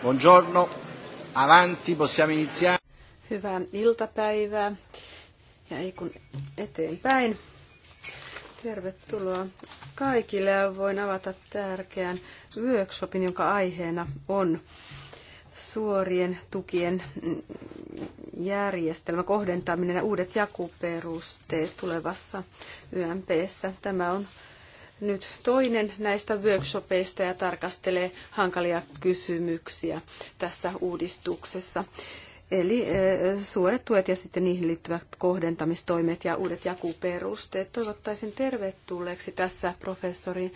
Buongiorno. Avanti, possiamo iniziare. Hyvää iltapäivää ja ei kun eteenpäin. Tervetuloa kaikille ja voin avata tärkeän workshopin, jonka aiheena on suorien tukien järjestelmä, kohdentaminen ja uudet jakuperusteet tulevassa YMPssä. Tämä on nyt toinen näistä workshopeista ja tarkastelee hankalia kysymyksiä tässä uudistuksessa. Eli eh, suoret tuet ja sitten niihin liittyvät kohdentamistoimet ja uudet jakuperusteet. Toivottaisin tervetulleeksi tässä professori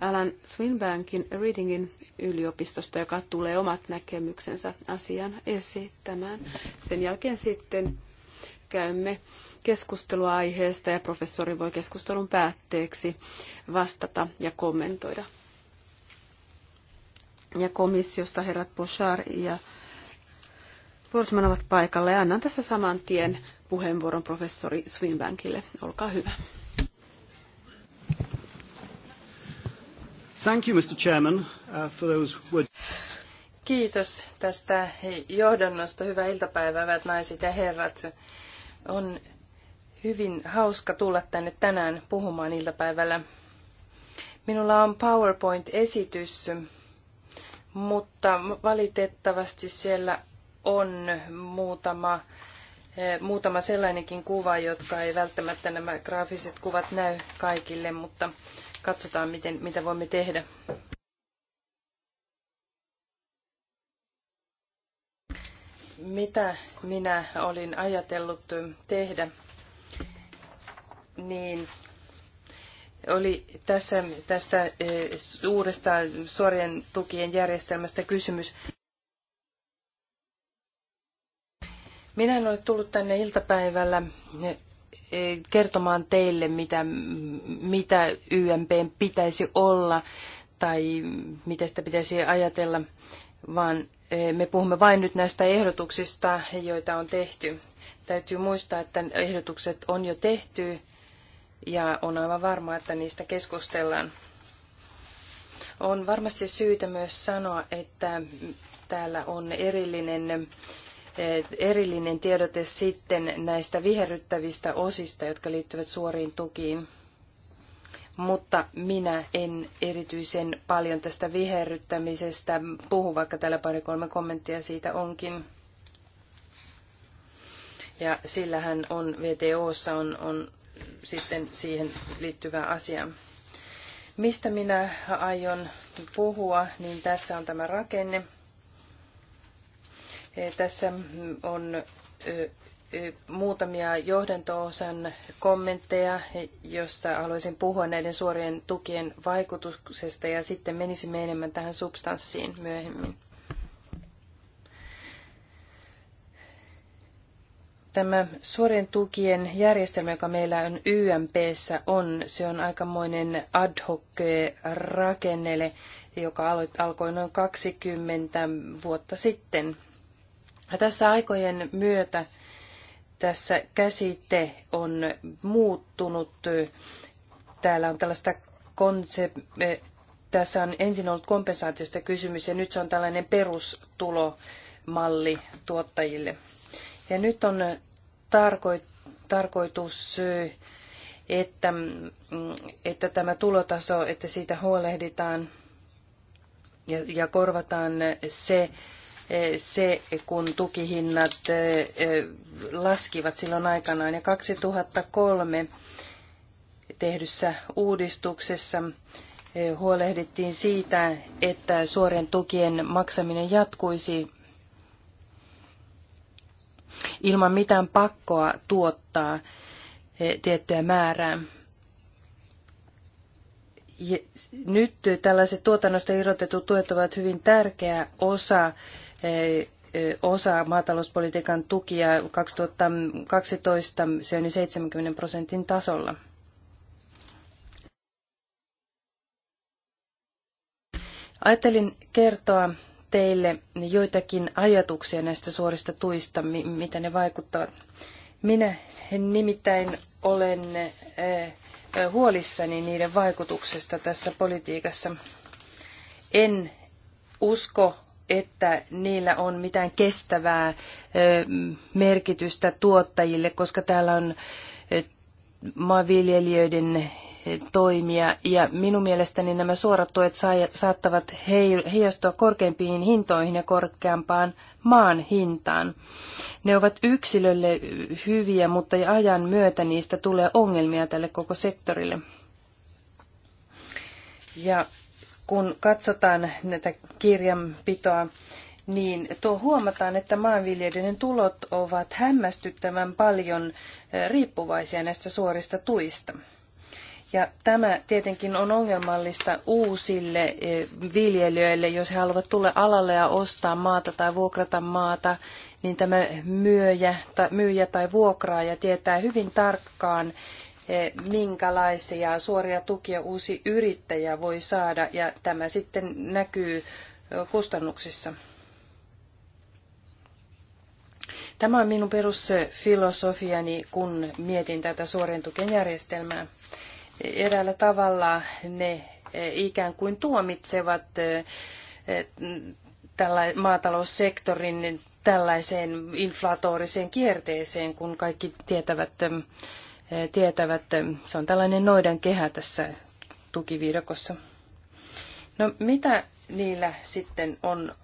Alan Swinbankin Readingin yliopistosta, joka tulee omat näkemyksensä asian esittämään. Sen jälkeen sitten käymme keskustelua aiheesta ja professori voi keskustelun päätteeksi vastata ja kommentoida. Ja komissiosta herrat Bouchard ja Borsman ovat paikalla ja annan tässä saman tien puheenvuoron professori Swinbankille. Olkaa hyvä. Thank you, Mr. Chairman, uh, for those words. Kiitos tästä johdannosta. Hyvää iltapäivää, hyvät naiset ja herrat. On hyvin hauska tulla tänne tänään puhumaan iltapäivällä. Minulla on PowerPoint-esitys, mutta valitettavasti siellä on muutama, eh, muutama sellainenkin kuva, jotka ei välttämättä nämä graafiset kuvat näy kaikille, mutta katsotaan, miten, mitä voimme tehdä. Mitä minä olin ajatellut tehdä niin oli tässä, tästä eh, uudesta suorien tukien järjestelmästä kysymys. Minä en ole tullut tänne iltapäivällä eh, eh, kertomaan teille, mitä, mitä YMP pitäisi olla tai mitä sitä pitäisi ajatella, vaan me puhumme vain nyt näistä ehdotuksista, joita on tehty. Täytyy muistaa, että ehdotukset on jo tehty ja on aivan varma, että niistä keskustellaan. On varmasti syytä myös sanoa, että täällä on erillinen, eh, erillinen tiedote sitten näistä viherryttävistä osista, jotka liittyvät suoriin tukiin. Mutta minä en erityisen paljon tästä viherryttämisestä puhu, vaikka täällä pari-kolme kommenttia siitä onkin. Ja sillähän on VTOssa on, on sitten siihen liittyvää asiaa. Mistä minä aion puhua, niin tässä on tämä rakenne. Tässä on muutamia johdantoosan kommentteja, josta haluaisin puhua näiden suorien tukien vaikutuksesta ja sitten menisimme enemmän tähän substanssiin myöhemmin. Tämä suorien tukien järjestelmä, joka meillä on YMPssä, on, se on aikamoinen ad hoc rakennele, joka alkoi noin 20 vuotta sitten. Ja tässä aikojen myötä tässä käsite on muuttunut. Täällä on tällaista konsep... E, tässä on ensin ollut kompensaatiosta kysymys ja nyt se on tällainen perustulomalli tuottajille. Ja nyt on tarkoitus, että, että tämä tulotaso, että siitä huolehditaan ja, ja korvataan se, se, kun tukihinnat laskivat silloin aikanaan. Ja 2003 tehdyssä uudistuksessa huolehdittiin siitä, että suorien tukien maksaminen jatkuisi ilman mitään pakkoa tuottaa eh, tiettyä määrää. Ja nyt tällaiset tuotannosta irrotetut tuet ovat hyvin tärkeä osa eh, eh, osa maatalouspolitiikan tukia 2012 se on 70 prosentin tasolla. Ajattelin kertoa teille joitakin ajatuksia näistä suorista tuista, mitä ne vaikuttavat. Minä nimittäin olen eh, huolissani niiden vaikutuksesta tässä politiikassa. En usko, että niillä on mitään kestävää eh, merkitystä tuottajille, koska täällä on eh, maanviljelijöiden toimia. Ja minun mielestäni nämä suorat tuet saattavat heijastua korkeampiin hintoihin ja korkeampaan maan hintaan. Ne ovat yksilölle hyviä, mutta ajan myötä niistä tulee ongelmia tälle koko sektorille. Ja kun katsotaan näitä kirjanpitoa, niin tuo huomataan, että maanviljelijöiden tulot ovat hämmästyttävän paljon eh, riippuvaisia näistä suorista tuista. Ja tämä tietenkin on ongelmallista uusille eh, viljelijöille, jos he haluavat tulla alalle ja ostaa maata tai vuokrata maata, niin tämä myyjä tai, myyjä tai vuokraaja tietää hyvin tarkkaan, eh, minkälaisia suoria tukia uusi yrittäjä voi saada, ja tämä sitten näkyy eh, kustannuksissa. Tämä on minun perusfilosofiani, kun mietin tätä suorien tukien järjestelmää eräällä tavalla ne eh, ikään kuin tuomitsevat eh, eh, tällä maataloussektorin tällaiseen inflatooriseen kierteeseen, kun kaikki tietävät, tietävät se on tällainen noidan kehä tässä tukiviidakossa. No mitä niillä sitten on,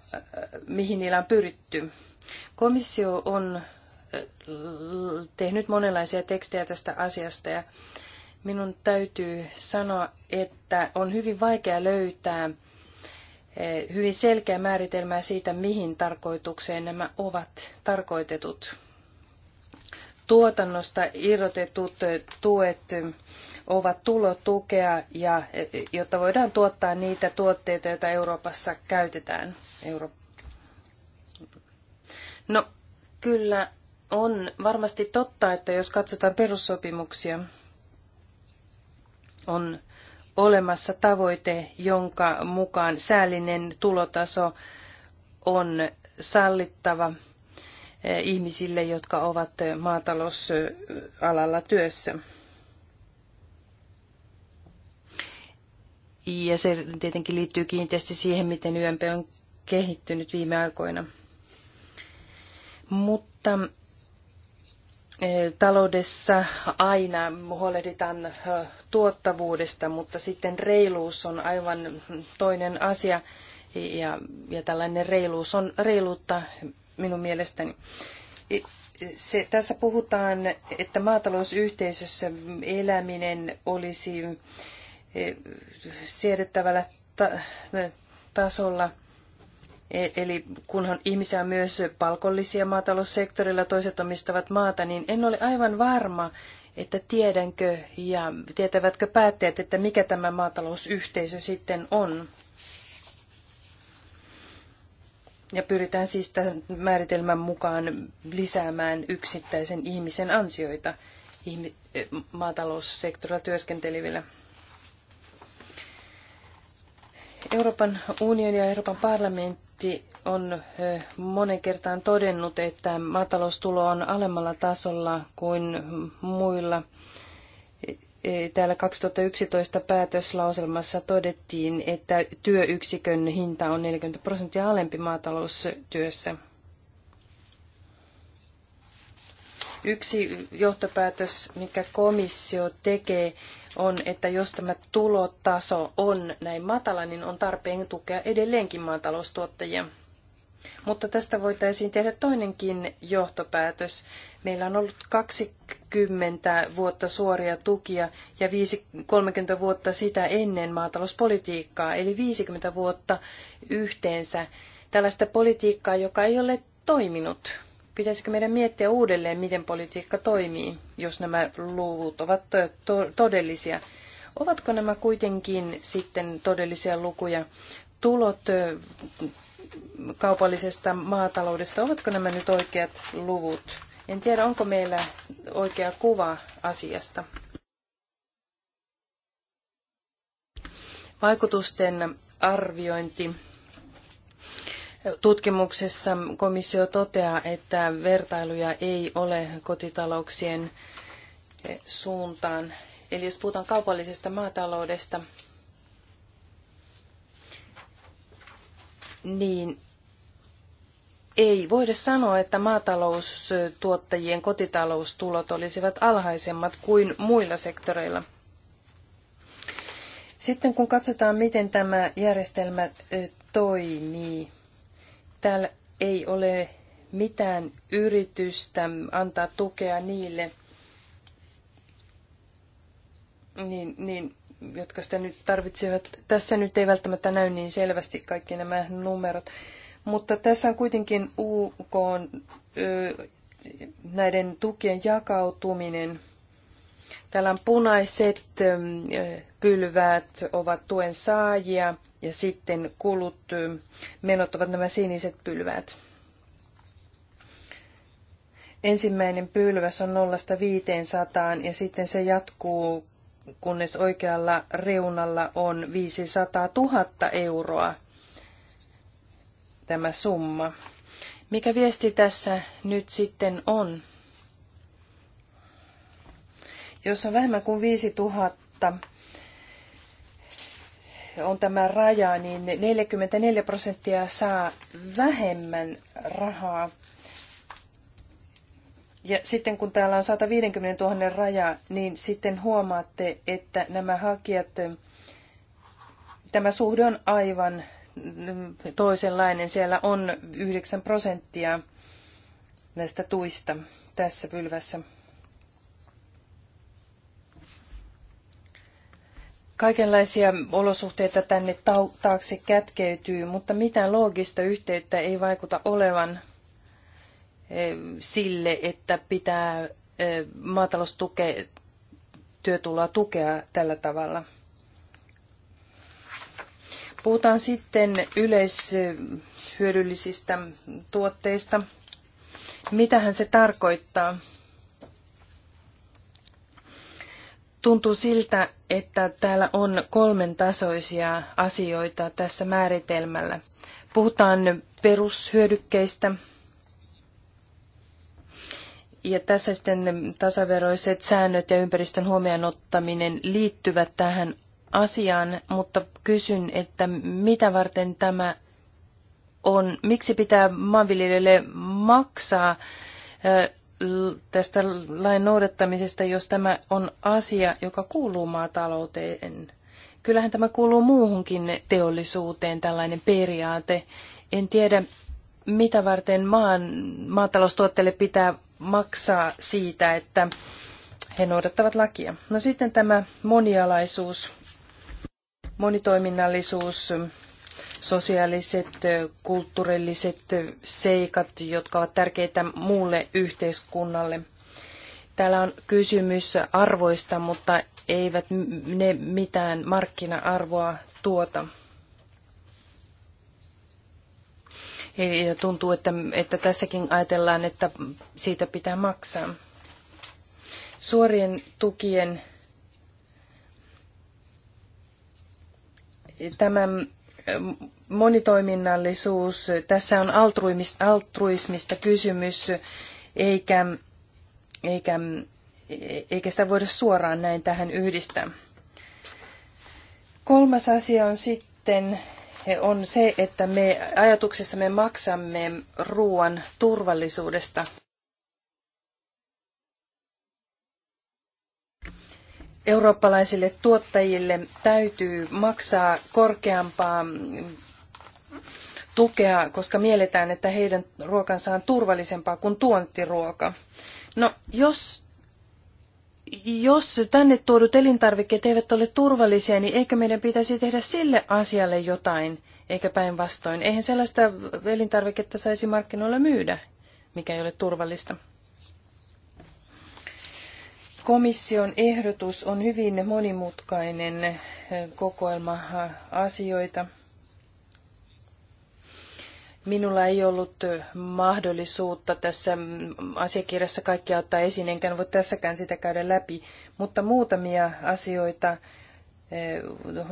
mihin niillä on pyritty? Komissio on tehnyt monenlaisia tekstejä tästä asiasta ja Minun täytyy sanoa, että on hyvin vaikea löytää eh, hyvin selkeä määritelmää siitä, mihin tarkoitukseen nämä ovat tarkoitetut. Tuotannosta irrotetut eh, tuet eh, ovat tulotukea, ja, jotta voidaan tuottaa niitä tuotteita, joita Euroopassa käytetään. Euro... No, kyllä on varmasti totta, että jos katsotaan perussopimuksia, on olemassa tavoite, jonka mukaan säällinen tulotaso on sallittava eh, ihmisille, jotka ovat eh, maatalousalalla työssä. Ja se tietenkin liittyy kiinteästi siihen, miten YMP on kehittynyt viime aikoina. Mutta taloudessa aina huolehditaan tuottavuudesta, mutta sitten reiluus on aivan toinen asia ja, ja tällainen reiluus on reiluutta minun mielestäni. Se, tässä puhutaan, että maatalousyhteisössä eläminen olisi siedettävällä ta- tasolla – E, eli kunhan ihmisiä on myös palkollisia maataloussektorilla, toiset omistavat maata, niin en ole aivan varma, että tiedänkö ja tietävätkö päättäjät, että mikä tämä maatalousyhteisö sitten on. Ja pyritään siis tämän määritelmän mukaan lisäämään yksittäisen ihmisen ansioita e, maataloussektorilla työskentelevillä. Euroopan unioni ja Euroopan parlamentti on monen kertaan todennut, että maataloustulo on alemmalla tasolla kuin muilla. E, täällä 2011 päätöslauselmassa todettiin, että työyksikön hinta on 40 prosenttia alempi maataloustyössä. Yksi johtopäätös, mikä komissio tekee, on, että jos tämä tulotaso on näin matala, niin on tarpeen tukea edelleenkin maataloustuottajia. Mutta tästä voitaisiin tehdä toinenkin johtopäätös. Meillä on ollut 20 vuotta suoria tukia ja 30 vuotta sitä ennen maatalouspolitiikkaa, eli 50 vuotta yhteensä tällaista politiikkaa, joka ei ole toiminut. Pitäisikö meidän miettiä uudelleen, miten politiikka toimii, jos nämä luvut ovat todellisia? Ovatko nämä kuitenkin sitten todellisia lukuja? Tulot kaupallisesta maataloudesta, ovatko nämä nyt oikeat luvut? En tiedä, onko meillä oikea kuva asiasta. Vaikutusten arviointi Tutkimuksessa komissio toteaa, että vertailuja ei ole kotitalouksien suuntaan. Eli jos puhutaan kaupallisesta maataloudesta, niin ei voida sanoa, että maataloustuottajien kotitaloustulot olisivat alhaisemmat kuin muilla sektoreilla. Sitten kun katsotaan, miten tämä järjestelmä toimii, Täällä ei ole mitään yritystä antaa tukea niille, niin, niin, jotka sitä nyt tarvitsevat. Tässä nyt ei välttämättä näy niin selvästi kaikki nämä numerot. Mutta tässä on kuitenkin UK näiden tukien jakautuminen. Täällä on punaiset pylväät ovat tuen saajia – ja sitten kulut, menot ovat nämä siniset pylväät. Ensimmäinen pylväs on 0-500 ja sitten se jatkuu, kunnes oikealla reunalla on 500 000 euroa tämä summa. Mikä viesti tässä nyt sitten on? Jos on vähemmän kuin 5000 on tämä raja, niin 44 prosenttia saa vähemmän rahaa. Ja sitten kun täällä on 150 000 raja, niin sitten huomaatte, että nämä hakijat, tämä suhde on aivan toisenlainen. Siellä on 9 prosenttia näistä tuista tässä pylvässä. Kaikenlaisia olosuhteita tänne taakse kätkeytyy, mutta mitään loogista yhteyttä ei vaikuta olevan e, sille, että pitää e, maataloustuke, työtuloa tukea tällä tavalla. Puhutaan sitten yleishyödyllisistä tuotteista. Mitähän se tarkoittaa? tuntuu siltä, että täällä on kolmen tasoisia asioita tässä määritelmällä. Puhutaan perushyödykkeistä, ja tässä sitten tasaveroiset säännöt ja ympäristön huomioon ottaminen liittyvät tähän asiaan, mutta kysyn, että mitä varten tämä on, miksi pitää maanviljelijöille maksaa tästä lain noudattamisesta, jos tämä on asia, joka kuuluu maatalouteen. Kyllähän tämä kuuluu muuhunkin teollisuuteen, tällainen periaate. En tiedä, mitä varten maan, maataloustuotteille pitää maksaa siitä, että he noudattavat lakia. No sitten tämä monialaisuus, monitoiminnallisuus, sosiaaliset, kulttuurilliset seikat, jotka ovat tärkeitä muulle yhteiskunnalle. Täällä on kysymys arvoista, mutta eivät ne mitään markkina-arvoa tuota. E, ja tuntuu, että, että tässäkin ajatellaan, että siitä pitää maksaa. Suorien tukien e, tämän monitoiminnallisuus, tässä on altruismista kysymys, eikä, eikä, eikä sitä voida suoraan näin tähän yhdistää. Kolmas asia on sitten on se, että me ajatuksessa me maksamme ruoan turvallisuudesta. eurooppalaisille tuottajille täytyy maksaa korkeampaa tukea, koska mielletään, että heidän ruokansa on turvallisempaa kuin tuontiruoka. No, jos, jos tänne tuodut elintarvikkeet eivät ole turvallisia, niin eikö meidän pitäisi tehdä sille asialle jotain, eikä päinvastoin? Eihän sellaista elintarviketta saisi markkinoilla myydä, mikä ei ole turvallista komission ehdotus on hyvin monimutkainen eh, kokoelma eh, asioita. Minulla ei ollut eh, mahdollisuutta tässä mm, asiakirjassa kaikkia ottaa esiin, enkä voi tässäkään sitä käydä läpi, mutta muutamia asioita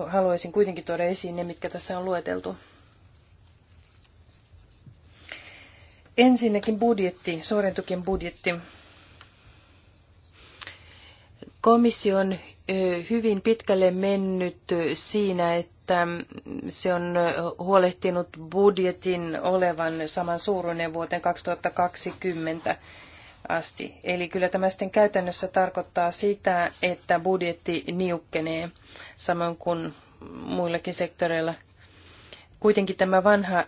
haluaisin kuitenkin tuoda esiin ne, mitkä tässä on lueteltu. Ensinnäkin budjetti, suorentukien budjetti. Komissio on hyvin pitkälle mennyt siinä, että mm, se on huolehtinut budjetin olevan saman suuruinen vuoteen 2020 asti. Eli kyllä tämä sitten käytännössä tarkoittaa sitä, että budjetti niukkenee samoin kuin muillakin sektoreilla. Kuitenkin tämä vanha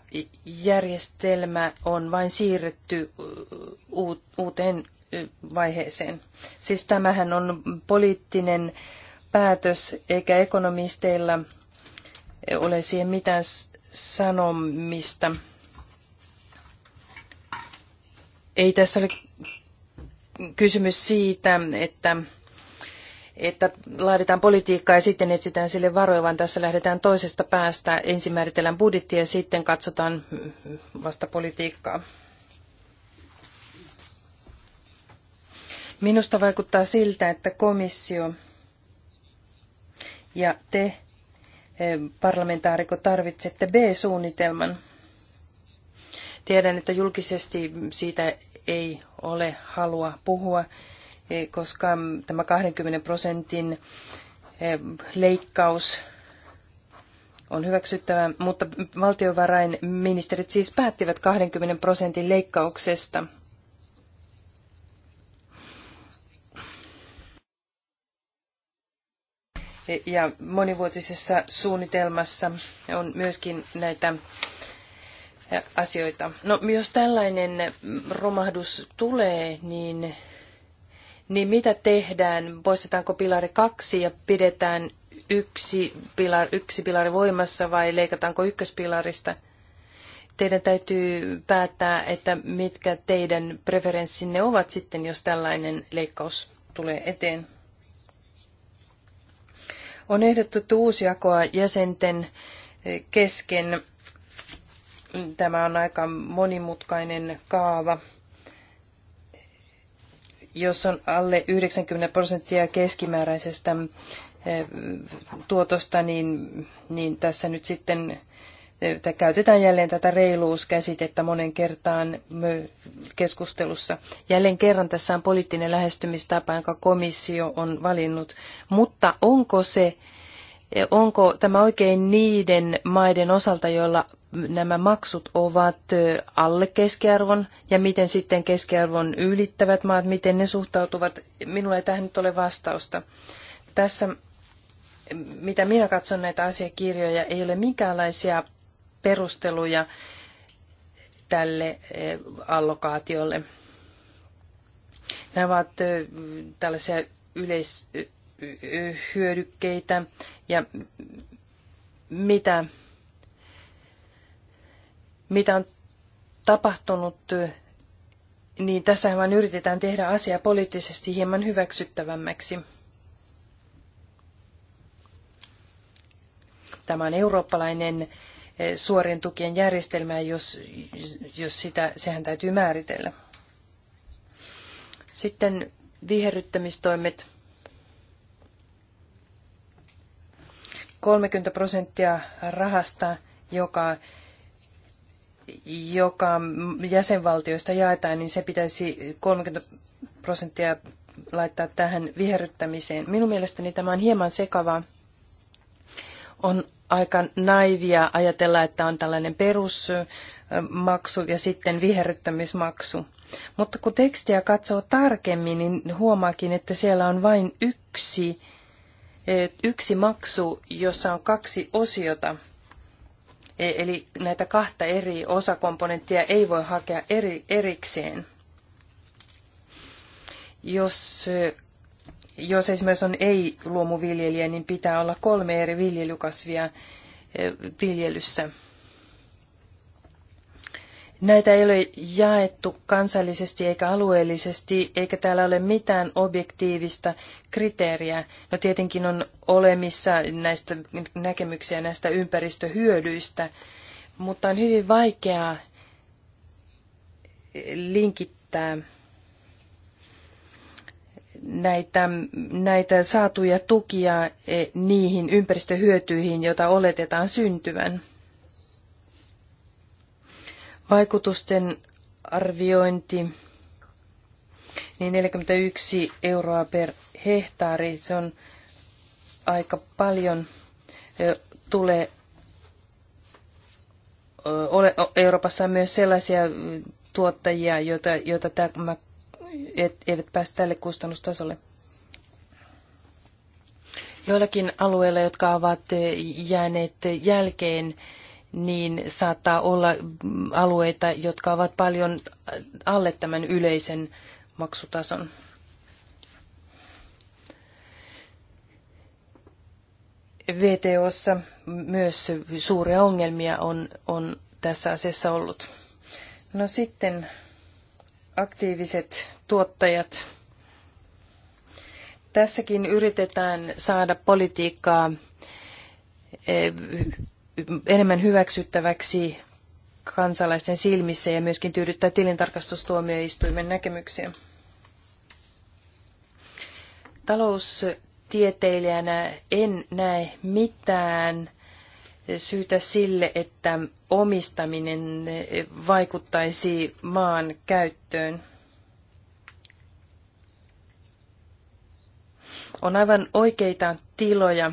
järjestelmä on vain siirretty uuteen vaiheeseen. Siis tämähän on poliittinen päätös, eikä ekonomisteilla ole siihen mitään sanomista. Ei tässä ole kysymys siitä, että, että laaditaan politiikkaa ja sitten etsitään sille varoja, vaan tässä lähdetään toisesta päästä. Ensin määritellään budjetti ja sitten katsotaan vasta politiikkaa. Minusta vaikuttaa siltä, että komissio ja te eh, parlamentaariko tarvitsette B-suunnitelman. Tiedän, että julkisesti siitä ei ole halua puhua, eh, koska tämä 20 prosentin eh, leikkaus on hyväksyttävä, mutta valtiovarainministerit siis päättivät 20 prosentin leikkauksesta – ja monivuotisessa suunnitelmassa on myöskin näitä asioita. No, jos tällainen romahdus tulee, niin, niin mitä tehdään? Poistetaanko pilari kaksi ja pidetään yksi pilari, yksi pilari voimassa vai leikataanko ykköspilarista? Teidän täytyy päättää, että mitkä teidän preferenssinne ovat sitten, jos tällainen leikkaus tulee eteen. On ehdotettu uusjakoa jäsenten kesken. Tämä on aika monimutkainen kaava. Jos on alle 90 prosenttia keskimääräisestä eh, tuotosta, niin, niin tässä nyt sitten käytetään jälleen tätä reiluuskäsitettä monen kertaan keskustelussa. Jälleen kerran tässä on poliittinen lähestymistapa, jonka komissio on valinnut, mutta onko se Onko tämä oikein niiden maiden osalta, joilla nämä maksut ovat alle keskiarvon ja miten sitten keskiarvon ylittävät maat, miten ne suhtautuvat? Minulla ei tähän nyt ole vastausta. Tässä, mitä minä katson näitä asiakirjoja, ei ole minkäänlaisia perusteluja tälle eh, allokaatiolle. Nämä ovat eh, tällaisia yleishyödykkeitä ja mitä, mitä on tapahtunut, eh, niin tässä vain yritetään tehdä asia poliittisesti hieman hyväksyttävämmäksi. Tämä on eurooppalainen suorien tukien järjestelmää, jos, jos sitä, sehän täytyy määritellä. Sitten viherryttämistoimet. 30 prosenttia rahasta, joka, joka jäsenvaltioista jaetaan, niin se pitäisi 30 prosenttia laittaa tähän viherryttämiseen. Minun mielestäni tämä on hieman sekavaa on aika naivia ajatella, että on tällainen perusmaksu ja sitten viherryttämismaksu. Mutta kun tekstiä katsoo tarkemmin, niin huomaakin, että siellä on vain yksi, e, yksi maksu, jossa on kaksi osiota. E, eli näitä kahta eri osakomponenttia ei voi hakea eri, erikseen. Jos e, jos esimerkiksi on ei-luomuviljelijä, niin pitää olla kolme eri viljelykasvia eh, viljelyssä. Näitä ei ole jaettu kansallisesti eikä alueellisesti, eikä täällä ole mitään objektiivista kriteeriä. No tietenkin on olemissa näistä näkemyksiä näistä ympäristöhyödyistä, mutta on hyvin vaikeaa linkittää näitä, näitä saatuja tukia e, niihin ympäristöhyötyihin, joita oletetaan syntyvän. Vaikutusten arviointi, niin 41 euroa per hehtaari, se on aika paljon e, tulee e, Euroopassa on myös sellaisia tuottajia, joita, joita tämä et, eivät pääse tälle kustannustasolle. Joillakin alueilla, jotka ovat jääneet jälkeen, niin saattaa olla alueita, jotka ovat paljon alle tämän yleisen maksutason. VTOssa myös suuria ongelmia on, on tässä asiassa ollut. No sitten aktiiviset tuottajat. Tässäkin yritetään saada politiikkaa eh, enemmän hyväksyttäväksi kansalaisten silmissä ja myöskin tyydyttää tilintarkastustuomioistuimen näkemyksiä. Taloustieteilijänä en näe mitään syytä sille, että omistaminen vaikuttaisi maan käyttöön. On aivan oikeita tiloja,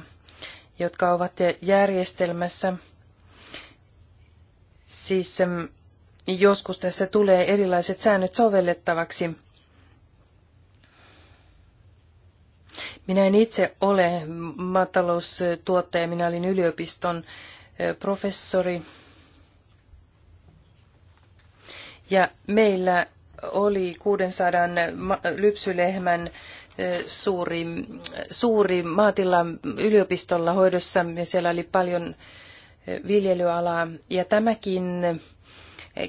jotka ovat järjestelmässä. Siis joskus tässä tulee erilaiset säännöt sovellettavaksi. Minä en itse ole maataloustuottaja, minä olin yliopiston professori. Ja meillä oli 600 lypsylehmän suuri, suuri maatila yliopistolla hoidossa ja siellä oli paljon viljelyalaa. Ja tämäkin,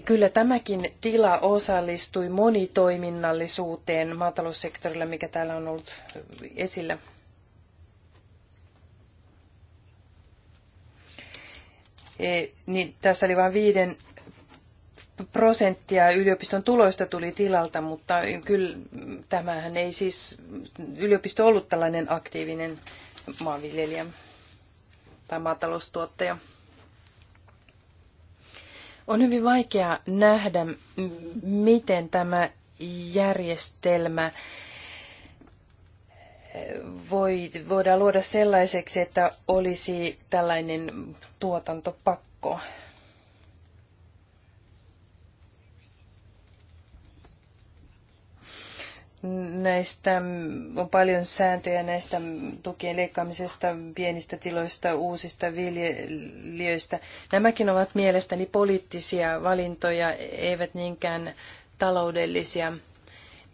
kyllä tämäkin tila osallistui monitoiminnallisuuteen maataloussektorilla, mikä täällä on ollut esillä. niin tässä oli vain viiden prosenttia yliopiston tuloista tuli tilalta, mutta kyllä tämähän ei siis, yliopisto ollut tällainen aktiivinen maanviljelijä tai maataloustuottaja. On hyvin vaikea nähdä, miten tämä järjestelmä voi, voidaan luoda sellaiseksi, että olisi tällainen tuotantopakko. näistä, on paljon sääntöjä näistä tukien leikkaamisesta, pienistä tiloista, uusista viljelijöistä. Nämäkin ovat mielestäni poliittisia valintoja, eivät niinkään taloudellisia.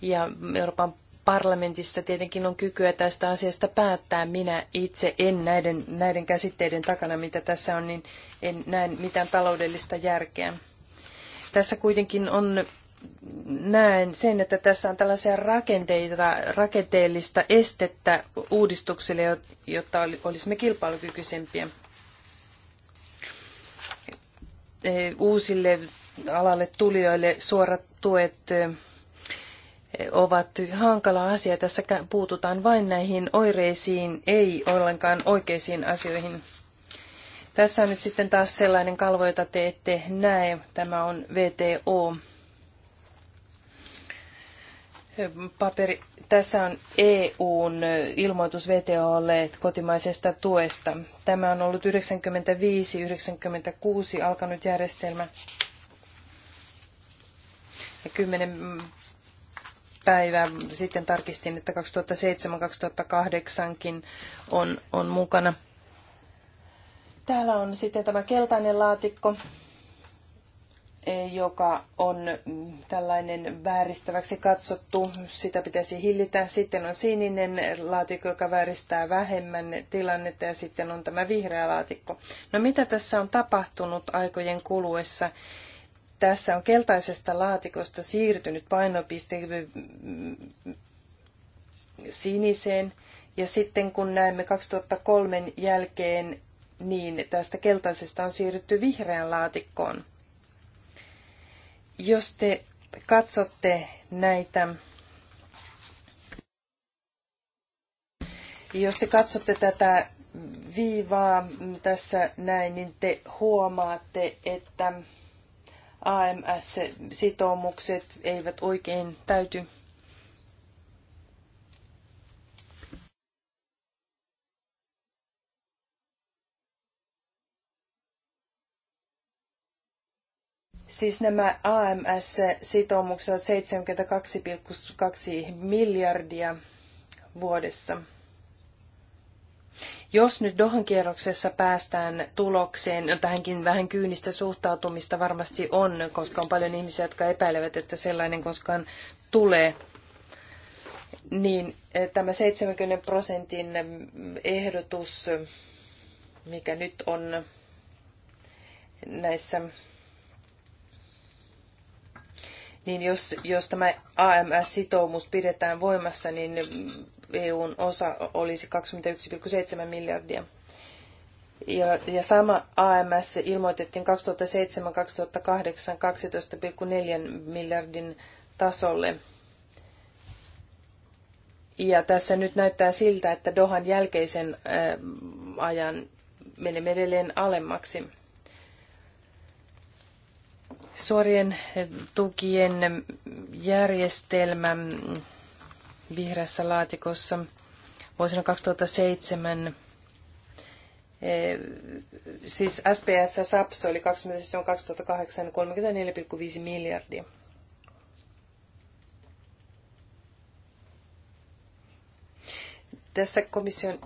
Ja Euroopan parlamentissa tietenkin on kykyä tästä asiasta päättää. Minä itse en näiden, näiden käsitteiden takana, mitä tässä on, niin en näe mitään taloudellista järkeä. Tässä kuitenkin on näen sen, että tässä on tällaisia rakenteita, rakenteellista estettä uudistuksille, jotta olisimme kilpailukykyisempiä e, uusille alalle tulijoille suorat tuet e, ovat hankala asia. Tässä puututaan vain näihin oireisiin, ei ollenkaan oikeisiin asioihin. Tässä on nyt sitten taas sellainen kalvo, jota te ette näe. Tämä on VTO paperi. Tässä on EUn ilmoitus VTOlle kotimaisesta tuesta. Tämä on ollut 95-96 alkanut järjestelmä. Ja 10 päivää sitten tarkistin, että 2007-2008kin on, on mukana. Täällä on sitten tämä keltainen laatikko joka on tällainen vääristäväksi katsottu. Sitä pitäisi hillitä. Sitten on sininen laatikko, joka vääristää vähemmän tilannetta ja sitten on tämä vihreä laatikko. No mitä tässä on tapahtunut aikojen kuluessa? Tässä on keltaisesta laatikosta siirtynyt painopiste siniseen ja sitten kun näemme 2003 jälkeen, niin tästä keltaisesta on siirrytty vihreään laatikkoon. Jos te katsotte näitä Jos te katsotte tätä viivaa tässä näin, niin te huomaatte, että AMS-sitoumukset eivät oikein täyty Siis nämä AMS-sitoumukset ovat 72,2 miljardia vuodessa. Jos nyt Dohan kierroksessa päästään tulokseen, no tähänkin vähän kyynistä suhtautumista varmasti on, koska on paljon ihmisiä, jotka epäilevät, että sellainen koskaan tulee, niin e, tämä 70 prosentin ehdotus, mikä nyt on näissä niin jos, jos tämä AMS-sitoumus pidetään voimassa, niin EUn osa olisi 21,7 miljardia. Ja, ja sama AMS ilmoitettiin 2007-2008 12,4 miljardin tasolle. Ja tässä nyt näyttää siltä, että Dohan jälkeisen ajan menemme edelleen alemmaksi. Suorien tukien järjestelmä vihreässä laatikossa vuosina 2007 e, siis SPS SAPS oli 27 2008 34,5 miljardia. Tässä komission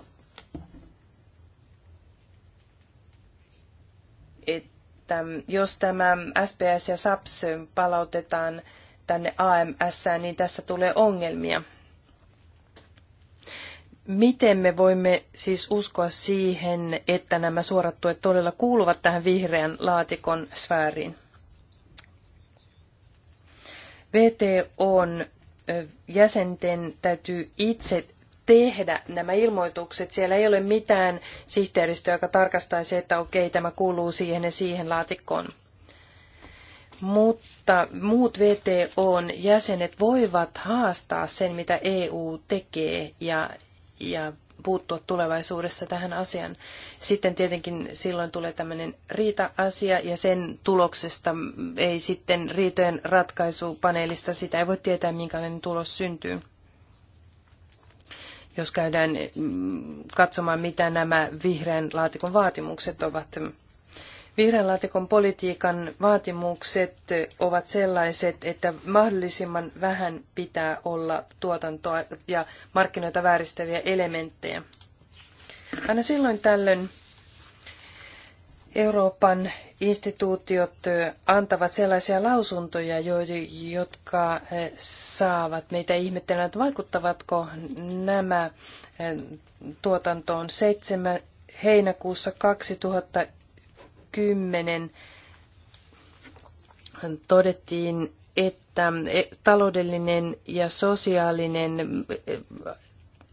että jos tämä SPS ja SAPS palautetaan tänne AMS, niin tässä tulee ongelmia. Miten me voimme siis uskoa siihen, että nämä suorat tuet todella kuuluvat tähän vihreän laatikon sfääriin? VTOn jäsenten täytyy itse tehdä nämä ilmoitukset. Siellä ei ole mitään sihteeristöä, joka tarkastaisi, että okei, tämä kuuluu siihen ja siihen laatikkoon. Mutta muut VTOn jäsenet voivat haastaa sen, mitä EU tekee ja, ja puuttua tulevaisuudessa tähän asiaan. Sitten tietenkin silloin tulee tämmöinen riita-asia ja sen tuloksesta ei sitten riitojen ratkaisupaneelista, sitä ei voi tietää, minkälainen tulos syntyy jos käydään mm, katsomaan, mitä nämä vihreän laatikon vaatimukset ovat. Vihreän laatikon politiikan vaatimukset ovat sellaiset, että mahdollisimman vähän pitää olla tuotantoa ja markkinoita vääristäviä elementtejä. Aina silloin tällöin Euroopan instituutiot antavat sellaisia lausuntoja, jotka saavat meitä ihmettelemään, että vaikuttavatko nämä tuotantoon 7. heinäkuussa 2010 todettiin, että e, taloudellinen ja sosiaalinen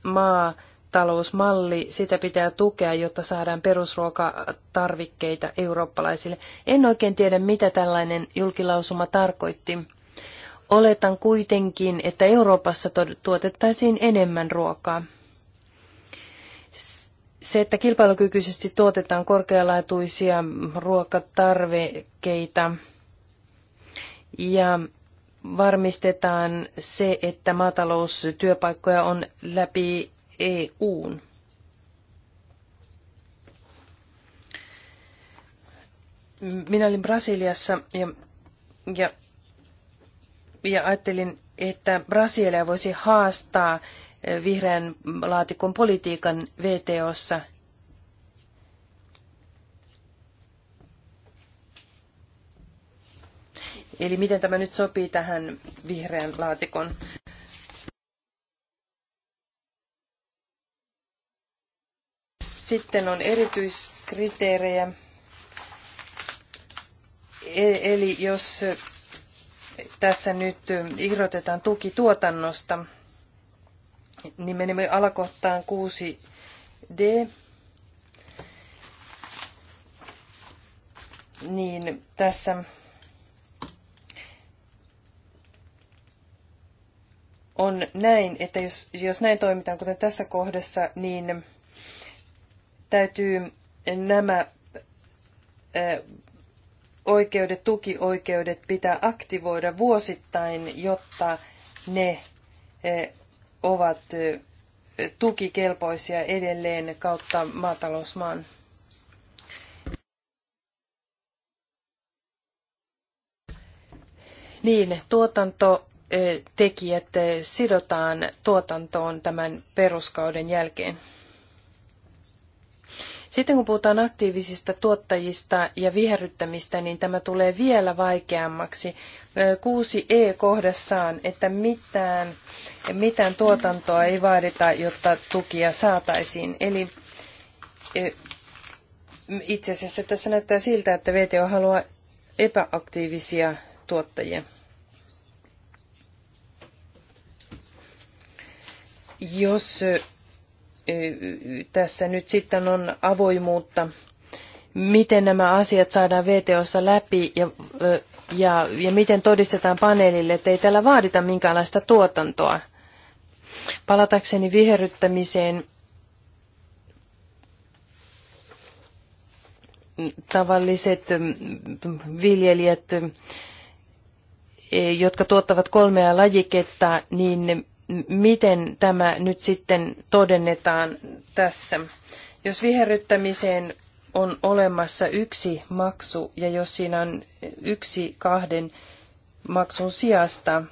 maa Talousmalli sitä pitää tukea, jotta saadaan perusruokatarvikkeita eurooppalaisille. En oikein tiedä, mitä tällainen julkilausuma tarkoitti. Oletan kuitenkin, että Euroopassa tuotettaisiin enemmän ruokaa. Se, että kilpailukykyisesti tuotetaan korkealaatuisia ruokatarvikkeita ja varmistetaan se, että maataloustyöpaikkoja on läpi EUn. Minä olin Brasiliassa ja, ja, ja ajattelin, että Brasilia voisi haastaa vihreän laatikon politiikan VTOssa – Eli miten tämä nyt sopii tähän vihreän laatikon Sitten on erityiskriteerejä. E, eli jos tässä nyt irrotetaan tuki tuotannosta, niin menemme alakohtaan 6D. Niin tässä on näin, että jos, jos näin toimitaan, kuten tässä kohdassa, niin täytyy nämä oikeudet, tukioikeudet pitää aktivoida vuosittain, jotta ne ovat tukikelpoisia edelleen kautta maatalousmaan. Niin, tuotantotekijät sidotaan tuotantoon tämän peruskauden jälkeen. Sitten kun puhutaan aktiivisista tuottajista ja viherryttämistä, niin tämä tulee vielä vaikeammaksi. 6e kohdassaan, että mitään, mitään tuotantoa ei vaadita, jotta tukia saataisiin. Eli itse asiassa tässä näyttää siltä, että VTO haluaa epäaktiivisia tuottajia. Jos tässä nyt sitten on avoimuutta, miten nämä asiat saadaan VTOssa läpi ja, ja, ja miten todistetaan paneelille, että ei täällä vaadita minkäänlaista tuotantoa. Palatakseni viherryttämiseen tavalliset viljelijät, e, jotka tuottavat kolmea lajiketta, niin miten tämä nyt sitten todennetaan tässä. Jos viherryttämiseen on olemassa yksi maksu ja jos siinä on yksi kahden maksun sijasta,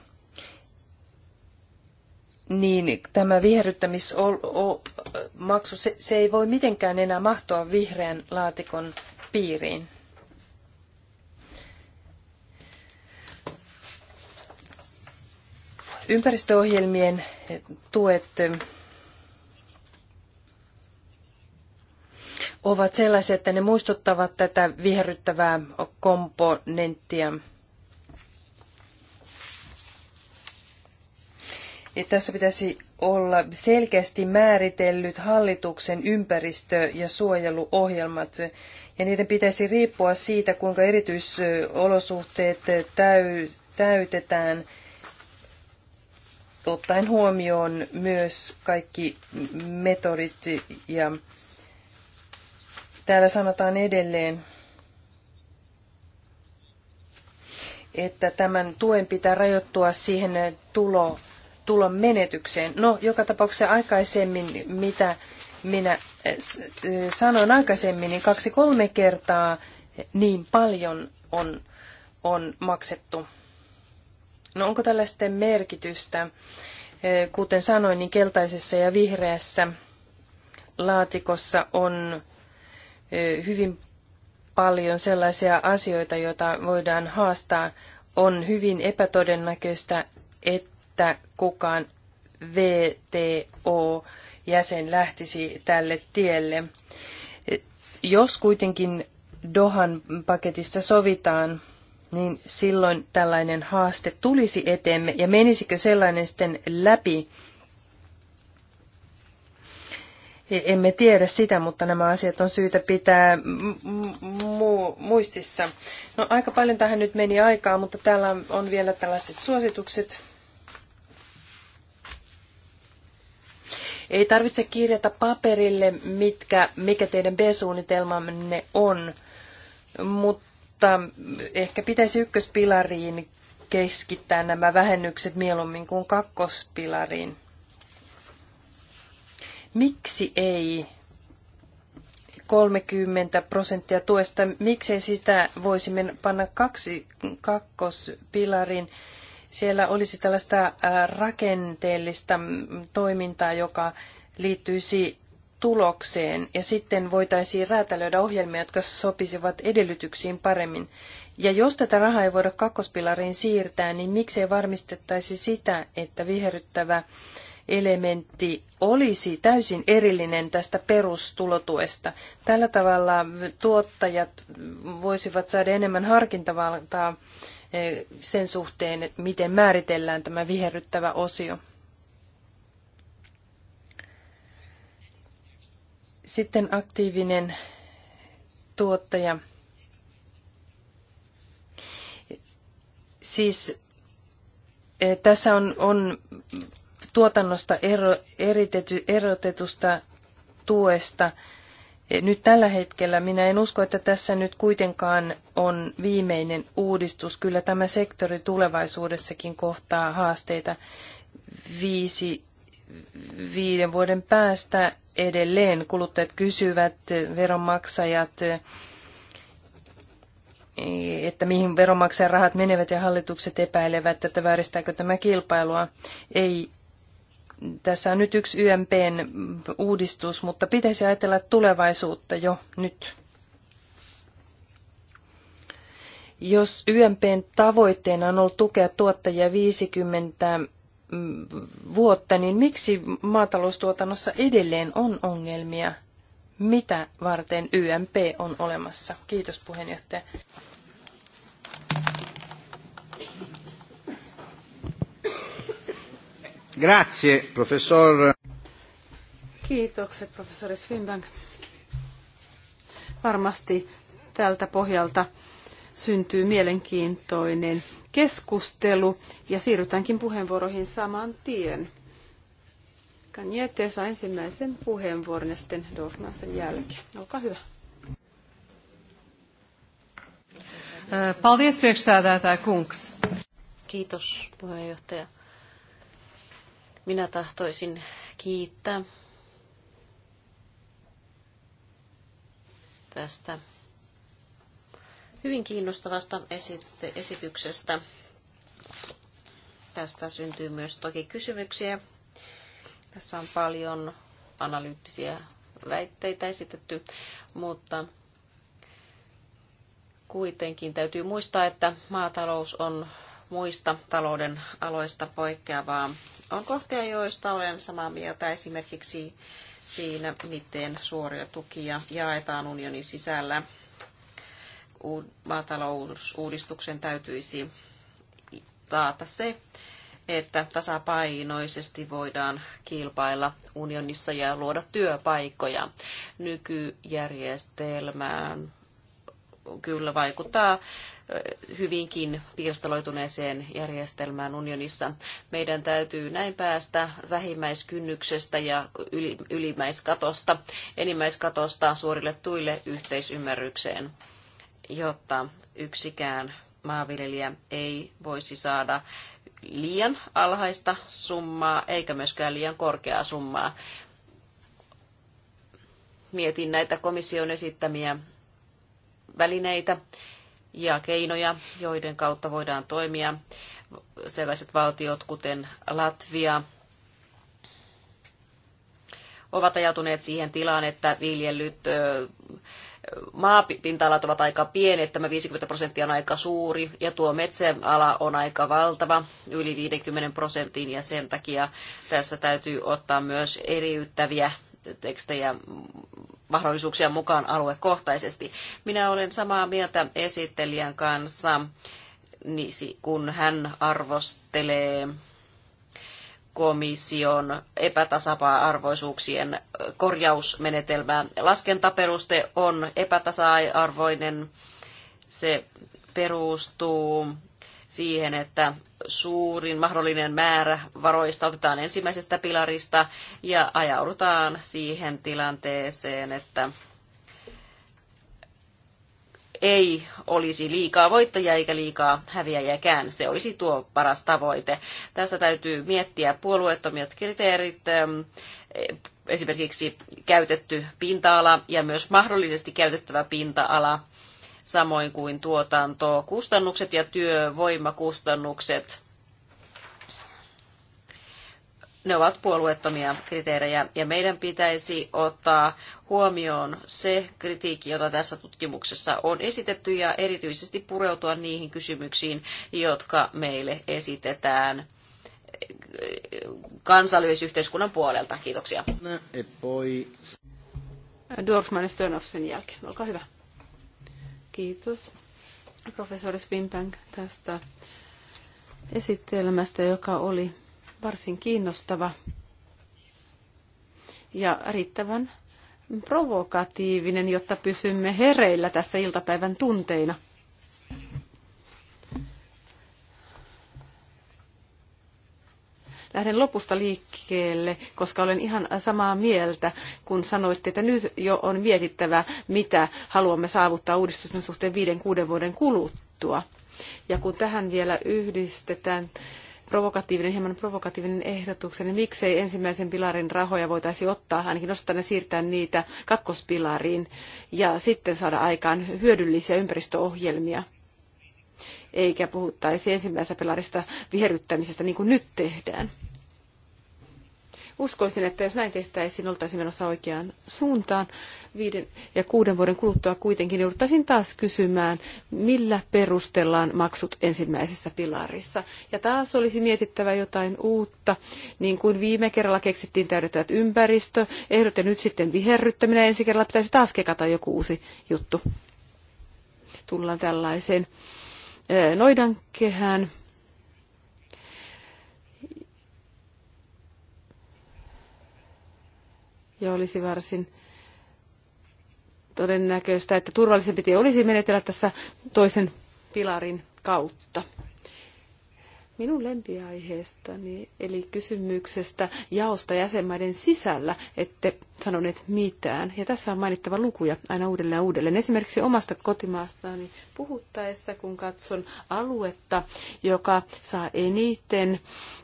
niin tämä viherryttämismaksu, se, se ei voi mitenkään enää mahtua vihreän laatikon piiriin. ympäristöohjelmien tuet ovat sellaisia, että ne muistuttavat tätä viherryttävää komponenttia. Ja tässä pitäisi olla selkeästi määritellyt hallituksen ympäristö- ja suojeluohjelmat, ja niiden pitäisi riippua siitä, kuinka erityisolosuhteet täytetään – ottaen huomioon myös kaikki metodit ja täällä sanotaan edelleen, että tämän tuen pitää rajoittua siihen tulo, tulon menetykseen. No, joka tapauksessa aikaisemmin, mitä minä äh, äh, sanoin aikaisemmin, niin kaksi-kolme kertaa niin paljon on, on maksettu No onko tällä sitten merkitystä? Eh, kuten sanoin, niin keltaisessa ja vihreässä laatikossa on eh, hyvin paljon sellaisia asioita, joita voidaan haastaa. On hyvin epätodennäköistä, että kukaan VTO-jäsen lähtisi tälle tielle. Eh, jos kuitenkin Dohan paketista sovitaan niin silloin tällainen haaste tulisi eteemme ja menisikö sellainen sitten läpi? E- emme tiedä sitä, mutta nämä asiat on syytä pitää mu- muistissa. No aika paljon tähän nyt meni aikaa, mutta täällä on vielä tällaiset suositukset. Ei tarvitse kirjata paperille, mitkä, mikä teidän B-suunnitelmanne on, mutta mutta ehkä pitäisi ykköspilariin keskittää nämä vähennykset mieluummin kuin kakkospilariin. Miksi ei 30 prosenttia tuesta, miksei sitä voisi panna kaksi, kakkospilariin? Siellä olisi tällaista rakenteellista mm, toimintaa, joka liittyisi tulokseen ja sitten voitaisiin räätälöidä ohjelmia, jotka sopisivat edellytyksiin paremmin. Ja jos tätä rahaa ei voida kakkospilariin siirtää, niin miksei varmistettaisi sitä, että viherryttävä elementti olisi täysin erillinen tästä perustulotuesta. Tällä tavalla tuottajat voisivat saada enemmän harkintavaltaa eh, sen suhteen, miten määritellään tämä viherryttävä osio. Sitten aktiivinen tuottaja. Siis eh, tässä on, on tuotannosta ero, eritety, erotetusta tuesta. Eh, nyt tällä hetkellä minä en usko, että tässä nyt kuitenkaan on viimeinen uudistus. Kyllä tämä sektori tulevaisuudessakin kohtaa haasteita viisi, viiden vuoden päästä edelleen kuluttajat kysyvät, veronmaksajat, että mihin veronmaksajan rahat menevät ja hallitukset epäilevät, että vääristääkö tämä kilpailua. Ei, tässä on nyt yksi YMPn uudistus, mutta pitäisi ajatella tulevaisuutta jo nyt. Jos YMPn tavoitteena on ollut tukea tuottajia 50 vuotta, niin miksi maataloustuotannossa edelleen on ongelmia? Mitä varten YMP on olemassa? Kiitos puheenjohtaja. Grazie, professor. Kiitokset, professori Swinbank. Varmasti tältä pohjalta syntyy mielenkiintoinen keskustelu ja siirrytäänkin puheenvuoroihin saman tien. Kanjete saa ensimmäisen puheenvuoron ja sitten Dornan sen jälkeen. Olkaa hyvä. Eh, paldies priekšsēdētāja Kiitos puheenjohtaja. Minä tahtoisin kiittää tästä hyvin kiinnostavasta esityksestä. Tästä syntyy myös toki kysymyksiä. Tässä on paljon analyyttisiä väitteitä esitetty, mutta kuitenkin täytyy muistaa, että maatalous on muista talouden aloista poikkeavaa. On kohtia, joista olen samaa mieltä esimerkiksi siinä, miten suoria tukia jaetaan unionin sisällä maatalousuudistuksen täytyisi taata se, että tasapainoisesti voidaan kilpailla unionissa ja luoda työpaikkoja. Nykyjärjestelmään kyllä vaikuttaa hyvinkin pirstaloituneeseen järjestelmään unionissa. Meidän täytyy näin päästä vähimmäiskynnyksestä ja ylimmäiskatosta, enimmäiskatosta suorille tuille yhteisymmärrykseen jotta yksikään maanviljelijä ei voisi saada liian alhaista summaa eikä myöskään liian korkeaa summaa. Mietin näitä komission esittämiä välineitä ja keinoja, joiden kautta voidaan toimia. Sellaiset valtiot kuten Latvia ovat ajautuneet siihen tilaan, että viljelyt maapinta-alat ovat aika pienet, tämä 50 prosenttia on aika suuri ja tuo metsäala on aika valtava, yli 50 prosentin ja sen takia tässä täytyy ottaa myös eriyttäviä tekstejä mahdollisuuksia mukaan aluekohtaisesti. Minä olen samaa mieltä esittelijän kanssa, niin kun hän arvostelee komission epätasapa-arvoisuuksien korjausmenetelmää. Laskentaperuste on epätasa-arvoinen. Se perustuu siihen, että suurin mahdollinen määrä varoista otetaan ensimmäisestä pilarista ja ajaudutaan siihen tilanteeseen, että ei olisi liikaa voittajia eikä liikaa häviäjäkään. Se olisi tuo paras tavoite. Tässä täytyy miettiä puolueettomia kriteerit, ähm, esimerkiksi käytetty pinta-ala ja myös mahdollisesti käytettävä pinta-ala, samoin kuin tuotanto, kustannukset ja työvoimakustannukset ne ovat puolueettomia kriteerejä ja meidän pitäisi ottaa huomioon se kritiikki, jota tässä tutkimuksessa on esitetty ja erityisesti pureutua niihin kysymyksiin, jotka meille esitetään kansallisyhteiskunnan puolelta. Kiitoksia. Dorfman Stönhoff sen jälkeen. Olkaa hyvä. Kiitos professori Spinbank tästä esittelemästä, joka oli varsin kiinnostava ja riittävän provokatiivinen, jotta pysymme hereillä tässä iltapäivän tunteina. lähden lopusta liikkeelle, koska olen ihan samaa mieltä, kun sanoitte, että nyt jo on mietittävä, mitä haluamme saavuttaa uudistusten suhteen viiden kuuden vuoden kuluttua. Ja kun tähän vielä yhdistetään provokatiivinen, hieman provokatiivinen ehdotuksen. Niin miksei ensimmäisen pilarin rahoja voitaisi ottaa, ainakin nostaa ne siirtää niitä kakkospilariin ja sitten saada aikaan hyödyllisiä ympäristöohjelmia eikä puhuttaisi ensimmäisestä pilarista viherryttämisestä niin kuin nyt tehdään. Uskoisin, että jos näin tehtäisiin, oltaisiin menossa oikeaan suuntaan. Viiden ja kuuden vuoden kuluttua kuitenkin jouduttaisiin taas kysymään, millä perustellaan maksut ensimmäisessä pilarissa. Ja taas olisi mietittävä jotain uutta, niin kuin viime kerralla keksittiin täydettävät ympäristöehdot ja nyt sitten viherryttäminen. Ensi kerralla pitäisi taas kekata joku uusi juttu. Tullaan tällaiseen eh, noidankehään. ja olisi varsin todennäköistä, että turvallisempi tie olisi menetellä tässä toisen pilarin kautta. Minun lempiaiheestani, eli kysymyksestä jaosta jäsenmaiden sisällä, ette sanoneet mitään. Ja tässä on mainittava lukuja aina uudelleen ja uudelleen. Esimerkiksi omasta kotimaastani puhuttaessa, kun katson aluetta, joka saa eniten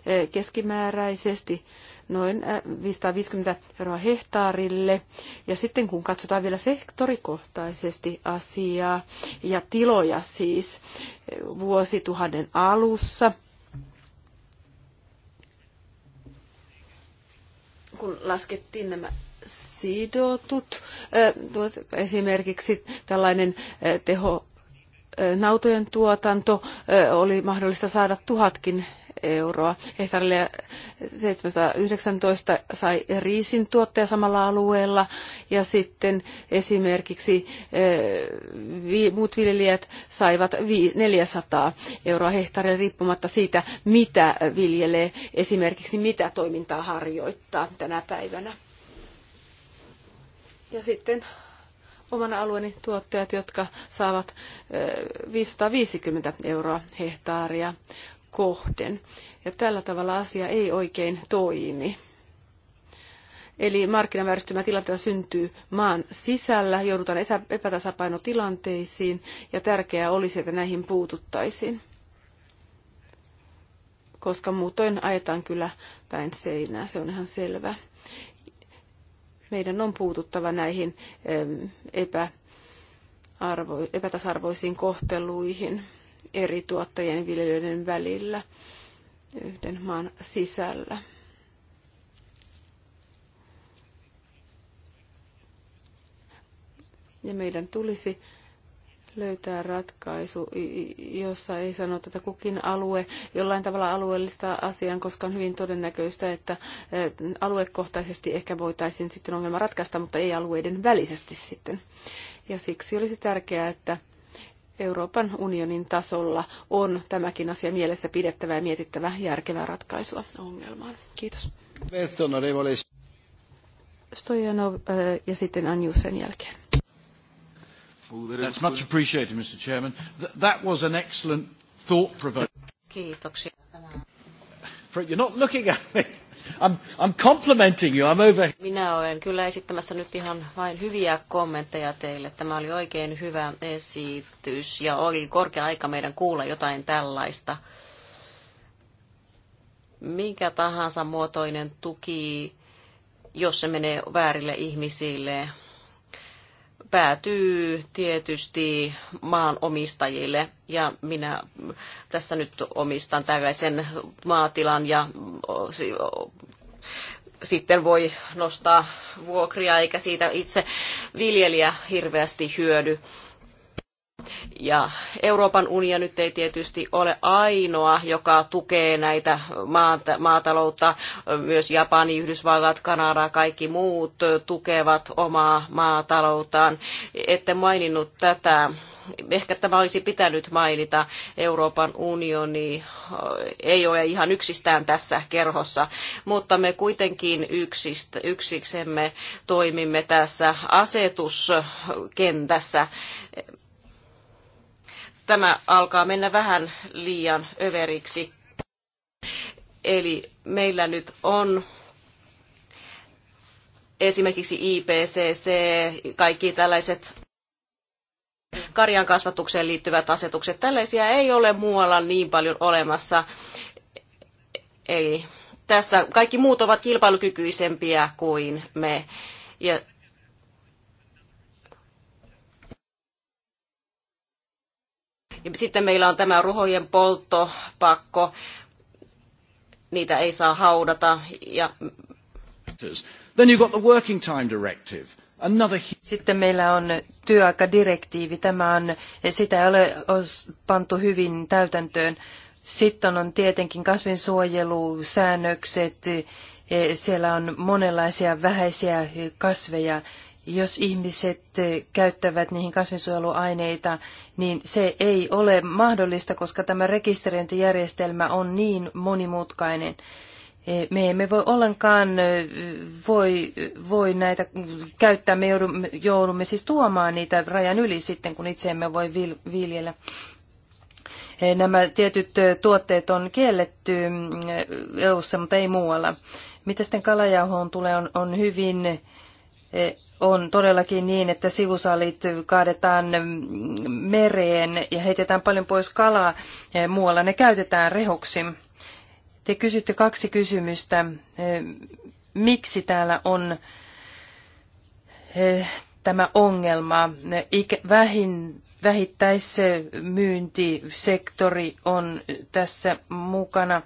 eh, keskimääräisesti noin 550 äh, euroa hehtaarille. Ja sitten kun katsotaan vielä sektorikohtaisesti asiaa ja tiloja siis äh, vuosituhannen alussa, kun laskettiin nämä sidotut, äh, esimerkiksi tällainen teho nautojen tuotanto oli mahdollista saada tuhatkin euroa hehtaarille. 719 sai riisin tuottaja samalla alueella ja sitten esimerkiksi eh, muut viljelijät saivat 400 euroa hehtaarille riippumatta siitä, mitä viljelee, esimerkiksi mitä toimintaa harjoittaa tänä päivänä. Ja sitten oman alueeni tuottajat, jotka saavat 550 eh, euroa hehtaaria kohden. Ja tällä tavalla asia ei oikein toimi. Eli markkinavääristymätilanteita syntyy maan sisällä, joudutaan epätasapainotilanteisiin ja tärkeää olisi, että näihin puututtaisiin. Koska muutoin ajetaan kyllä päin seinää, se on ihan selvä. Meidän on puututtava näihin epä, kohteluihin eri tuottajien ja viljelijöiden välillä yhden maan sisällä. Ja meidän tulisi löytää ratkaisu, jossa ei sanota, että kukin alue jollain tavalla alueellista asiaa, koska on hyvin todennäköistä, että aluekohtaisesti ehkä voitaisiin sitten ongelma ratkaista, mutta ei alueiden välisesti sitten. Ja siksi olisi tärkeää, että Euroopan unionin tasolla on tämäkin asia mielessä pidettävä ja mietittävä järkevää ratkaisua ongelmaan. Kiitos. Stojanov äh, ja sitten Anju sen jälkeen. That's much appreciated, Mr. Chairman. that was an excellent thought provoking. Kiitoksia. You're not looking at me. I'm, I'm complimenting you. I'm over. Minä olen kyllä esittämässä nyt ihan vain hyviä kommentteja teille. Tämä oli oikein hyvä esitys ja oli korkea aika meidän kuulla jotain tällaista. Minkä tahansa muotoinen tuki, jos se menee väärille ihmisille, päätyy tietysti maanomistajille ja minä tässä nyt omistan tällaisen maatilan ja sitten voi nostaa vuokria eikä siitä itse viljelijä hirveästi hyödy ja Euroopan unia nyt ei tietysti ole ainoa, joka tukee näitä maataloutta. Myös Japani, Yhdysvallat, Kanada, kaikki muut tukevat omaa maatalouttaan. Ette maininnut tätä ehkä tämä olisi pitänyt mainita, Euroopan unioni eh, ei ole ihan yksistään tässä kerhossa, mutta me kuitenkin yksiksemme toimimme tässä asetuskentässä tämä alkaa mennä vähän liian överiksi. Eli meillä nyt on esimerkiksi IPCC, kaikki tällaiset karjan kasvatukseen liittyvät asetukset. Tällaisia ei ole muualla niin paljon olemassa. Eli tässä kaikki muut ovat kilpailukykyisempiä kuin me. Ja Ja sitten meillä on tämä ruhojen polttopakko. Niitä ei saa haudata. Ja... Then you've got the working time directive. Sitten meillä on työaikadirektiivi. Tämä on, sitä ei ole pantu hyvin täytäntöön. Sitten on tietenkin kasvinsuojelusäännökset. E, siellä on monenlaisia vähäisiä kasveja jos ihmiset käyttävät niihin kasvinsuojeluaineita, niin se ei ole mahdollista, koska tämä rekisteröintijärjestelmä on niin monimutkainen. E, me emme voi ollenkaan e, voi, voi näitä käyttää, me joudumme, joudumme siis tuomaan niitä rajan yli sitten, kun itse emme voi viljellä. E, nämä tietyt tuotteet on kielletty mm, EU-ssa, mutta ei muualla. Mitä sitten kalajauhoon tulee, on, on hyvin on todellakin niin, että sivusalit kaadetaan mereen ja heitetään paljon pois kalaa. Muualla ne käytetään rehoksi. Te kysytte kaksi kysymystä. Miksi täällä on eh, tämä ongelma? Vähin, vähittäismyyntisektori on tässä mukana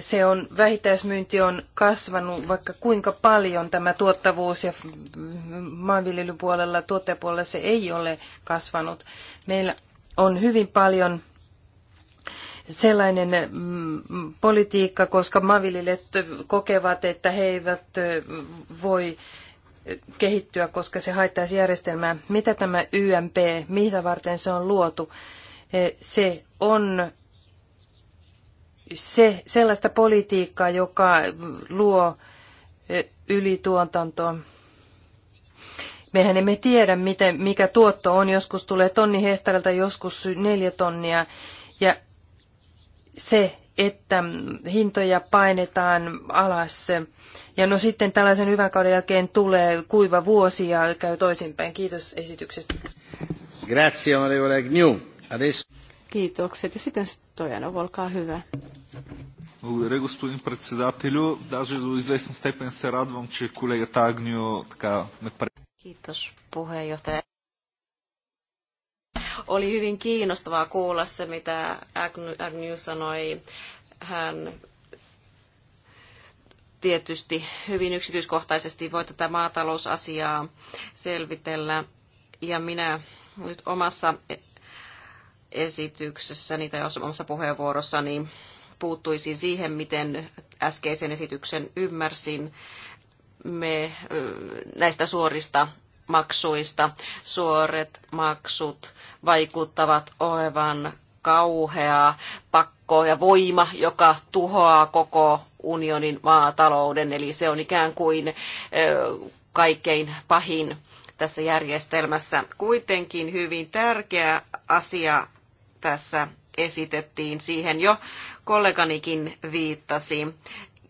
se on, vähittäismyynti on kasvanut vaikka kuinka paljon tämä tuottavuus ja maanviljelypuolella, tuottajapuolella se ei ole kasvanut. Meillä on hyvin paljon sellainen mm, politiikka, koska maanviljelijät kokevat, että he eivät voi kehittyä, koska se haittaisi järjestelmää. Mitä tämä YMP, mitä varten se on luotu? E, se on se, sellaista politiikkaa, joka luo ylituotantoa. Mehän emme tiedä, miten, mikä tuotto on. Joskus tulee tonni hehtaarilta, joskus neljä tonnia. Ja se, että hintoja painetaan alas. Ja no sitten tällaisen hyvän kauden jälkeen tulee kuiva vuosi ja käy toisinpäin. Kiitos esityksestä. Grazie, onorevole Agnew. Adesso... Kiitokset. Ja sitten Stojanov, olkaa hyvä. Благодаря, господин председателю. Даже до известна степен се радвам, че колегата Агнио така ме Kiitos puheenjohtaja. Oli hyvin kiinnostavaa kuulla se, mitä Agnew sanoi. Hän tietysti hyvin yksityiskohtaisesti voi tätä maatalousasiaa selvitellä. Ja minä nyt omassa esityksessäni tai omassa puheenvuorossani puuttuisin siihen, miten äskeisen esityksen ymmärsin me näistä suorista maksuista. Suoret maksut vaikuttavat olevan kauhea pakko ja voima, joka tuhoaa koko unionin maatalouden. Eli se on ikään kuin kaikkein pahin tässä järjestelmässä. Kuitenkin hyvin tärkeä asia tässä esitettiin. Siihen jo kolleganikin viittasi.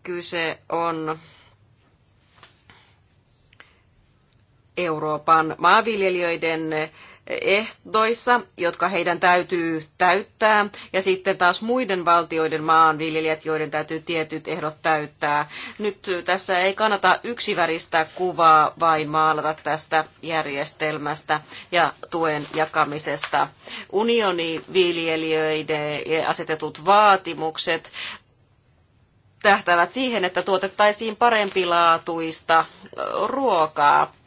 Kyse on Euroopan maanviljelijöiden ehdoissa, jotka heidän täytyy täyttää, ja sitten taas muiden valtioiden maanviljelijät, joiden täytyy tietyt ehdot täyttää. Nyt tässä ei kannata yksiväristä kuvaa vain maalata tästä järjestelmästä ja tuen jakamisesta. Unioniviljelijöiden asetetut vaatimukset tähtävät siihen, että tuotettaisiin parempilaatuista ruokaa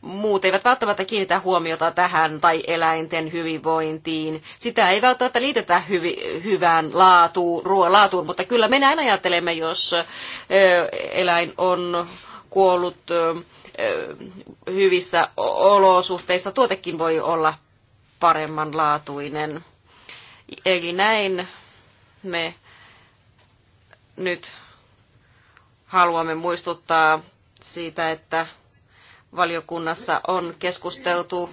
muut eivät välttämättä kiinnitä huomiota tähän tai eläinten hyvinvointiin. Sitä ei välttämättä liitetä hyvi, hyvään laatuun, ruoan laatuun, mutta kyllä me näin ajattelemme, jos eläin on kuollut hyvissä olosuhteissa. Tuotekin voi olla paremmanlaatuinen. Eli näin me nyt haluamme muistuttaa siitä, että valiokunnassa on keskusteltu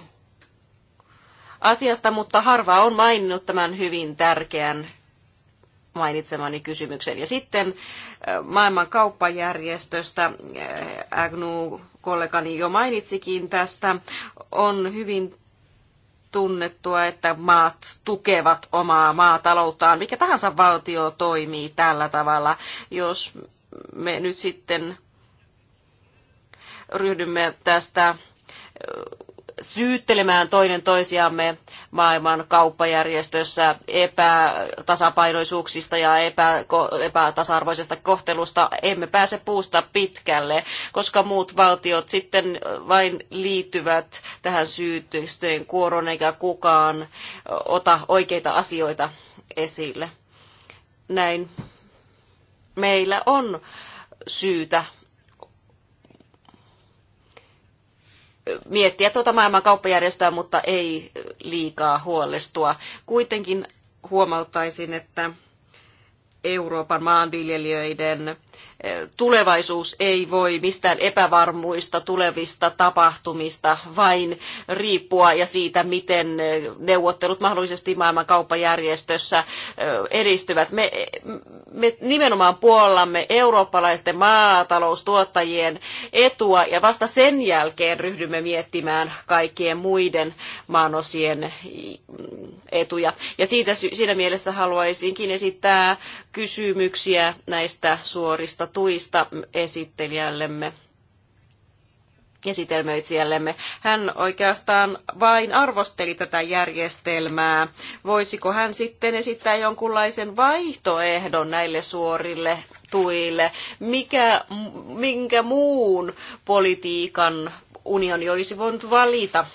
asiasta, mutta harva on maininnut tämän hyvin tärkeän mainitsemani kysymyksen. Ja sitten maailman kauppajärjestöstä, Agnu kollegani jo mainitsikin tästä, on hyvin tunnettua, että maat tukevat omaa maatalouttaan. Mikä tahansa valtio toimii tällä tavalla. Jos me nyt sitten ryhdymme tästä syyttelemään toinen toisiamme maailman kauppajärjestössä epätasapainoisuuksista ja epätasa-arvoisesta kohtelusta, emme pääse puusta pitkälle, koska muut valtiot sitten vain liittyvät tähän syytösten kuoron eikä kukaan ota oikeita asioita esille. Näin meillä on syytä miettiä tuota maailman kauppajärjestöä, mutta ei liikaa huolestua. Kuitenkin huomauttaisin, että Euroopan maanviljelijöiden tulevaisuus ei voi mistään epävarmuista tulevista tapahtumista vain riippua ja siitä, miten neuvottelut mahdollisesti maailman kauppajärjestössä edistyvät. Me, me nimenomaan puollamme eurooppalaisten maataloustuottajien etua ja vasta sen jälkeen ryhdymme miettimään kaikkien muiden maanosien etuja. Ja siitä, siinä mielessä haluaisinkin esittää kysymyksiä näistä suorista tuista esittelijällemme esitelmöitsijällemme. Hän oikeastaan vain arvosteli tätä järjestelmää. Voisiko hän sitten esittää jonkunlaisen vaihtoehdon näille suorille tuille? Mikä, minkä muun politiikan unioni olisi voinut valita?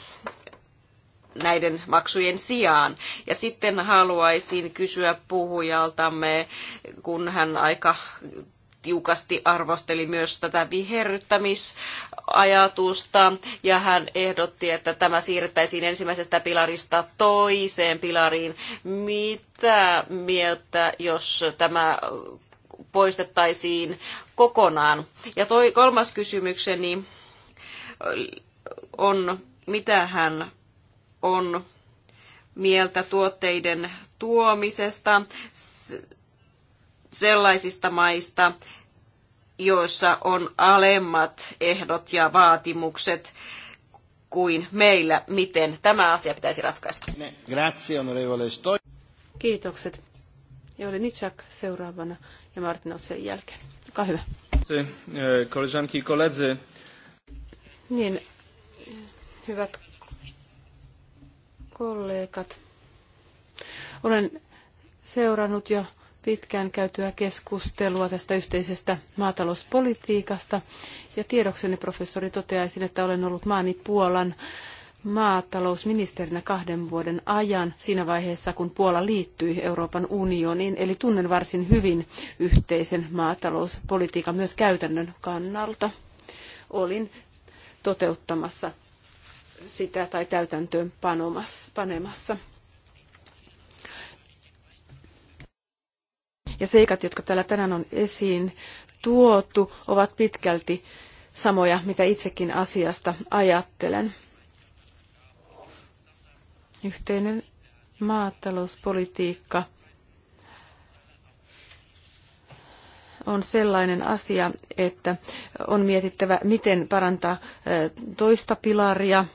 näiden maksujen sijaan. Ja sitten haluaisin kysyä puhujaltamme, kun hän aika tiukasti arvosteli myös tätä viherryttämisajatusta ja hän ehdotti, että tämä siirrettäisiin ensimmäisestä pilarista toiseen pilariin. Mitä mieltä, jos tämä poistettaisiin kokonaan? Ja toi kolmas kysymykseni on, mitä hän on mieltä tuotteiden tuomisesta sellaisista maista, joissa on alemmat ehdot ja vaatimukset kuin meillä. Miten tämä asia pitäisi ratkaista? Grazie, Kiitokset. Ja olen Nitschak seuraavana ja Martin sen jälkeen. Olkaa hyvä. E, koleżanki i koledzy. Niin, hyvät kollegat. Olen seurannut jo pitkään käytyä keskustelua tästä yhteisestä maatalouspolitiikasta. Ja tiedokseni professori toteaisin, että olen ollut maani Puolan maatalousministerinä kahden vuoden ajan siinä vaiheessa, kun Puola liittyi Euroopan unioniin. Eli tunnen varsin hyvin yhteisen maatalouspolitiikan myös käytännön kannalta. Olin toteuttamassa sitä tai täytäntöön panemassa. ja seikat, jotka täällä tänään on esiin tuotu, ovat pitkälti samoja, mitä itsekin asiasta ajattelen. Yhteinen maatalouspolitiikka on sellainen asia, että on mietittävä, miten parantaa toista pilaria –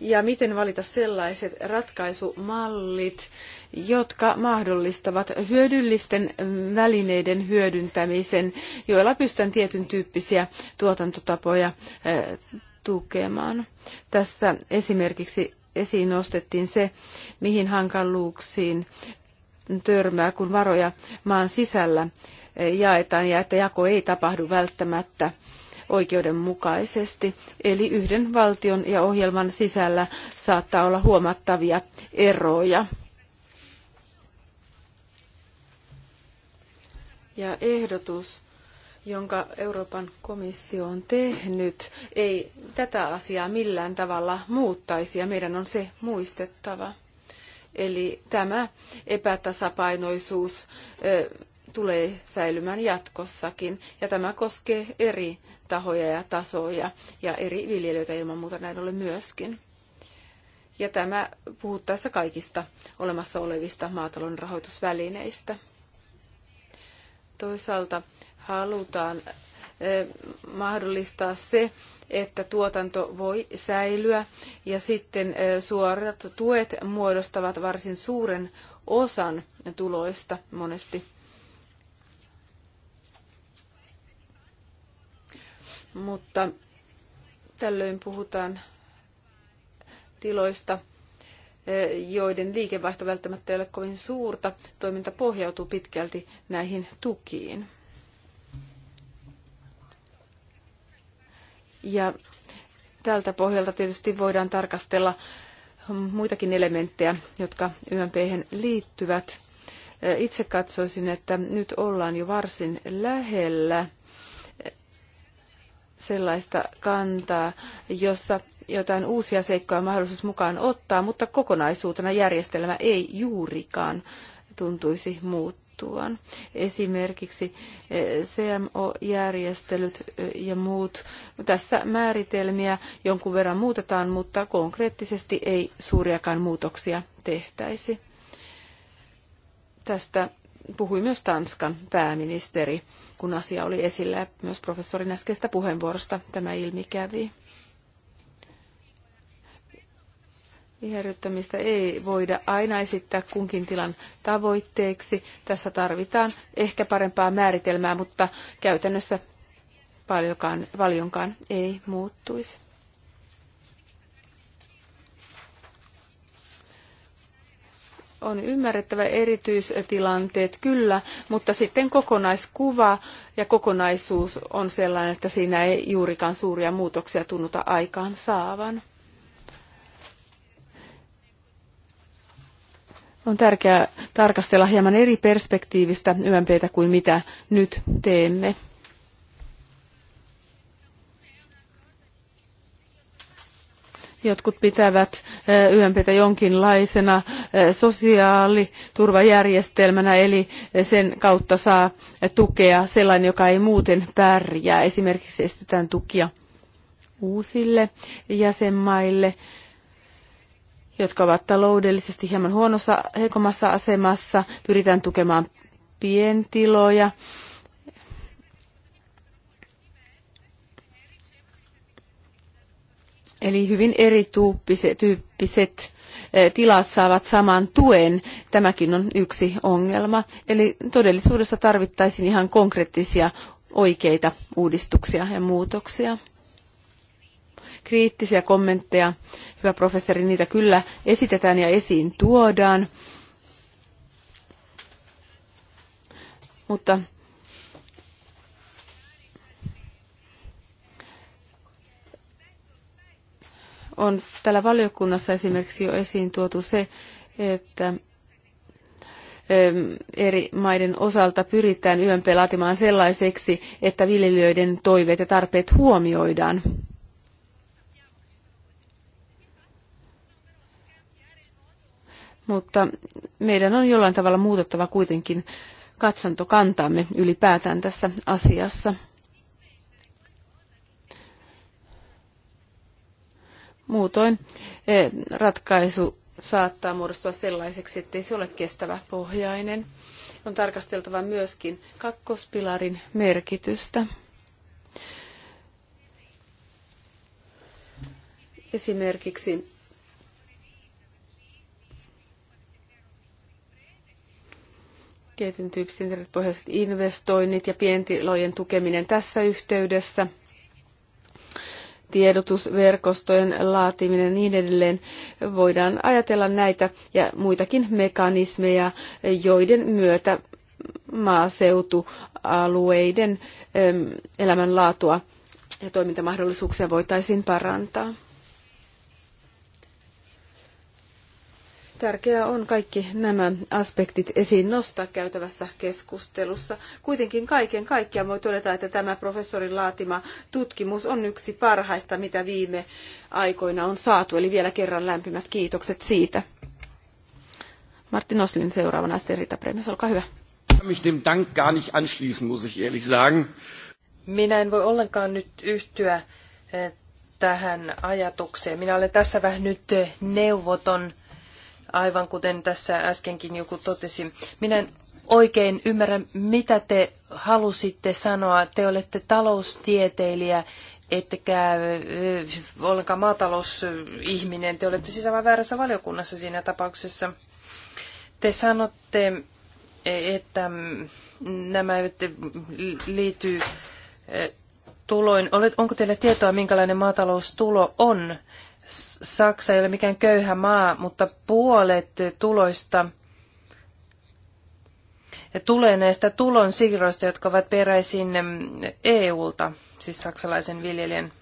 ja miten valita sellaiset ratkaisumallit, jotka mahdollistavat hyödyllisten välineiden hyödyntämisen, joilla pystytään tietyn tyyppisiä tuotantotapoja eh, tukemaan. Tässä esimerkiksi esiin nostettiin se, mihin hankaluuksiin törmää, kun varoja maan sisällä eh, jaetaan ja että jako ei tapahdu välttämättä oikeudenmukaisesti. Eli yhden valtion ja ohjelman sisällä saattaa olla huomattavia eroja. Ja ehdotus jonka Euroopan komissio on tehnyt, ei tätä asiaa millään tavalla muuttaisi ja meidän on se muistettava. Eli tämä epätasapainoisuus tulee säilymään jatkossakin. Ja tämä koskee eri tahoja ja tasoja ja eri viljelijöitä ilman muuta näin ollen myöskin. Ja tämä puhuttaessa kaikista olemassa olevista maatalon rahoitusvälineistä. Toisaalta halutaan eh, mahdollistaa se, että tuotanto voi säilyä ja sitten eh, suorat tuet muodostavat varsin suuren osan tuloista monesti mutta tällöin puhutaan tiloista, e, joiden liikevaihto välttämättä ei ole kovin suurta. Toiminta pohjautuu pitkälti näihin tukiin. Ja tältä pohjalta tietysti voidaan tarkastella muitakin elementtejä, jotka YMP liittyvät. E, itse katsoisin, että nyt ollaan jo varsin lähellä sellaista kantaa, jossa jotain uusia seikkoja on mahdollisuus mukaan ottaa, mutta kokonaisuutena järjestelmä ei juurikaan tuntuisi muuttuvan. Esimerkiksi eh, CMO-järjestelyt eh, ja muut. Tässä määritelmiä jonkun verran muutetaan, mutta konkreettisesti ei suuriakaan muutoksia tehtäisi. Tästä puhui myös Tanskan pääministeri, kun asia oli esillä ja myös professorin äskeistä puheenvuorosta tämä ilmi kävi. Viherryttämistä ei voida aina esittää kunkin tilan tavoitteeksi. Tässä tarvitaan ehkä parempaa määritelmää, mutta käytännössä paljonkaan, paljonkaan ei muuttuisi. on ymmärrettävä erityistilanteet kyllä, mutta sitten kokonaiskuva ja kokonaisuus on sellainen, että siinä ei juurikaan suuria muutoksia tunnuta aikaan saavan. On tärkeää tarkastella hieman eri perspektiivistä YMPtä kuin mitä nyt teemme. Jotkut pitävät eh, YMPtä jonkinlaisena eh, sosiaaliturvajärjestelmänä, eli sen kautta saa eh, tukea sellainen, joka ei muuten pärjää. Esimerkiksi estetään tukia uusille jäsenmaille, jotka ovat taloudellisesti hieman huonossa, heikommassa asemassa. Pyritään tukemaan pientiloja Eli hyvin erityyppiset eh, tilat saavat saman tuen. Tämäkin on yksi ongelma. Eli todellisuudessa tarvittaisiin ihan konkreettisia oikeita uudistuksia ja muutoksia. Kriittisiä kommentteja, hyvä professori, niitä kyllä esitetään ja esiin tuodaan. Mutta on täällä valiokunnassa esimerkiksi jo esiin tuotu se, että eri maiden osalta pyritään yön laatimaan sellaiseksi, että viljelijöiden toiveet ja tarpeet huomioidaan. Mutta meidän on jollain tavalla muutettava kuitenkin katsantokantaamme ylipäätään tässä asiassa. Muutoin eh, ratkaisu saattaa muodostua sellaiseksi, ettei se ole kestävä pohjainen. On tarkasteltava myöskin kakkospilarin merkitystä. Esimerkiksi tietyn tyyppiset pohjaiset investoinnit ja pientilojen tukeminen tässä yhteydessä – tiedotusverkostojen laatiminen ja niin edelleen. Voidaan ajatella näitä ja muitakin mekanismeja, joiden myötä maaseutualueiden elämänlaatua ja toimintamahdollisuuksia voitaisiin parantaa. Tärkeää on kaikki nämä aspektit esiin nostaa käytävässä keskustelussa. Kuitenkin kaiken kaikkiaan voi todeta, että tämä professorin laatima tutkimus on yksi parhaista, mitä viime aikoina on saatu. Eli vielä kerran lämpimät kiitokset siitä. Martin Oslin seuraavana sitten Rita Premes, olkaa hyvä. Mich dem Dank gar nicht anschließen, muss ich ehrlich sagen. Minä en voi ollenkaan nyt yhtyä eh, tähän ajatukseen. Minä olen tässä vähän nyt eh, neuvoton aivan kuten tässä äskenkin joku totesi. Minä en oikein ymmärrä, mitä te halusitte sanoa. Te olette taloustieteilijä, ettekä ollenkaan maatalousihminen. Te olette siis aivan väärässä valiokunnassa siinä tapauksessa. Te sanotte, että nämä eivät liity tuloin. Onko teillä tietoa, minkälainen maataloustulo on? Saksa ei ole mikään köyhä maa, mutta puolet tuloista tulee näistä tulonsiirroista, jotka ovat peräisin EUlta, siis saksalaisen viljelijän.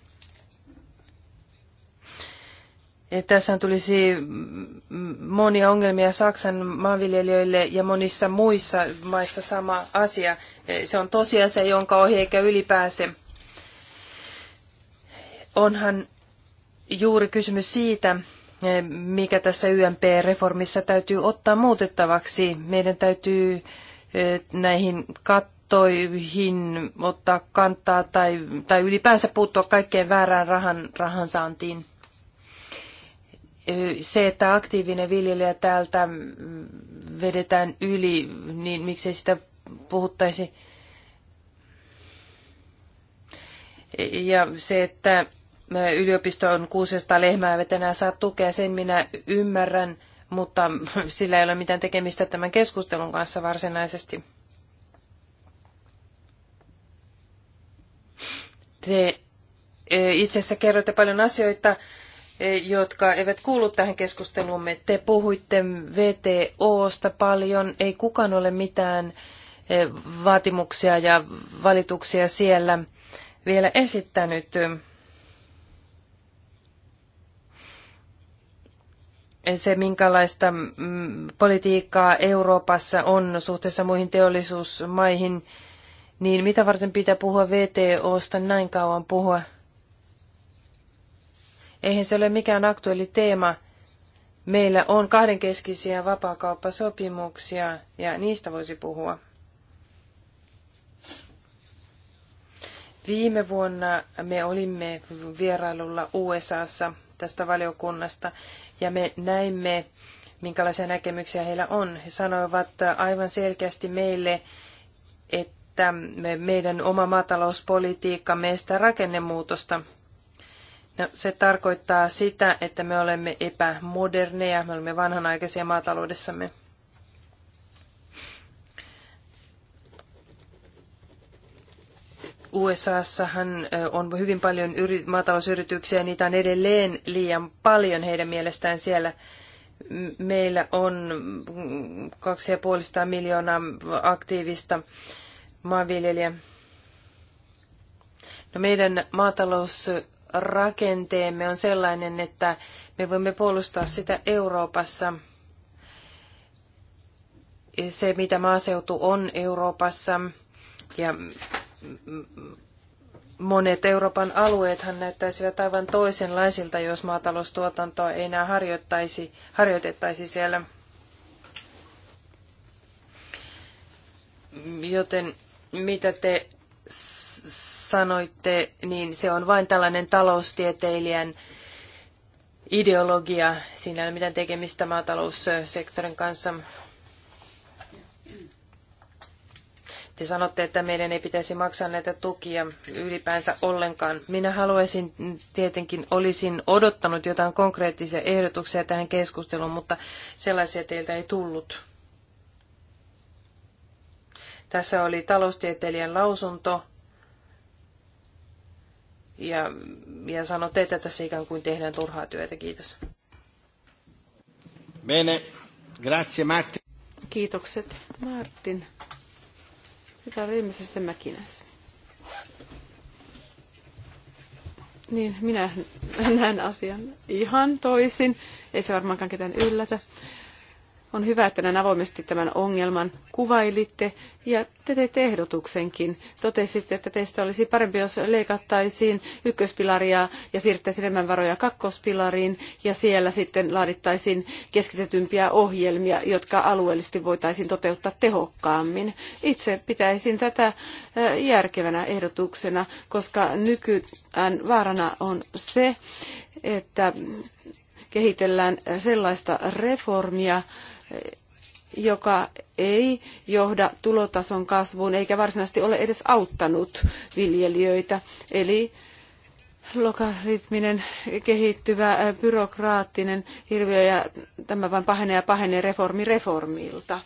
Ja tässä tulisi monia ongelmia Saksan maanviljelijöille ja monissa muissa maissa sama asia. Se on tosiasia, jonka ohi eikä ylipääse. Onhan juuri kysymys siitä, mikä tässä YMP-reformissa täytyy ottaa muutettavaksi. Meidän täytyy näihin kattoihin ottaa kantaa tai, tai ylipäänsä puuttua kaikkeen väärään rahan, rahansaantiin. Se, että aktiivinen viljelijä täältä vedetään yli, niin miksei sitä puhuttaisi. Ja se, että yliopisto on 600 lehmää, eivät saa tukea, sen minä ymmärrän, mutta sillä ei ole mitään tekemistä tämän keskustelun kanssa varsinaisesti. Te e, itse asiassa kerroitte paljon asioita, e, jotka eivät kuulu tähän keskusteluumme. Te puhuitte VTOsta paljon, ei kukaan ole mitään e, vaatimuksia ja valituksia siellä vielä esittänyt. se, minkälaista mm, politiikkaa Euroopassa on suhteessa muihin teollisuusmaihin, niin mitä varten pitää puhua VTOsta näin kauan puhua? Eihän se ole mikään aktuelli teema. Meillä on kahdenkeskisiä vapaakauppasopimuksia ja niistä voisi puhua. Viime vuonna me olimme vierailulla USAssa – tästä valiokunnasta ja me näimme, minkälaisia näkemyksiä heillä on. He sanoivat aivan selkeästi meille, että meidän oma maatalouspolitiikka meistä rakennemuutosta. No, se tarkoittaa sitä, että me olemme epämoderneja, me olemme vanhanaikaisia maataloudessamme. USAssahan on hyvin paljon yri- maatalousyrityksiä, niitä on edelleen liian paljon heidän mielestään siellä. Meillä on 2,5 miljoonaa aktiivista maanviljelijää. No meidän maatalousrakenteemme on sellainen, että me voimme puolustaa sitä Euroopassa. Se, mitä maaseutu on Euroopassa ja monet Euroopan alueethan näyttäisivät aivan toisenlaisilta, jos maataloustuotantoa ei enää harjoittaisi, harjoitettaisi siellä. Joten mitä te sanoitte, niin se on vain tällainen taloustieteilijän ideologia. Siinä ei ole mitään tekemistä maataloussektorin kanssa. Te sanotte, että meidän ei pitäisi maksaa näitä tukia ylipäänsä ollenkaan. Minä haluaisin, tietenkin olisin odottanut jotain konkreettisia ehdotuksia tähän keskusteluun, mutta sellaisia teiltä ei tullut. Tässä oli taloustieteilijän lausunto, ja, ja sanotte, että tässä ikään kuin tehdään turhaa työtä. Kiitos. Bene. Grazie Martin. Kiitokset Martin. Mikä oli viimeisen sitten Mäkinässä? Niin, minä näen asian ihan toisin. Ei se varmaankaan ketään yllätä. On hyvä, että näin avoimesti tämän ongelman kuvailitte ja te teitte ehdotuksenkin. Totesitte, että teistä olisi parempi, jos leikattaisiin ykköspilaria ja siirrettäisiin enemmän varoja kakkospilariin ja siellä sitten laadittaisiin keskitetympiä ohjelmia, jotka alueellisesti voitaisiin toteuttaa tehokkaammin. Itse pitäisin tätä järkevänä ehdotuksena, koska nykyään vaarana on se, että kehitellään sellaista reformia, joka ei johda tulotason kasvuun eikä varsinaisesti ole edes auttanut viljelijöitä. Eli logaritminen, kehittyvä, byrokraattinen hirviö ja tämä vain pahenee ja pahenee reformi reformilta.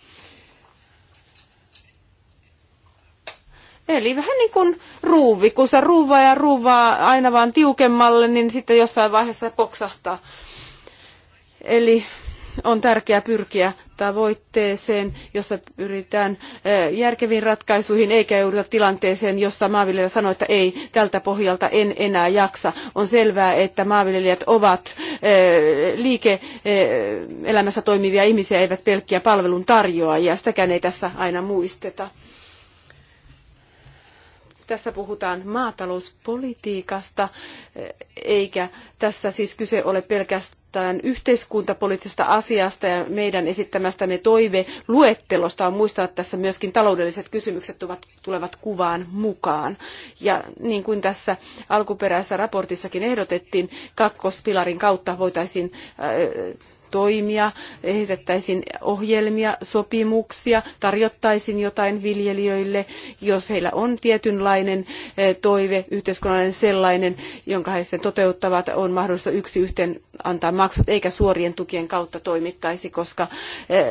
Eli vähän niin kuin ruuvi, kun sä ruuvaa ja ruuvaa aina vaan tiukemmalle, niin sitten jossain vaiheessa poksahtaa. Eli on tärkeää pyrkiä tavoitteeseen, jossa pyritään eh, järkeviin ratkaisuihin, eikä jouduta tilanteeseen, jossa maanviljelijä sanoo, että ei, tältä pohjalta en enää jaksa. On selvää, että maanviljelijät ovat eh, liike-elämässä eh, toimivia ihmisiä, eivät pelkkiä palvelun tarjoajia. Sitäkään ei tässä aina muisteta. Tässä puhutaan maatalouspolitiikasta, eikä tässä siis kyse ole pelkästään yhteiskuntapoliittisesta asiasta ja meidän esittämästämme toiveluettelosta on muistaa, että tässä myöskin taloudelliset kysymykset tulevat kuvaan mukaan. Ja niin kuin tässä alkuperäisessä raportissakin ehdotettiin, kakkospilarin kautta voitaisiin äh, toimia, esitettäisiin ohjelmia, sopimuksia, tarjottaisiin jotain viljelijöille, jos heillä on tietynlainen eh, toive, yhteiskunnallinen sellainen, jonka he sitten toteuttavat, on mahdollista yksi yhteen antaa maksut, eikä suorien tukien kautta toimittaisi, koska eh,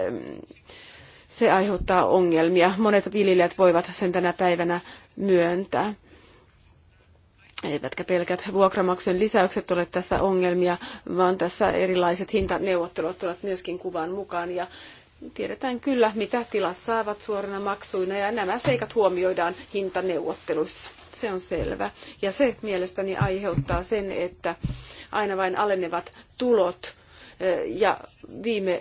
se aiheuttaa ongelmia. Monet viljelijät voivat sen tänä päivänä myöntää eivätkä pelkät vuokramaksujen lisäykset ole tässä ongelmia, vaan tässä erilaiset hintaneuvottelut tulevat myöskin kuvan mukaan. Ja tiedetään kyllä, mitä tilat saavat suorana maksuina, ja nämä seikat huomioidaan hintaneuvotteluissa. Se on selvä. Ja se mielestäni aiheuttaa sen, että aina vain alenevat tulot ja viime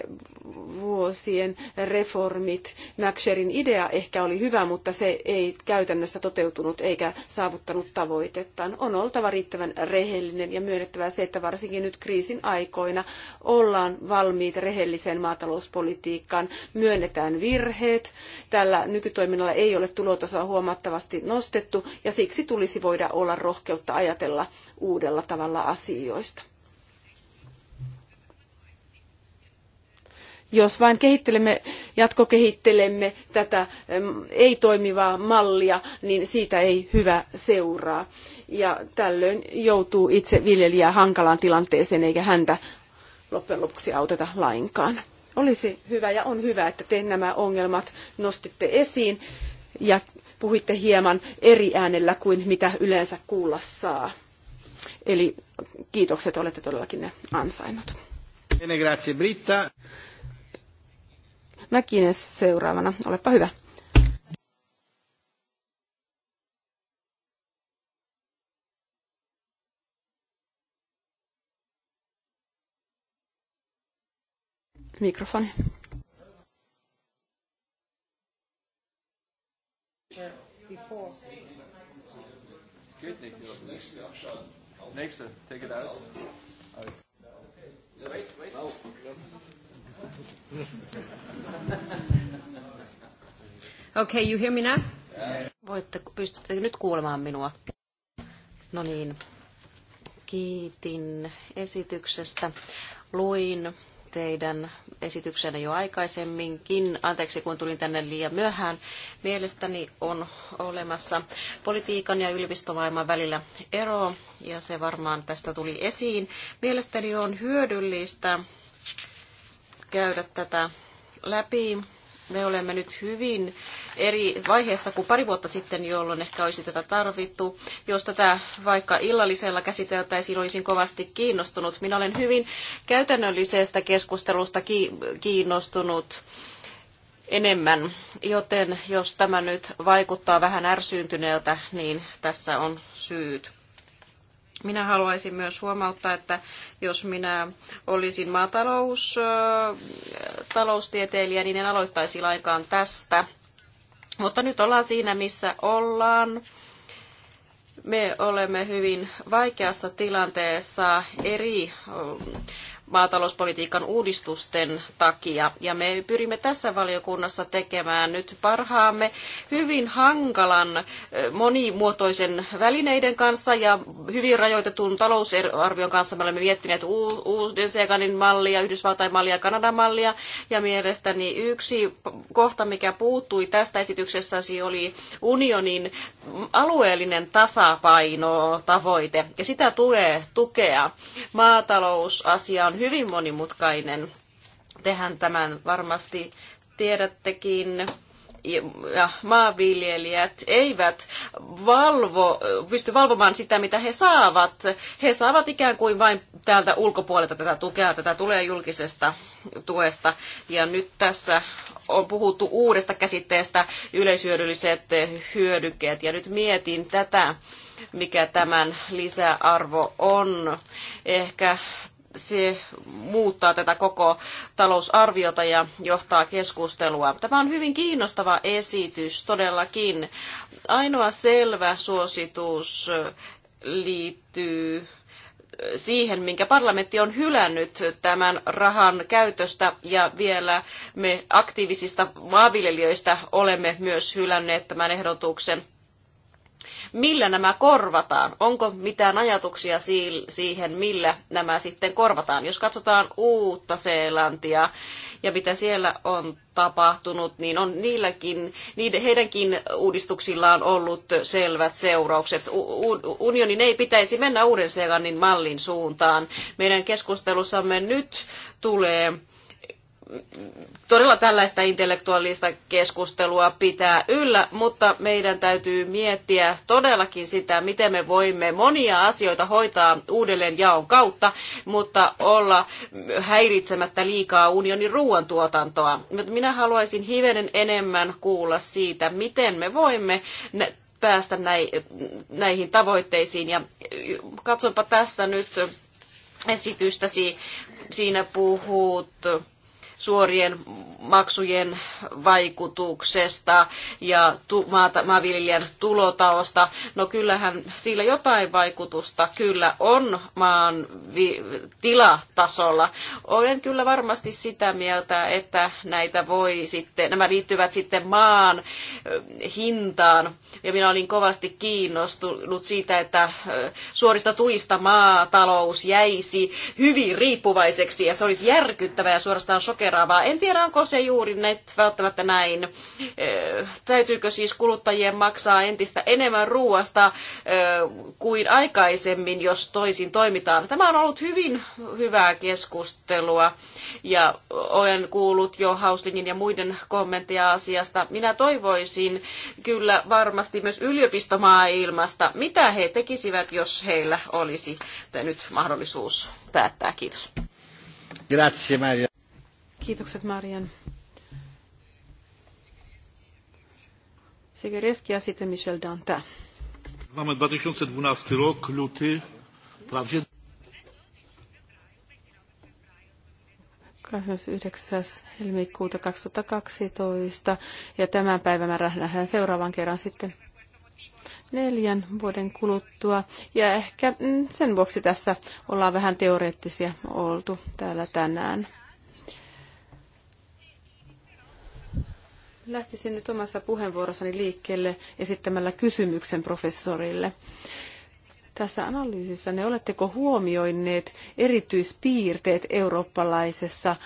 vuosien reformit. Maxerin idea ehkä oli hyvä, mutta se ei käytännössä toteutunut eikä saavuttanut tavoitettaan. On oltava riittävän rehellinen ja myönnettävä se, että varsinkin nyt kriisin aikoina ollaan valmiit rehelliseen maatalouspolitiikkaan. Myönnetään virheet. Tällä nykytoiminnalla ei ole tulotasoa huomattavasti nostettu ja siksi tulisi voida olla rohkeutta ajatella uudella tavalla asioista. jos vain kehittelemme, jatkokehittelemme tätä ei-toimivaa mallia, niin siitä ei hyvä seuraa. Ja tällöin joutuu itse viljelijä hankalaan tilanteeseen, eikä häntä loppujen lopuksi auteta lainkaan. Olisi hyvä ja on hyvä, että te nämä ongelmat nostitte esiin ja puhuitte hieman eri äänellä kuin mitä yleensä kuulla saa. Eli kiitokset, olette todellakin ne ansainnut. Bene, grazie Britta. Mäkines seuraavana. Olepa hyvä. Mikrofoni. Before. Nächste. Take it out. Wait, wait. No. Okay, you hear me now? Voitte, pystytte nyt kuulemaan minua. No niin, kiitin esityksestä. Luin teidän esityksenä jo aikaisemminkin. Anteeksi, kun tulin tänne liian myöhään. Mielestäni on olemassa politiikan ja yliopistomaailman välillä ero, ja se varmaan tästä tuli esiin. Mielestäni on hyödyllistä käydä tätä läpi. Me olemme nyt hyvin eri vaiheessa kuin pari vuotta sitten, jolloin ehkä olisi tätä tarvittu. Jos tätä vaikka illallisella käsiteltäisiin, olisin kovasti kiinnostunut. Minä olen hyvin käytännöllisestä keskustelusta kiinnostunut enemmän, joten jos tämä nyt vaikuttaa vähän ärsyyntyneeltä, niin tässä on syyt. Minä haluaisin myös huomauttaa, että jos minä olisin maatalous, taloustieteilijä, niin en aloittaisi lainkaan tästä. Mutta nyt ollaan siinä, missä ollaan. Me olemme hyvin vaikeassa tilanteessa eri maatalouspolitiikan uudistusten takia. Ja me pyrimme tässä valiokunnassa tekemään nyt parhaamme hyvin hankalan monimuotoisen välineiden kanssa ja hyvin rajoitetun talousarvion kanssa. Me olemme miettineet uuden Seganin mallia, Yhdysvaltain mallia, Kanadan mallia ja mielestäni yksi kohta, mikä puuttui tästä esityksestäsi oli unionin alueellinen tasapaino tavoite ja sitä tulee tukea. Maatalousasia on hyvin monimutkainen. Tehän tämän varmasti tiedättekin ja maanviljelijät eivät valvo, pysty valvomaan sitä, mitä he saavat. He saavat ikään kuin vain täältä ulkopuolelta tätä tukea, tätä tulee julkisesta tuesta. Ja nyt tässä on puhuttu uudesta käsitteestä yleishyödylliset hyödykkeet. Ja nyt mietin tätä, mikä tämän lisäarvo on. Ehkä se muuttaa tätä koko talousarviota ja johtaa keskustelua. Tämä on hyvin kiinnostava esitys todellakin. Ainoa selvä suositus liittyy siihen, minkä parlamentti on hylännyt tämän rahan käytöstä ja vielä me aktiivisista maanviljelijöistä olemme myös hylänneet tämän ehdotuksen millä nämä korvataan? Onko mitään ajatuksia siihen, millä nämä sitten korvataan? Jos katsotaan uutta Seelantia ja mitä siellä on tapahtunut, niin on niilläkin, niiden, heidänkin uudistuksillaan ollut selvät seuraukset. U- unionin ei pitäisi mennä uuden Seelannin mallin suuntaan. Meidän keskustelussamme nyt tulee todella tällaista intellektuaalista keskustelua pitää yllä, mutta meidän täytyy miettiä todellakin sitä, miten me voimme monia asioita hoitaa uudelleen jaon kautta, mutta olla häiritsemättä liikaa unionin ruoantuotantoa. Minä haluaisin hivenen enemmän kuulla siitä, miten me voimme päästä näihin tavoitteisiin. Ja katsonpa tässä nyt esitystäsi. Siinä puhut suorien maksujen vaikutuksesta ja tu, maata, maanviljelijän tulotaosta. No kyllähän sillä jotain vaikutusta kyllä on maan vi, tilatasolla. Olen kyllä varmasti sitä mieltä, että näitä voi sitten, nämä liittyvät sitten maan hintaan. Ja minä olin kovasti kiinnostunut siitä, että suorista tuista maatalous jäisi hyvin riippuvaiseksi ja se olisi järkyttävää ja suorastaan sokea seuraavaa. En tiedä, onko se juuri net välttämättä näin. Täytyykö siis kuluttajien maksaa entistä enemmän ruoasta kuin aikaisemmin, jos toisin toimitaan? Tämä on ollut hyvin hyvää keskustelua ja olen kuullut jo Hauslingin ja muiden kommentteja asiasta. Minä toivoisin kyllä varmasti myös yliopistomaailmasta, mitä he tekisivät, jos heillä olisi nyt mahdollisuus päättää. Kiitos. Grazie Maria. Kiitokset Marian. Segereski ja sitten Michel Danta. Mamy 2012 rok, luty, prawdzie... 29. helmikuuta 2012 ja tämän päivämäärän nähdään seuraavan kerran sitten neljän vuoden kuluttua. Ja ehkä mm, sen vuoksi tässä ollaan vähän teoreettisia oltu täällä tänään. Lähtisin nyt omassa puheenvuorossani liikkeelle esittämällä kysymyksen professorille. Tässä analyysissä ne oletteko huomioineet erityispiirteet eurooppalaisessa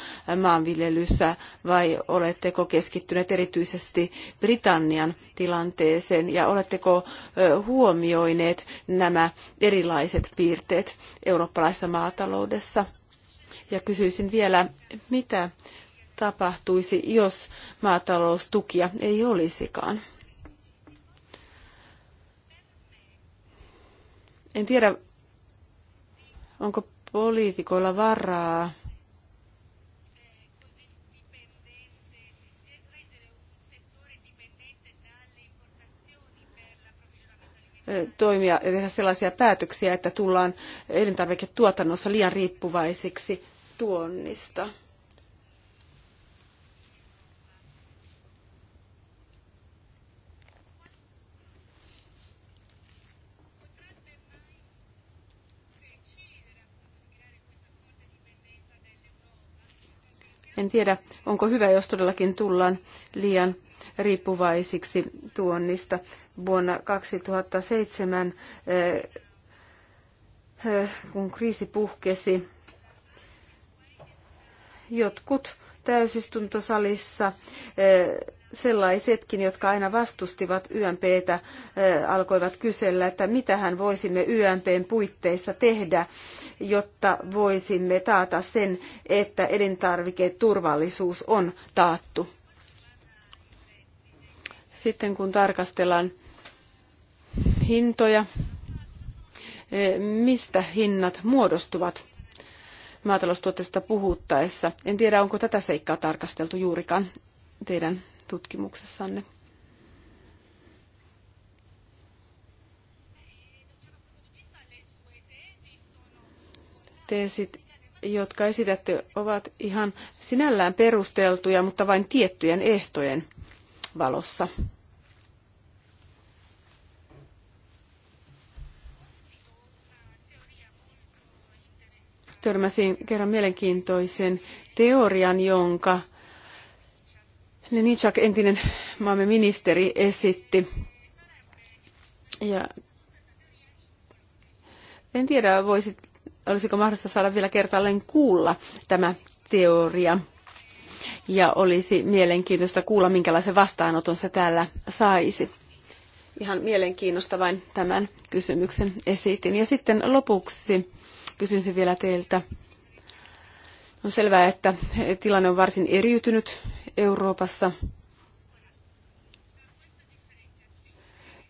maanviljelyssä vai oletteko keskittyneet erityisesti Britannian tilanteeseen ja oletteko huomioineet nämä erilaiset piirteet eurooppalaisessa maataloudessa? Ja kysyisin vielä, mitä tapahtuisi, jos maataloustukia ei olisikaan. En tiedä, onko poliitikoilla varaa toimia ja tehdä sellaisia päätöksiä, että tullaan elintarviketuotannossa liian riippuvaisiksi tuonnista. En tiedä, onko hyvä, jos todellakin tullaan liian riippuvaisiksi tuonnista. Vuonna 2007, eh, eh, kun kriisi puhkesi, jotkut täysistuntosalissa eh, sellaisetkin, jotka aina vastustivat YMPtä, alkoivat kysellä, että mitähän voisimme YMPn puitteissa tehdä, jotta voisimme taata sen, että elintarviketurvallisuus on taattu. Sitten kun tarkastellaan hintoja, mistä hinnat muodostuvat maataloustuotteista puhuttaessa. En tiedä, onko tätä seikkaa tarkasteltu juurikaan teidän tutkimuksessanne. Teesit, jotka esitätte, ovat ihan sinällään perusteltuja, mutta vain tiettyjen ehtojen valossa. Törmäsin kerran mielenkiintoisen teorian, jonka Lenichak, entinen maamme ministeri, esitti. Ja en tiedä, voisit, olisiko mahdollista saada vielä kertaalleen kuulla tämä teoria. Ja olisi mielenkiintoista kuulla, minkälaisen vastaanoton se täällä saisi. Ihan mielenkiinnosta vain tämän kysymyksen esitin. Ja sitten lopuksi kysyisin vielä teiltä. On selvää, että tilanne on varsin eriytynyt Euroopassa.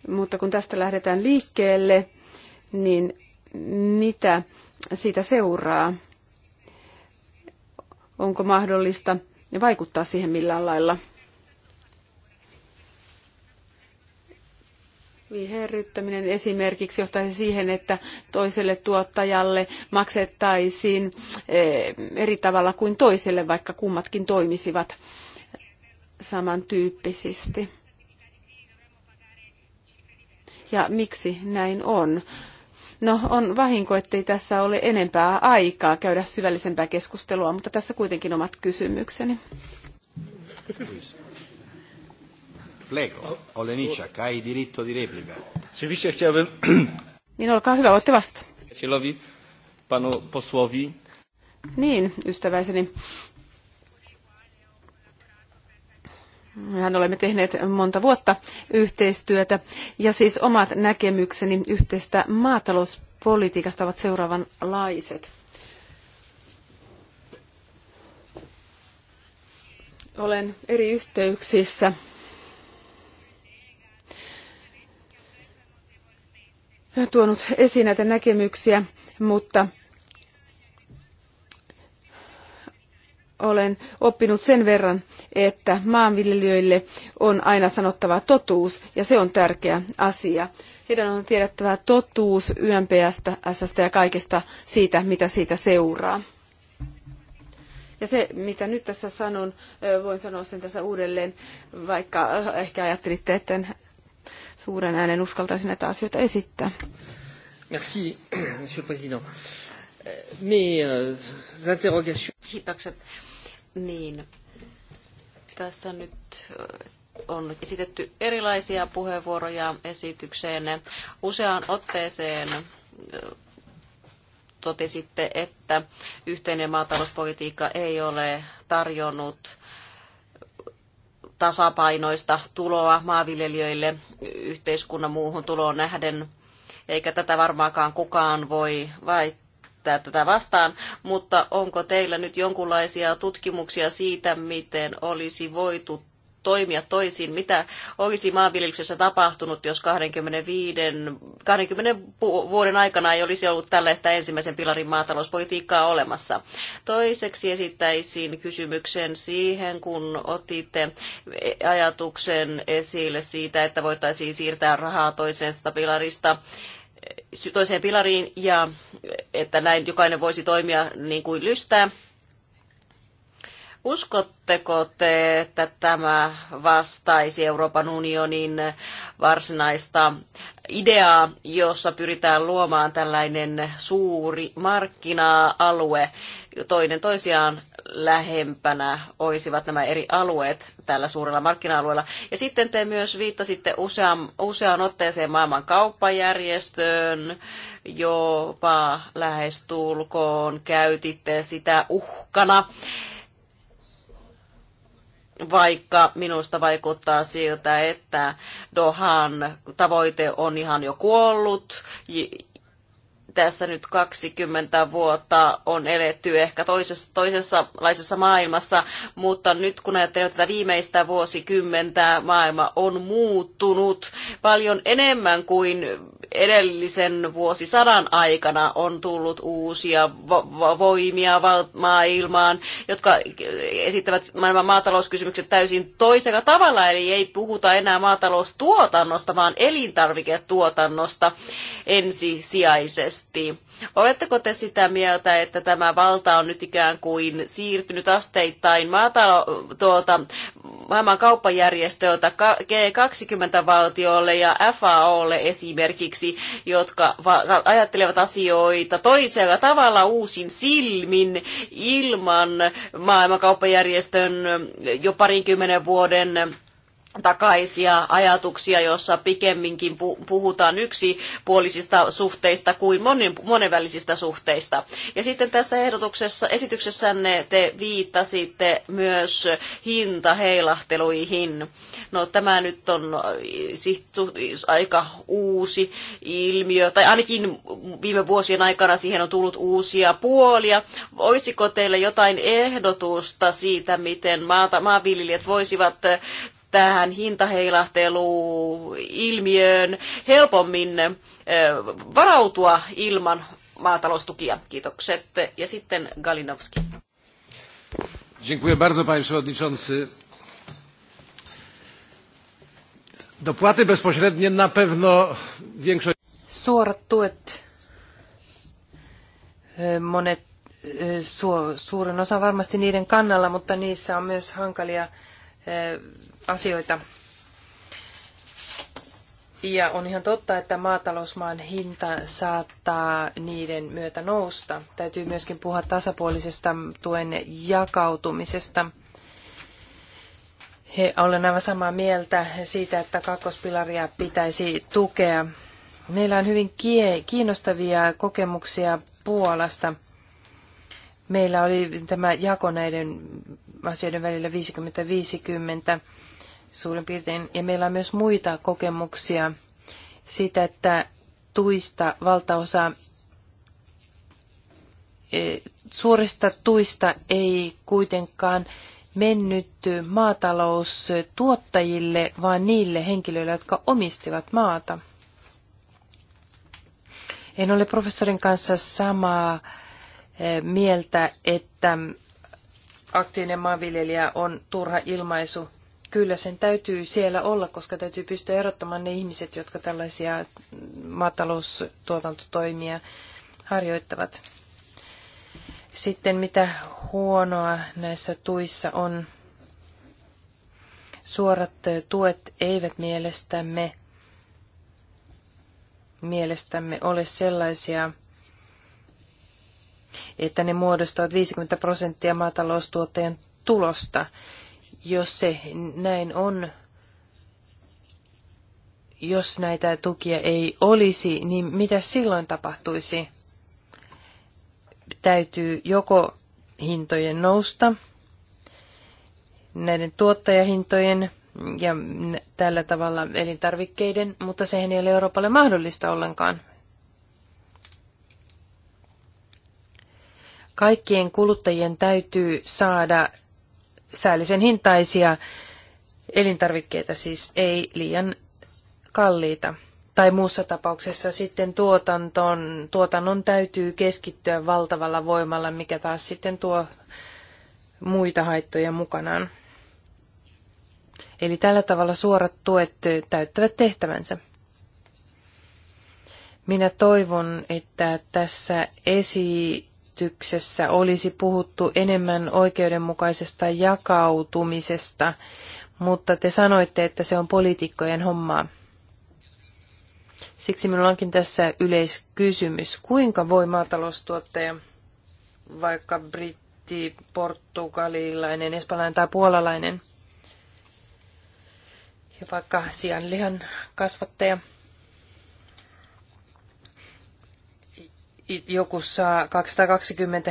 Mutta kun tästä lähdetään liikkeelle, niin mitä siitä seuraa? Onko mahdollista vaikuttaa siihen millään lailla? Viherryttäminen esimerkiksi johtaisi siihen, että toiselle tuottajalle maksettaisiin eh, eri tavalla kuin toiselle, vaikka kummatkin toimisivat samantyyppisesti. Ja miksi näin on? No on vahinko, ettei tässä ole enempää aikaa käydä syvällisempää keskustelua, mutta tässä kuitenkin omat kysymykseni. olen Olenicak, Kai diritto di replica. Oczywiście chciałbym... Niin, olkaa hyvä, voitte vastata. Niin, ystäväiseni. mehän olemme tehneet monta vuotta yhteistyötä, ja siis omat näkemykseni yhteistä maatalouspolitiikasta ovat seuraavanlaiset. Olen eri yhteyksissä tuonut esiin näitä näkemyksiä, mutta olen oppinut sen verran, että maanviljelijöille on aina sanottava totuus, ja se on tärkeä asia. Heidän on tiedettävä totuus YMPstä, SSstä ja kaikesta siitä, mitä siitä seuraa. Ja se, mitä nyt tässä sanon, voin sanoa sen tässä uudelleen, vaikka ehkä ajattelitte, että en suuren äänen uskaltaisi näitä asioita esittää. Merci, monsieur le président. Euh, mais, euh Kiitokset. Niin. Tässä nyt on esitetty erilaisia puheenvuoroja esitykseen useaan otteeseen totesitte, että yhteinen maatalouspolitiikka ei ole tarjonnut tasapainoista tuloa maanviljelijöille yhteiskunnan muuhun tuloon nähden, eikä tätä varmaankaan kukaan voi äänestää tätä vastaan, mutta onko teillä nyt jonkunlaisia tutkimuksia siitä, miten olisi voitu toimia toisin, mitä olisi maanviljelyksessä tapahtunut, jos 25, 20 vuoden aikana ei olisi ollut tällaista ensimmäisen pilarin maatalouspolitiikkaa olemassa. Toiseksi esittäisin kysymyksen siihen, kun otitte ajatuksen esille siitä, että voitaisiin siirtää rahaa toisesta pilarista toiseen pilariin ja että näin jokainen voisi toimia niin kuin lystää. Uskotteko te, että tämä vastaisi Euroopan unionin varsinaista ideaa, jossa pyritään luomaan tällainen suuri markkina-alue toinen toisiaan lähempänä olisivat nämä eri alueet tällä suurella markkina-alueella. Ja sitten te myös viittasitte useaan, useaan otteeseen maailman kauppajärjestöön jopa lähestulkoon käytitte sitä uhkana vaikka minusta vaikuttaa siltä, että Dohan tavoite on ihan jo kuollut tässä nyt 20 vuotta on eletty ehkä toisessa, laisessa maailmassa, mutta nyt kun ajattelee tätä viimeistä vuosikymmentä, maailma on muuttunut paljon enemmän kuin edellisen vuosisadan aikana on tullut uusia voimia maailmaan, jotka esittävät maailman maatalouskysymykset täysin toisella tavalla, eli ei puhuta enää maataloustuotannosta, vaan elintarviketuotannosta ensisijaisesti asti. Oletteko te sitä mieltä, että tämä valta on nyt ikään kuin siirtynyt asteittain maatalo, tuota, maailman kauppajärjestöltä G20-valtiolle ja FAOlle esimerkiksi, jotka ajattelevat asioita toisella tavalla uusin silmin ilman maailman kauppajärjestön jo parinkymmenen vuoden takaisia ajatuksia, jossa pikemminkin puhutaan yksipuolisista suhteista kuin monen, monenvälisistä suhteista. Ja sitten tässä ehdotuksessa, esityksessänne te viittasitte myös hintaheilahteluihin. No tämä nyt on äh, aika uusi ilmiö, tai ainakin viime vuosien aikana siihen on tullut uusia puolia. Olisiko teillä jotain ehdotusta siitä, miten maata, maanviljelijät voisivat äh, tähän hintaheilahteluilmiöön helpommin varautua ilman maataloustukia. Kiitokset. Ja sitten Galinowski. Dziękuję bardzo, panie przewodniczący. Dopłaty bezpośrednie na pewno większość... Suorat tuet. E, monet, e, suurin osa varmasti niiden kannalla, mutta niissä on myös hankalia e, asioita. Ja on ihan totta, että maatalousmaan hinta saattaa niiden myötä nousta. Täytyy myöskin puhua tasapuolisesta tuen jakautumisesta. He olen aivan samaa mieltä siitä, että kakkospilaria pitäisi tukea. Meillä on hyvin kiinnostavia kokemuksia Puolasta. Meillä oli tämä jako näiden asioiden välillä 50-50 suurin piirtein. Ja meillä on myös muita kokemuksia siitä, että tuista valtaosa e, suorista tuista ei kuitenkaan mennyt maataloustuottajille, vaan niille henkilöille, jotka omistivat maata. En ole professorin kanssa samaa e, mieltä, että aktiivinen maanviljelijä on turha ilmaisu kyllä sen täytyy siellä olla, koska täytyy pystyä erottamaan ne ihmiset, jotka tällaisia maataloustuotantotoimia harjoittavat. Sitten mitä huonoa näissä tuissa on, suorat tuet eivät mielestämme, mielestämme ole sellaisia, että ne muodostavat 50 prosenttia maataloustuottajan tulosta. Jos se näin on, jos näitä tukia ei olisi, niin mitä silloin tapahtuisi? Täytyy joko hintojen nousta, näiden tuottajahintojen ja tällä tavalla elintarvikkeiden, mutta sehän ei ole Euroopalle mahdollista ollenkaan. Kaikkien kuluttajien täytyy saada säällisen hintaisia elintarvikkeita, siis ei liian kalliita. Tai muussa tapauksessa sitten tuotanton, tuotannon täytyy keskittyä valtavalla voimalla, mikä taas sitten tuo muita haittoja mukanaan. Eli tällä tavalla suorat tuet täyttävät tehtävänsä. Minä toivon, että tässä esi äänestyksessä olisi puhuttu enemmän oikeudenmukaisesta jakautumisesta, mutta te sanoitte, että se on poliitikkojen hommaa. Siksi minulla onkin tässä yleiskysymys. Kuinka voi maataloustuottaja, vaikka britti, portugalilainen, espanjalainen tai puolalainen, ja vaikka sianlihan kasvattaja, joku saa 220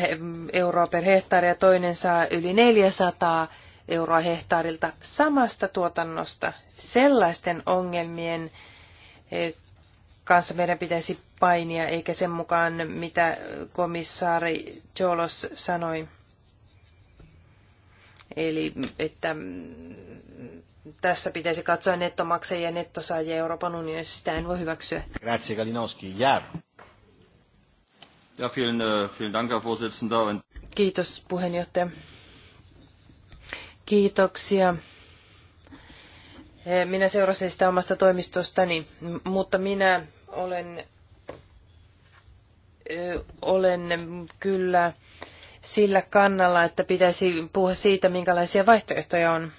euroa per hehtaari ja toinen saa yli 400 euroa hehtaarilta samasta tuotannosta. Sellaisten ongelmien eh, kanssa meidän pitäisi painia, eikä sen mukaan, mitä komissaari Jolos sanoi. Eli että mm, tässä pitäisi katsoa nettomaksajia ja nettosaajia Euroopan unionissa. Sitä en voi hyväksyä. Grazie, Kalinowski. Ja, vielen, äh, vielen Dank, Herr Vorsitzender. Kiitos puheenjohtaja. Kiitoksia. Eh, minä seurasin sitä omasta toimistostani, mutta minä olen, eh, olen kyllä sillä kannalla, että pitäisi puhua siitä, minkälaisia vaihtoehtoja on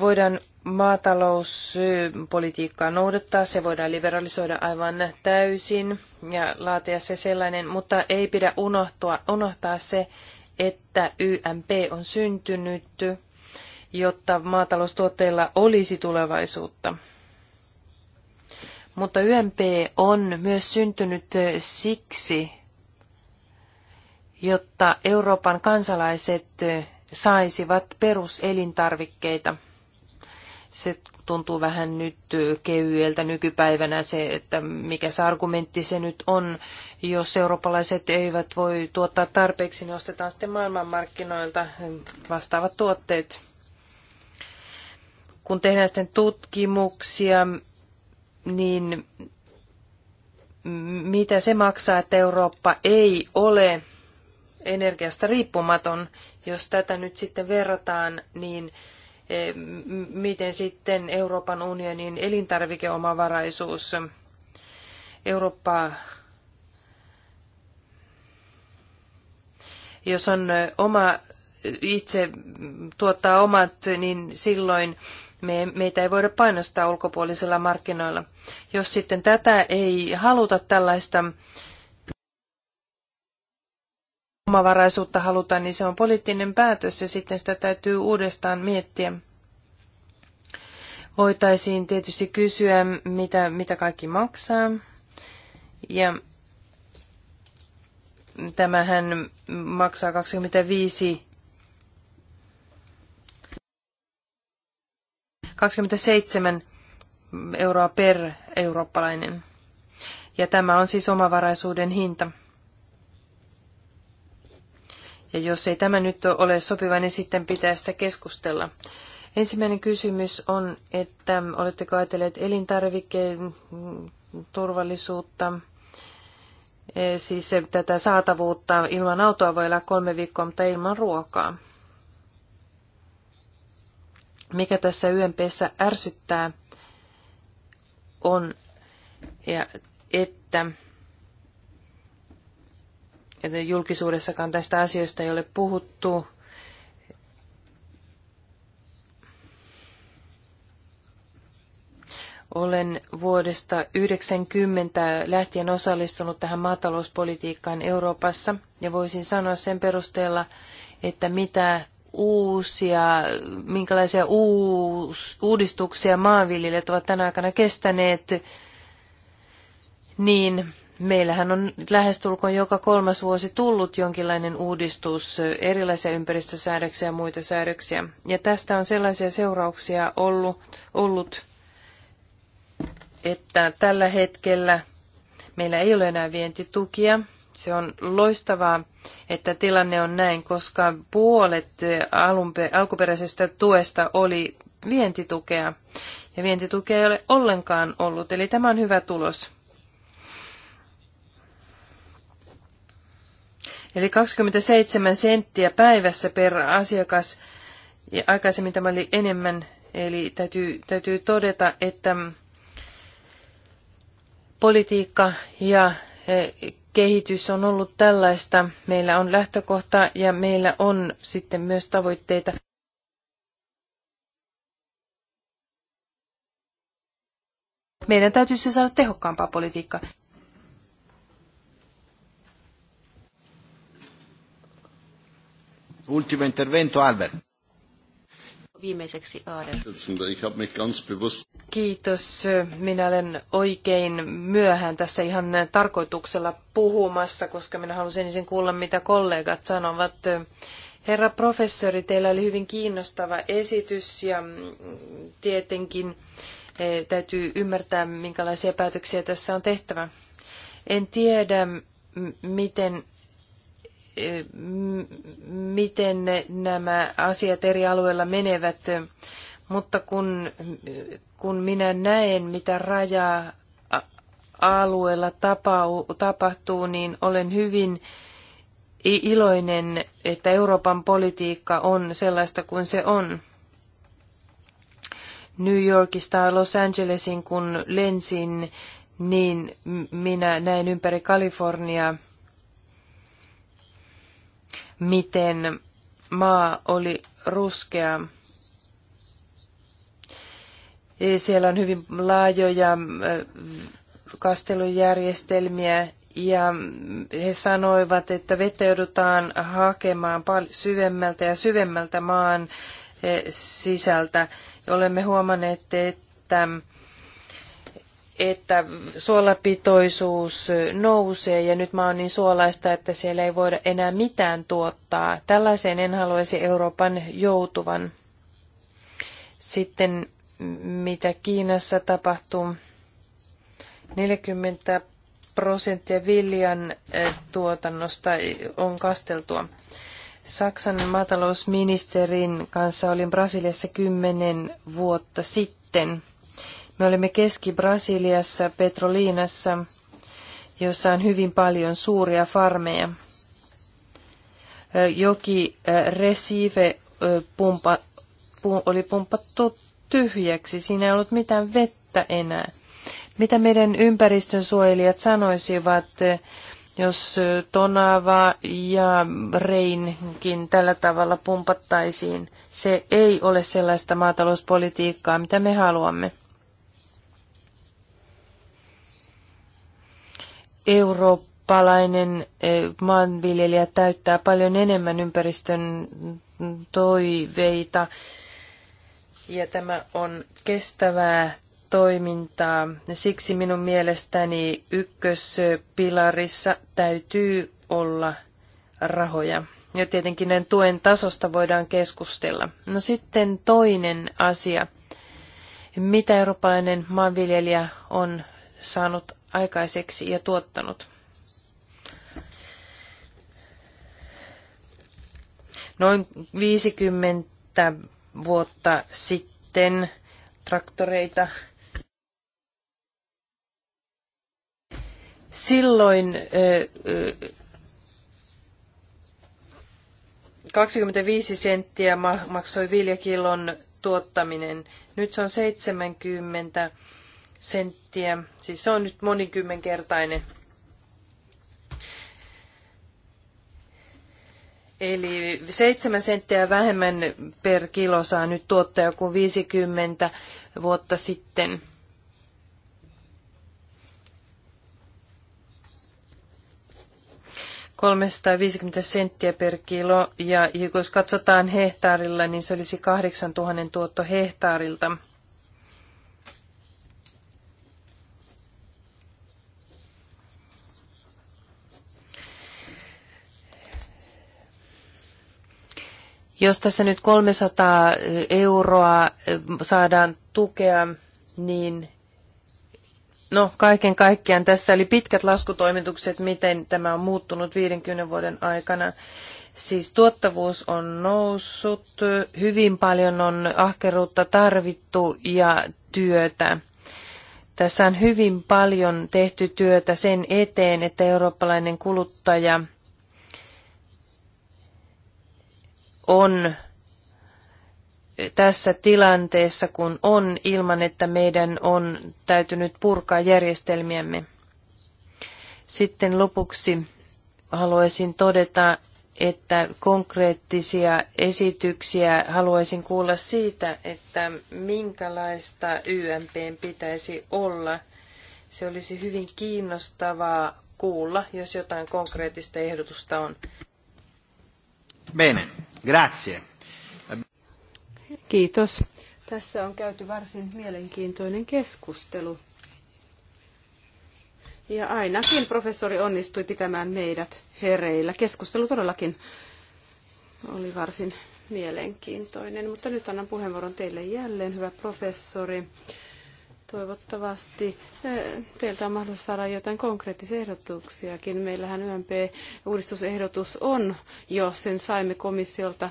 voidaan maatalouspolitiikkaa noudattaa, se voidaan liberalisoida aivan täysin ja laatia se sellainen, mutta ei pidä unohtua, unohtaa se, että YMP on syntynyt, jotta maataloustuotteilla olisi tulevaisuutta. Mutta YMP on myös syntynyt siksi, jotta Euroopan kansalaiset saisivat peruselintarvikkeita – se tuntuu vähän nyt kevyeltä nykypäivänä se, että mikä se argumentti se nyt on. Jos eurooppalaiset eivät voi tuottaa tarpeeksi, niin ostetaan sitten maailmanmarkkinoilta vastaavat tuotteet. Kun tehdään sitten tutkimuksia, niin mitä se maksaa, että Eurooppa ei ole energiasta riippumaton. Jos tätä nyt sitten verrataan, niin miten sitten Euroopan unionin elintarvikeomavaraisuus Eurooppa, jos on oma itse tuottaa omat, niin silloin me, meitä ei voida painostaa ulkopuolisilla markkinoilla. Jos sitten tätä ei haluta tällaista omavaraisuutta halutaan, niin se on poliittinen päätös ja sitten sitä täytyy uudestaan miettiä. Voitaisiin tietysti kysyä, mitä, mitä kaikki maksaa. Ja tämähän maksaa 25 27 euroa per eurooppalainen. Ja tämä on siis omavaraisuuden hinta. Ja jos ei tämä nyt ole sopiva, niin sitten pitää sitä keskustella. Ensimmäinen kysymys on, että oletteko ajatelleet elintarvikkeen turvallisuutta, e, siis tätä saatavuutta. Ilman autoa voi olla kolme viikkoa, mutta ilman ruokaa. Mikä tässä YMPssä ärsyttää on, ja että julkisuudessakaan tästä asioista ei ole puhuttu. Olen vuodesta 90 lähtien osallistunut tähän maatalouspolitiikkaan Euroopassa ja voisin sanoa sen perusteella, että mitä uusia, minkälaisia uus, uudistuksia maanviljelijät ovat tänä aikana kestäneet, niin Meillähän on lähestulkoon joka kolmas vuosi tullut jonkinlainen uudistus, erilaisia ympäristösäädöksiä ja muita säädöksiä. Ja tästä on sellaisia seurauksia ollut, ollut että tällä hetkellä meillä ei ole enää vientitukia. Se on loistavaa, että tilanne on näin, koska puolet alkuperäisestä tuesta oli vientitukea. Ja vientitukea ei ole ollenkaan ollut, eli tämä on hyvä tulos. Eli 27 senttiä päivässä per asiakas. Ja aikaisemmin tämä oli enemmän, eli täytyy, täytyy todeta, että politiikka ja e, kehitys on ollut tällaista. Meillä on lähtökohta ja meillä on sitten myös tavoitteita. Meidän täytyisi saada tehokkaampaa politiikkaa. Ultimo intervento, Albert. Viimeiseksi Aaren. Kiitos. Minä olen oikein myöhään tässä ihan tarkoituksella puhumassa, koska minä halusin ensin kuulla, mitä kollegat sanovat. Herra professori, teillä oli hyvin kiinnostava esitys ja tietenkin eh, täytyy ymmärtää, minkälaisia päätöksiä tässä on tehtävä. En tiedä, miten miten nämä asiat eri alueilla menevät, mutta kun, kun minä näen, mitä raja alueella tapahtuu, niin olen hyvin iloinen, että Euroopan politiikka on sellaista kuin se on. New Yorkista Los Angelesin kun lensin, niin minä näin ympäri Kaliforniaa miten maa oli ruskea. Siellä on hyvin laajoja äh, kastelujärjestelmiä ja he sanoivat, että vettä joudutaan hakemaan syvemmältä ja syvemmältä maan äh, sisältä. Olemme huomanneet, että että suolapitoisuus nousee ja nyt mä oon niin suolaista, että siellä ei voida enää mitään tuottaa. Tällaiseen en haluaisi Euroopan joutuvan. Sitten mitä Kiinassa tapahtuu, 40 prosenttia viljan eh, tuotannosta on kasteltua. Saksan maatalousministerin kanssa olin Brasiliassa kymmenen vuotta sitten – me olemme Keski-Brasiliassa, Petroliinassa, jossa on hyvin paljon suuria farmeja. Joki Recife pumpa, pu, oli pumpattu tyhjäksi, siinä ei ollut mitään vettä enää. Mitä meidän ympäristönsuojelijat sanoisivat, jos Tonava ja Reinkin tällä tavalla pumpattaisiin? Se ei ole sellaista maatalouspolitiikkaa, mitä me haluamme. eurooppalainen eh, maanviljelijä täyttää paljon enemmän ympäristön toiveita ja tämä on kestävää toimintaa. Siksi minun mielestäni ykköspilarissa täytyy olla rahoja. Ja tietenkin näin tuen tasosta voidaan keskustella. No sitten toinen asia. Mitä eurooppalainen maanviljelijä on saanut aikaiseksi ja tuottanut. Noin 50 vuotta sitten traktoreita. Silloin 25 senttiä maksoi viljakilon tuottaminen. Nyt se on 70 senttiä. Siis se on nyt monikymmenkertainen. Eli 7 senttiä vähemmän per kilo saa nyt tuottaja kuin 50 vuotta sitten. viisikymmentä senttiä per kilo, ja jos katsotaan hehtaarilla, niin se olisi 8000 tuotto hehtaarilta. Jos tässä nyt 300 euroa saadaan tukea, niin no kaiken kaikkiaan tässä oli pitkät laskutoimitukset, miten tämä on muuttunut 50 vuoden aikana. Siis tuottavuus on noussut, hyvin paljon on ahkeruutta tarvittu ja työtä. Tässä on hyvin paljon tehty työtä sen eteen, että eurooppalainen kuluttaja – on tässä tilanteessa, kun on ilman, että meidän on täytynyt purkaa järjestelmiämme. Sitten lopuksi haluaisin todeta, että konkreettisia esityksiä haluaisin kuulla siitä, että minkälaista YMP pitäisi olla. Se olisi hyvin kiinnostavaa kuulla, jos jotain konkreettista ehdotusta on. Bene. Grazie. Kiitos. Tässä on käyty varsin mielenkiintoinen keskustelu. Ja ainakin professori onnistui pitämään meidät hereillä. Keskustelu todellakin oli varsin mielenkiintoinen, mutta nyt annan puheenvuoron teille jälleen, hyvä professori. Toivottavasti eh, teiltä on mahdollista saada jotain konkreettisia ehdotuksiakin. Meillähän YMP-uudistusehdotus on jo, sen saimme komissiolta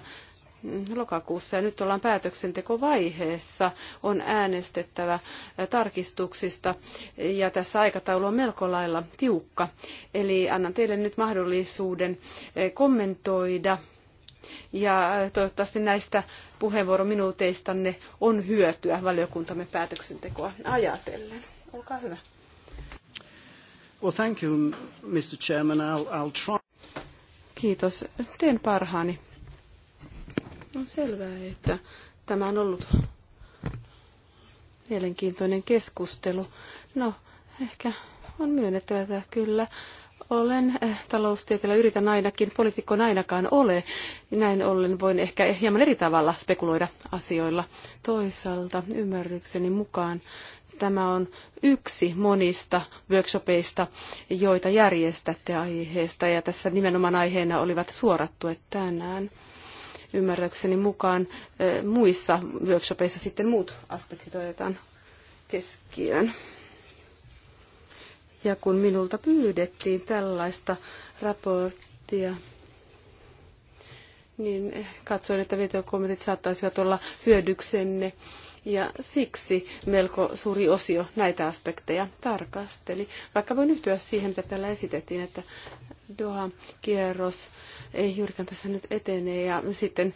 mm, lokakuussa ja nyt ollaan päätöksentekovaiheessa, on äänestettävä eh, tarkistuksista ja tässä aikataulu on melko lailla tiukka. Eli annan teille nyt mahdollisuuden eh, kommentoida ja äh, toivottavasti näistä puheenvuorominuuteistanne on hyötyä valiokuntamme päätöksentekoa ajatellen. Olkaa hyvä. Well, thank you, Mr. Chairman. I'll, I'll try. Kiitos. Teen parhaani. On selvää, että tämä on ollut mielenkiintoinen keskustelu. No, ehkä on myönnettävä, että kyllä olen eh, taloustieteilijä, yritän ainakin, poliitikkoon ainakaan ole. Näin ollen voin ehkä hieman eri tavalla spekuloida asioilla. Toisaalta ymmärrykseni mukaan tämä on yksi monista workshopeista, joita järjestätte aiheesta, ja tässä nimenomaan aiheena olivat suorat tuet tänään. Ymmärrykseni mukaan eh, muissa workshopeissa sitten muut aspektit otetaan keskiöön. Ja kun minulta pyydettiin tällaista raporttia, niin katsoin, että videokommentit saattaisivat olla hyödyksenne. Ja siksi melko suuri osio näitä aspekteja tarkasteli. Vaikka voin yhtyä siihen, mitä täällä esitettiin, että Doha-kierros ei juurikaan tässä nyt etene. Ja sitten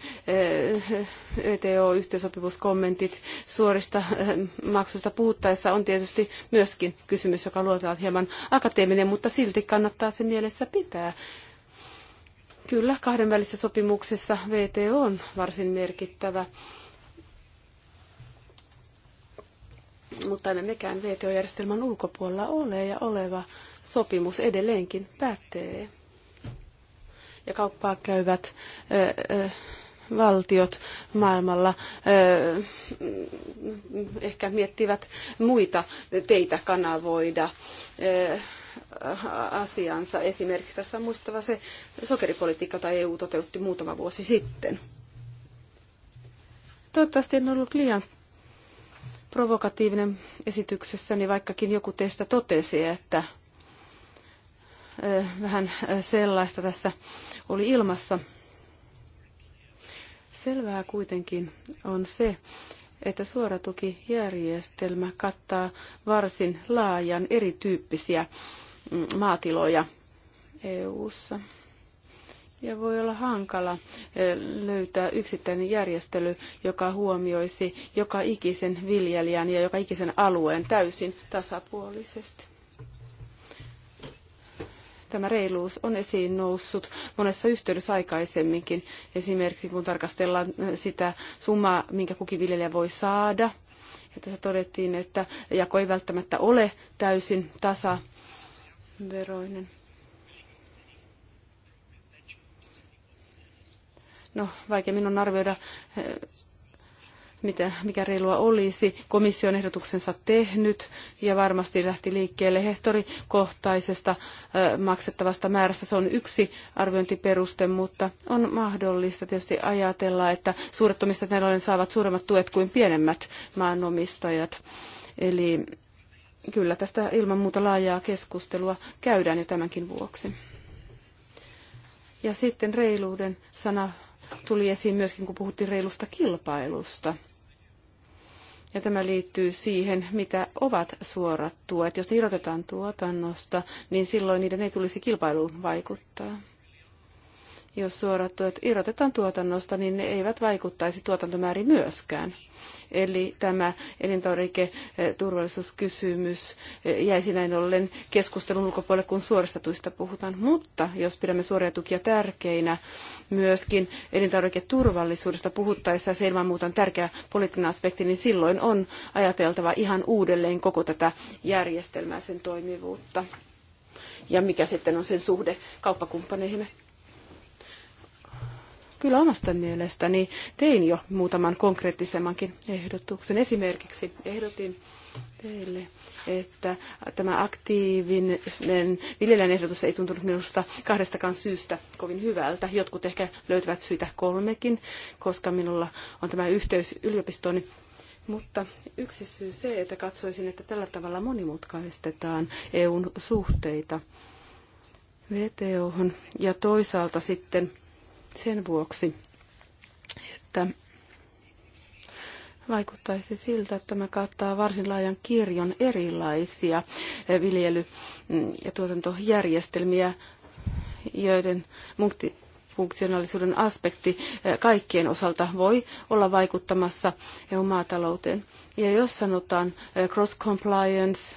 ETO-yhteensopivuuskommentit eh, e suorista eh, maksusta puhuttaessa on tietysti myöskin kysymys, joka luotaan hieman akateeminen, mutta silti kannattaa se mielessä pitää. Kyllä, kahdenvälisessä sopimuksessa VTO on varsin merkittävä mutta emme mekään VTO-järjestelmän ulkopuolella ole ja oleva sopimus edelleenkin pätee. Ja kauppaa käyvät ö, ö, valtiot maailmalla ö, ehkä miettivät muita teitä kanavoida ö, asiansa. Esimerkiksi tässä on muistava se sokeripolitiikka, jota EU toteutti muutama vuosi sitten. Toivottavasti en ollut liian provokatiivinen esityksessäni, niin vaikkakin joku teistä totesi, että vähän sellaista tässä oli ilmassa. Selvää kuitenkin on se, että suoratukijärjestelmä kattaa varsin laajan erityyppisiä mm, maatiloja EU:ssa. ssa ja voi olla hankala eh, löytää yksittäinen järjestely, joka huomioisi joka ikisen viljelijän ja joka ikisen alueen täysin tasapuolisesti. Tämä reiluus on esiin noussut monessa yhteydessä aikaisemminkin. Esimerkiksi kun tarkastellaan eh, sitä summaa, minkä kukin viljelijä voi saada. Ja tässä todettiin, että jako ei välttämättä ole täysin tasaveroinen No, vaikea minun arvioida, eh, mitä, mikä reilua olisi. Komission ehdotuksensa tehnyt ja varmasti lähti liikkeelle hehtorikohtaisesta eh, maksettavasta määrästä. Se on yksi arviointiperuste, mutta on mahdollista tietysti ajatella, että suuret omistajat saavat suuremmat tuet kuin pienemmät maanomistajat. Eli kyllä tästä ilman muuta laajaa keskustelua käydään jo tämänkin vuoksi. Ja sitten reiluuden sana tuli esiin myöskin, kun puhuttiin reilusta kilpailusta. Ja tämä liittyy siihen, mitä ovat suorat tuet. Jos ne irrotetaan tuotannosta, niin silloin niiden ei tulisi kilpailuun vaikuttaa jos suorat tuet irrotetaan tuotannosta, niin ne eivät vaikuttaisi tuotantomäärin myöskään. Eli tämä elintarviketurvallisuuskysymys eh, jäisi näin ollen keskustelun ulkopuolelle, kun suorista tuista puhutaan. Mutta jos pidämme suoria tukia tärkeinä, myöskin elintarviketurvallisuudesta puhuttaessa, ja se ilman muuta on tärkeä poliittinen aspekti, niin silloin on ajateltava ihan uudelleen koko tätä järjestelmää, sen toimivuutta ja mikä sitten on sen suhde kauppakumppaneihin kyllä omasta mielestäni tein jo muutaman konkreettisemmankin ehdotuksen. Esimerkiksi ehdotin teille, että tämä aktiivinen viljelijän ehdotus ei tuntunut minusta kahdestakaan syystä kovin hyvältä. Jotkut ehkä löytävät syitä kolmekin, koska minulla on tämä yhteys yliopistoni, Mutta yksi syy se, että katsoisin, että tällä tavalla monimutkaistetaan EUn suhteita VTOhon ja toisaalta sitten – sen vuoksi, että vaikuttaisi siltä, että tämä kattaa varsin laajan kirjon erilaisia eh, viljely- mm, ja tuotantojärjestelmiä, joiden funktionaalisuuden aspekti eh, kaikkien osalta voi olla vaikuttamassa EU-maatalouteen. Eh, ja jos sanotaan cross-compliance,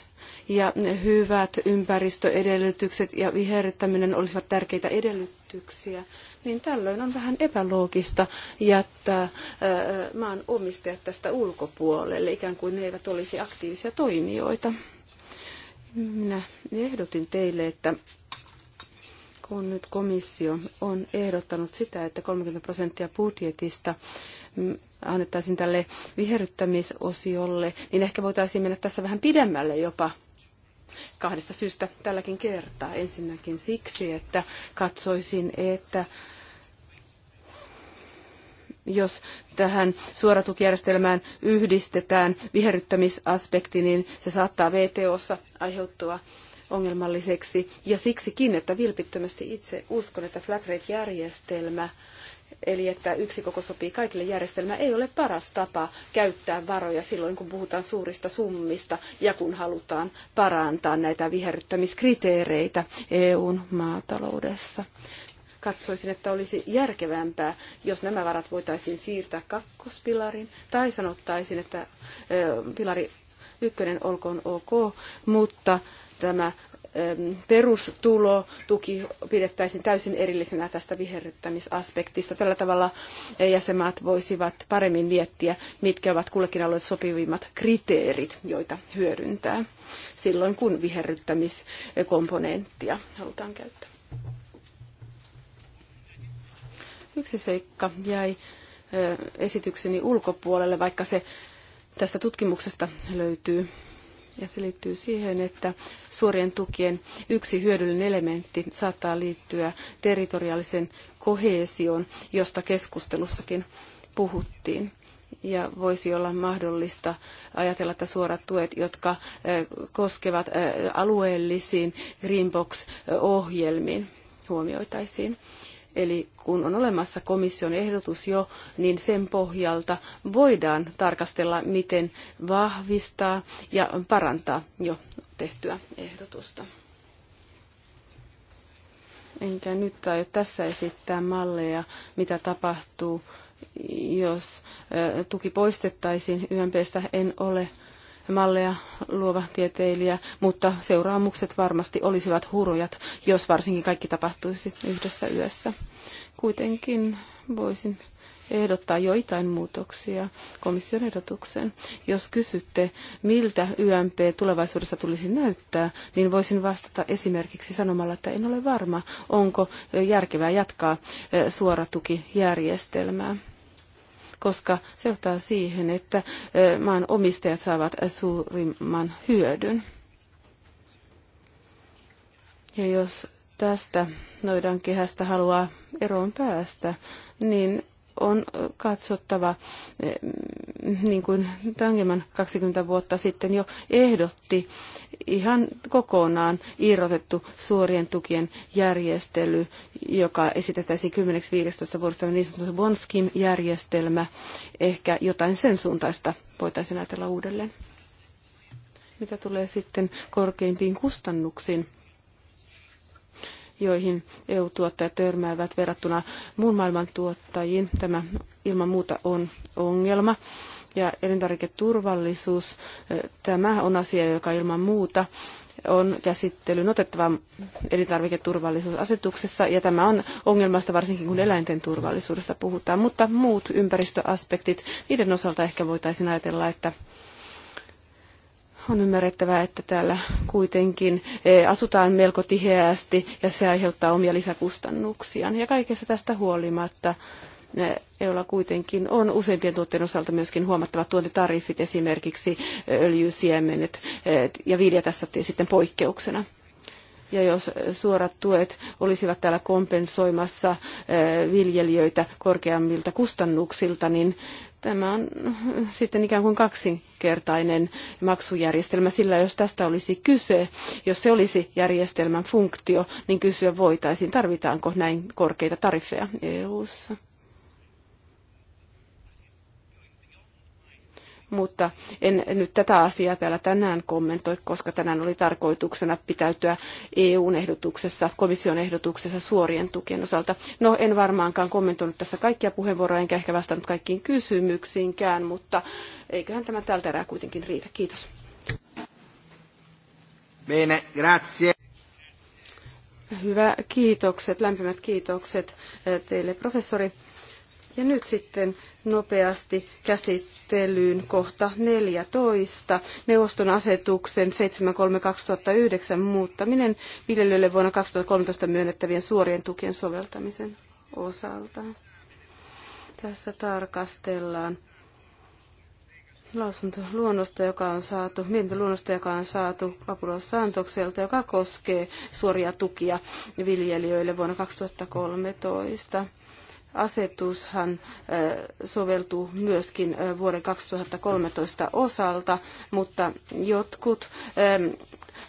ja hyvät ympäristöedellytykset ja viherryttäminen olisivat tärkeitä edellytyksiä, niin tällöin on vähän epäloogista jättää maan omistajat tästä ulkopuolelle, ikään kuin ne eivät olisi aktiivisia toimijoita. Minä ehdotin teille, että kun nyt komissio on ehdottanut sitä, että 30 prosenttia budjetista mm, annettaisiin tälle viherryttämisosiolle, niin ehkä voitaisiin mennä tässä vähän pidemmälle jopa kahdesta syystä tälläkin kertaa. Ensinnäkin siksi, että katsoisin, että jos tähän suoratukijärjestelmään yhdistetään viherryttämisaspekti, niin se saattaa VTOssa aiheuttua ongelmalliseksi. Ja siksikin, että vilpittömästi itse uskon, että flat rate-järjestelmä, eli että yksi koko sopii kaikille järjestelmä, ei ole paras tapa käyttää varoja silloin, kun puhutaan suurista summista ja kun halutaan parantaa näitä viherryttämiskriteereitä EUn maataloudessa katsoisin, että olisi järkevämpää, jos nämä varat voitaisiin siirtää kakkospilariin, tai sanottaisiin, että pilari ykkönen olkoon ok, mutta tämä perustulotuki pidettäisiin täysin erillisenä tästä viherryttämisaspektista. Tällä tavalla jäsenmaat voisivat paremmin miettiä, mitkä ovat kullekin alueelle sopivimmat kriteerit, joita hyödyntää silloin, kun viherryttämiskomponenttia halutaan käyttää. Yksi seikka jäi esitykseni ulkopuolelle, vaikka se tästä tutkimuksesta löytyy. Ja se liittyy siihen, että suorien tukien yksi hyödyllinen elementti saattaa liittyä territoriaalisen koheesioon, josta keskustelussakin puhuttiin. Ja voisi olla mahdollista ajatella, että suorat tuet, jotka koskevat alueellisiin Greenbox-ohjelmiin, huomioitaisiin. Eli kun on olemassa komission ehdotus jo, niin sen pohjalta voidaan tarkastella, miten vahvistaa ja parantaa jo tehtyä ehdotusta. Enkä nyt aio tässä esittää malleja, mitä tapahtuu, jos tuki poistettaisiin YMPstä. En ole malleja luova tieteilijä, mutta seuraamukset varmasti olisivat hurjat, jos varsinkin kaikki tapahtuisi yhdessä yössä. Kuitenkin voisin ehdottaa joitain muutoksia komission ehdotukseen. Jos kysytte, miltä YMP tulevaisuudessa tulisi näyttää, niin voisin vastata esimerkiksi sanomalla, että en ole varma, onko järkevää jatkaa eh, suoratukijärjestelmää koska se johtaa siihen, että maan omistajat saavat suurimman hyödyn. Ja jos tästä kehästä haluaa eroon päästä, niin on katsottava, eh, niin kuin Tangeman 20 vuotta sitten jo ehdotti, ihan kokonaan irrotettu suorien tukien järjestely, joka esitettäisiin 10-15 vuodesta niin sanottu Bonskim-järjestelmä. Ehkä jotain sen suuntaista voitaisiin ajatella uudelleen. Mitä tulee sitten korkeimpiin kustannuksiin, joihin EU-tuottajat törmäävät verrattuna muun maailman tuottajiin. Tämä ilman muuta on ongelma. Ja elintarviketurvallisuus, tämä on asia, joka ilman muuta on käsittelyyn otettava elintarviketurvallisuusasetuksessa, ja tämä on ongelmasta varsinkin, kun eläinten turvallisuudesta puhutaan. Mutta muut ympäristöaspektit, niiden osalta ehkä voitaisiin ajatella, että on ymmärrettävää, että täällä kuitenkin e, asutaan melko tiheästi ja se aiheuttaa omia lisäkustannuksia. Ja kaikessa tästä huolimatta joilla e, kuitenkin on useimpien tuotteiden osalta myöskin huomattavat tuontitariffit, esimerkiksi öljysiemenet e, ja vilja tässä sitten poikkeuksena. Ja jos suorat tuet olisivat täällä kompensoimassa viljelijöitä korkeammilta kustannuksilta, niin Tämä on sitten ikään kuin kaksinkertainen maksujärjestelmä, sillä jos tästä olisi kyse, jos se olisi järjestelmän funktio, niin kysyä voitaisiin, tarvitaanko näin korkeita tariffeja EU-ssa. mutta en nyt tätä asiaa täällä tänään kommentoi, koska tänään oli tarkoituksena pitäytyä EUn ehdotuksessa, komission ehdotuksessa suorien tukien osalta. No en varmaankaan kommentoinut tässä kaikkia puheenvuoroja, enkä ehkä vastannut kaikkiin kysymyksiinkään, mutta eiköhän tämä tältä erää kuitenkin riitä. Kiitos. Bene, grazie. Hyvä, kiitokset, lämpimät kiitokset eh, teille professori. Ja nyt sitten nopeasti käsittelyyn kohta 14. Neuvoston asetuksen 73-2009 muuttaminen viljelijöille vuonna 2013 myönnettävien suorien tukien soveltamisen osalta. Tässä tarkastellaan luonnosta, joka on saatu, mietintöluonnosta, joka on saatu Apulos Santokselta, joka koskee suoria tukia viljelijöille vuonna 2013 asetushan soveltuu myöskin vuoden 2013 osalta, mutta jotkut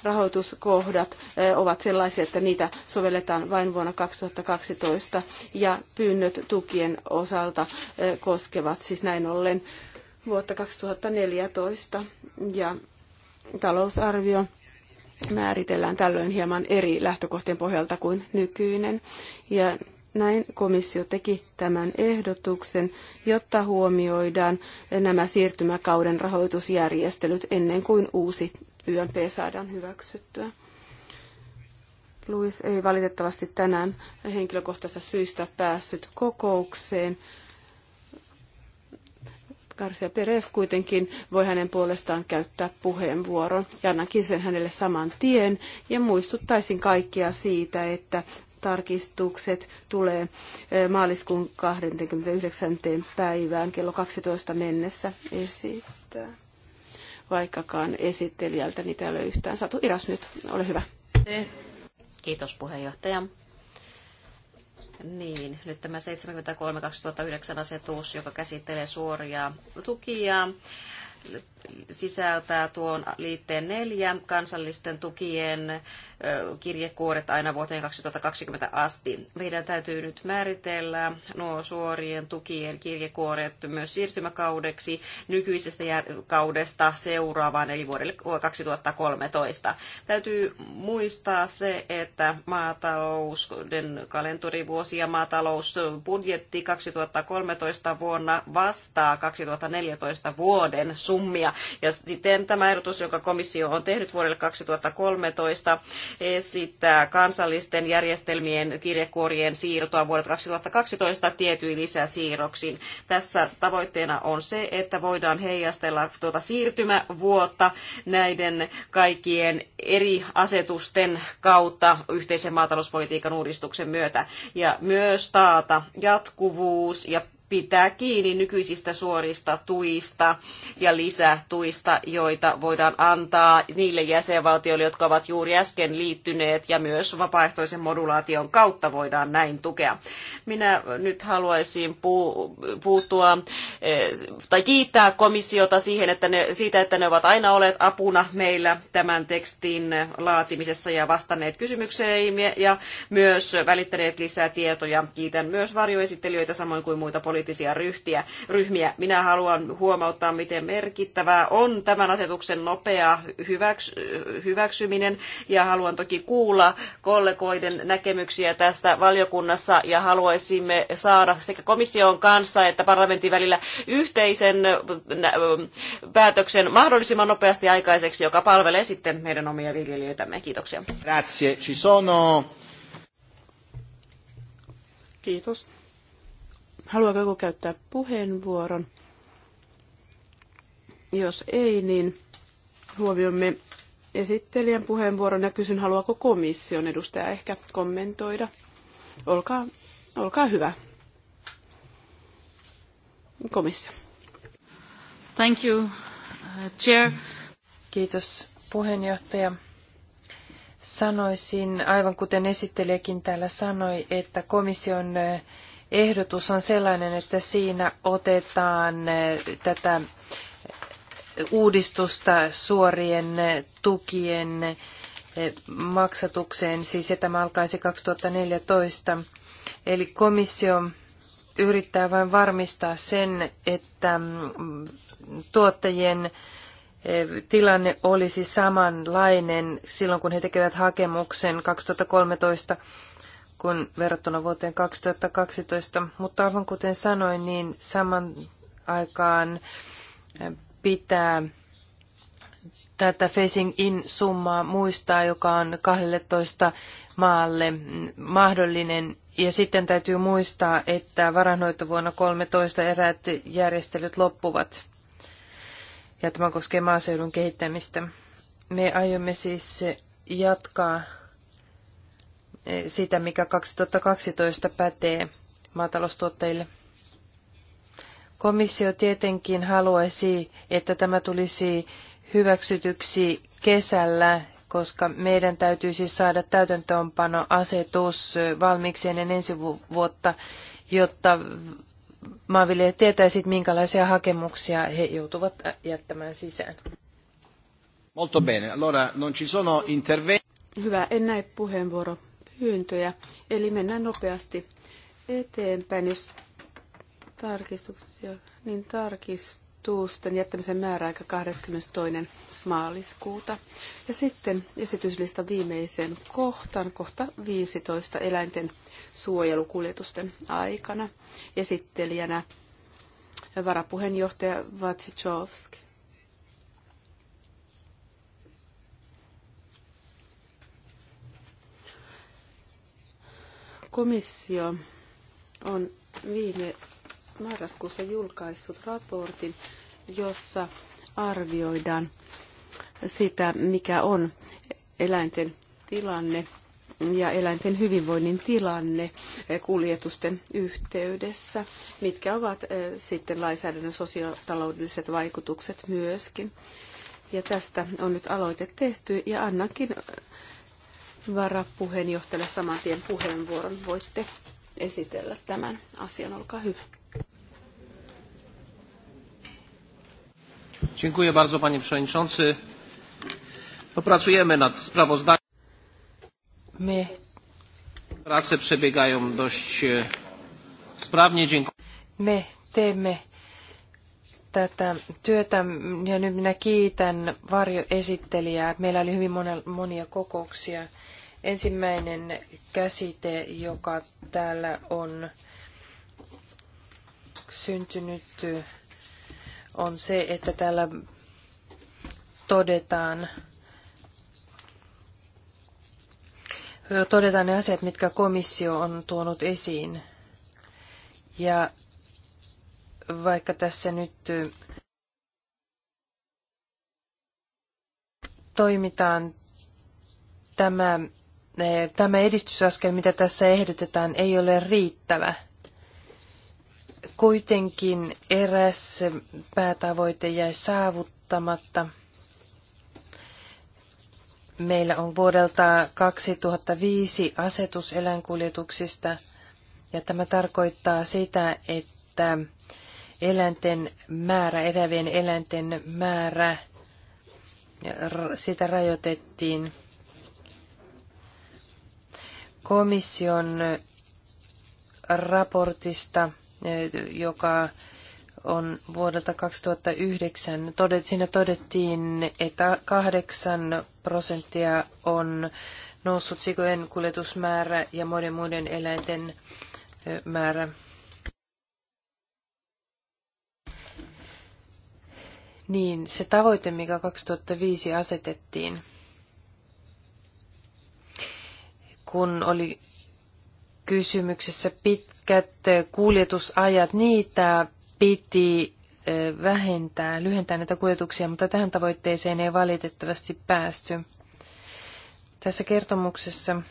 rahoituskohdat ovat sellaisia, että niitä sovelletaan vain vuonna 2012 ja pyynnöt tukien osalta koskevat siis näin ollen vuotta 2014 ja talousarvio määritellään tällöin hieman eri lähtökohtien pohjalta kuin nykyinen. Ja näin komissio teki tämän ehdotuksen, jotta huomioidaan nämä siirtymäkauden rahoitusjärjestelyt ennen kuin uusi YMP saadaan hyväksyttyä. Luis ei valitettavasti tänään henkilökohtaisesta syistä päässyt kokoukseen. Garcia Perez kuitenkin voi hänen puolestaan käyttää puheenvuoron ja annankin sen hänelle saman tien. Ja muistuttaisin kaikkia siitä, että tarkistukset tulee eh, maaliskuun 29. päivään kello 12 mennessä esittää. Vaikkakaan esittelijältä niitä ei ole yhtään saatu. Iras nyt, ole hyvä. Kiitos puheenjohtaja. Niin, nyt tämä 73-2009 asetus, joka käsittelee suoria tukia sisältää tuon liitteen neljä kansallisten tukien kirjekuoret aina vuoteen 2020 asti. Meidän täytyy nyt määritellä nuo suorien tukien kirjekuoret myös siirtymäkaudeksi nykyisestä kaudesta seuraavaan eli vuodelle 2013. Täytyy muistaa se, että maatalouden kalenterivuosi ja maatalousbudjetti 2013 vuonna vastaa 2014 vuoden summia. Ja sitten tämä ehdotus, jonka komissio on tehnyt vuodelle 2013, esittää kansallisten järjestelmien kirjekuorien siirtoa vuodelle 2012 tietyin lisäsiirroksiin. Tässä tavoitteena on se, että voidaan heijastella tuota siirtymävuotta näiden kaikkien eri asetusten kautta yhteisen maatalouspolitiikan uudistuksen myötä ja myös taata jatkuvuus ja pitää kiinni nykyisistä suorista tuista ja lisätuista, joita voidaan antaa niille jäsenvaltioille, jotka ovat juuri äsken liittyneet ja myös vapaaehtoisen modulaation kautta voidaan näin tukea. Minä nyt haluaisin puuttua eh, tai kiittää komissiota siihen, että ne, siitä, että ne ovat aina olleet apuna meillä tämän tekstin laatimisessa ja vastanneet kysymykseen ja myös välittäneet lisää tietoja. Kiitän myös varjoesittelijöitä samoin kuin muita poliittisia poliittisia ryhtiä, ryhmiä. Minä haluan huomauttaa, miten merkittävää on tämän asetuksen nopea hyväksyminen ja haluan toki kuulla kollegoiden näkemyksiä tästä valiokunnassa ja haluaisimme saada sekä komission kanssa että parlamentin välillä yhteisen päätöksen mahdollisimman nopeasti aikaiseksi, joka palvelee sitten meidän omia viljelijöitämme. Kiitoksia. Grazie. Ci sono... Kiitos. Haluaako joku käyttää puheenvuoron? Jos ei, niin huomioimme esittelijän puheenvuoron ja kysyn, haluaako komission edustaja ehkä kommentoida. Olkaa, olkaa hyvä. Komissio. Thank you, chair. Kiitos puheenjohtaja. Sanoisin, aivan kuten esittelijäkin täällä sanoi, että komission ehdotus on sellainen, että siinä otetaan eh, tätä uudistusta suorien eh, tukien eh, maksatukseen, siis että tämä alkaisi 2014. Eli komissio yrittää vain varmistaa sen, että mm, tuottajien tilanne olisi samanlainen silloin, kun he tekevät hakemuksen 2013 kun verrattuna vuoteen 2012, mutta aivan kuten sanoin, niin saman aikaan eh, pitää tätä Facing In-summaa muistaa, joka on 12 maalle mm, mahdollinen. Ja sitten täytyy muistaa, että varanhoitovuonna 13 eräät järjestelyt loppuvat. Ja tämä koskee maaseudun kehittämistä. Me aiomme siis jatkaa sitä, mikä 2012 pätee maataloustuottajille. Komissio tietenkin haluaisi, että tämä tulisi hyväksytyksi kesällä, koska meidän täytyisi saada täytäntöönpano asetus valmiiksi ennen ensi vuotta, jotta maanviljelijät tietäisivät, minkälaisia hakemuksia he joutuvat jättämään sisään. Molto bene. Allora, non ci sono Hyvä, en näe puheenvuoro pyyntöjä. Eli mennään nopeasti eteenpäin, jos tarkistuksia, niin tarkistusten jättämisen määräaika 22. maaliskuuta. Ja sitten esityslista viimeiseen kohtaan, kohta 15 eläinten suojelukuljetusten aikana. Esittelijänä varapuheenjohtaja Vatsichovski. Komissio on viime marraskuussa julkaissut raportin, jossa arvioidaan sitä, mikä on eläinten tilanne ja eläinten hyvinvoinnin tilanne kuljetusten yhteydessä, mitkä ovat eh, sitten lainsäädännön sosiotaloudelliset vaikutukset myöskin. Ja tästä on nyt aloite tehty ja annankin varapuheenjohtajalle saman tien puheenvuoron. Voitte esitellä tämän asian. Olkaa hyvä. Dziękuję bardzo panie przewodniczący. No, nad sprawozdaniem. My. Prace przebiegają dość e, sprawnie. Dziękuję. Me teemme tätä työtä ja nyt minä kiitän varjoesittelijää. Meillä oli hyvin monia kokouksia Ensimmäinen käsite, joka täällä on syntynyt, on se, että täällä todetaan, todetaan ne asiat, mitkä komissio on tuonut esiin. Ja vaikka tässä nyt toimitaan tämä tämä edistysaskel, mitä tässä ehdotetaan, ei ole riittävä. Kuitenkin eräs päätavoite jäi saavuttamatta. Meillä on vuodelta 2005 asetus eläinkuljetuksista, ja tämä tarkoittaa sitä, että eläinten määrä, elävien eläinten määrä, sitä rajoitettiin – komission raportista, eh, joka on vuodelta 2009. Todet, siinä todettiin, että 8 prosenttia on noussut sikojen kuljetusmäärä ja monen muiden eläinten eh, määrä. Niin, se tavoite, mikä 2005 asetettiin, kun oli kysymyksessä pitkät kuljetusajat, niitä piti vähentää, lyhentää näitä kuljetuksia, mutta tähän tavoitteeseen ei valitettavasti päästy. Tässä kertomuksessa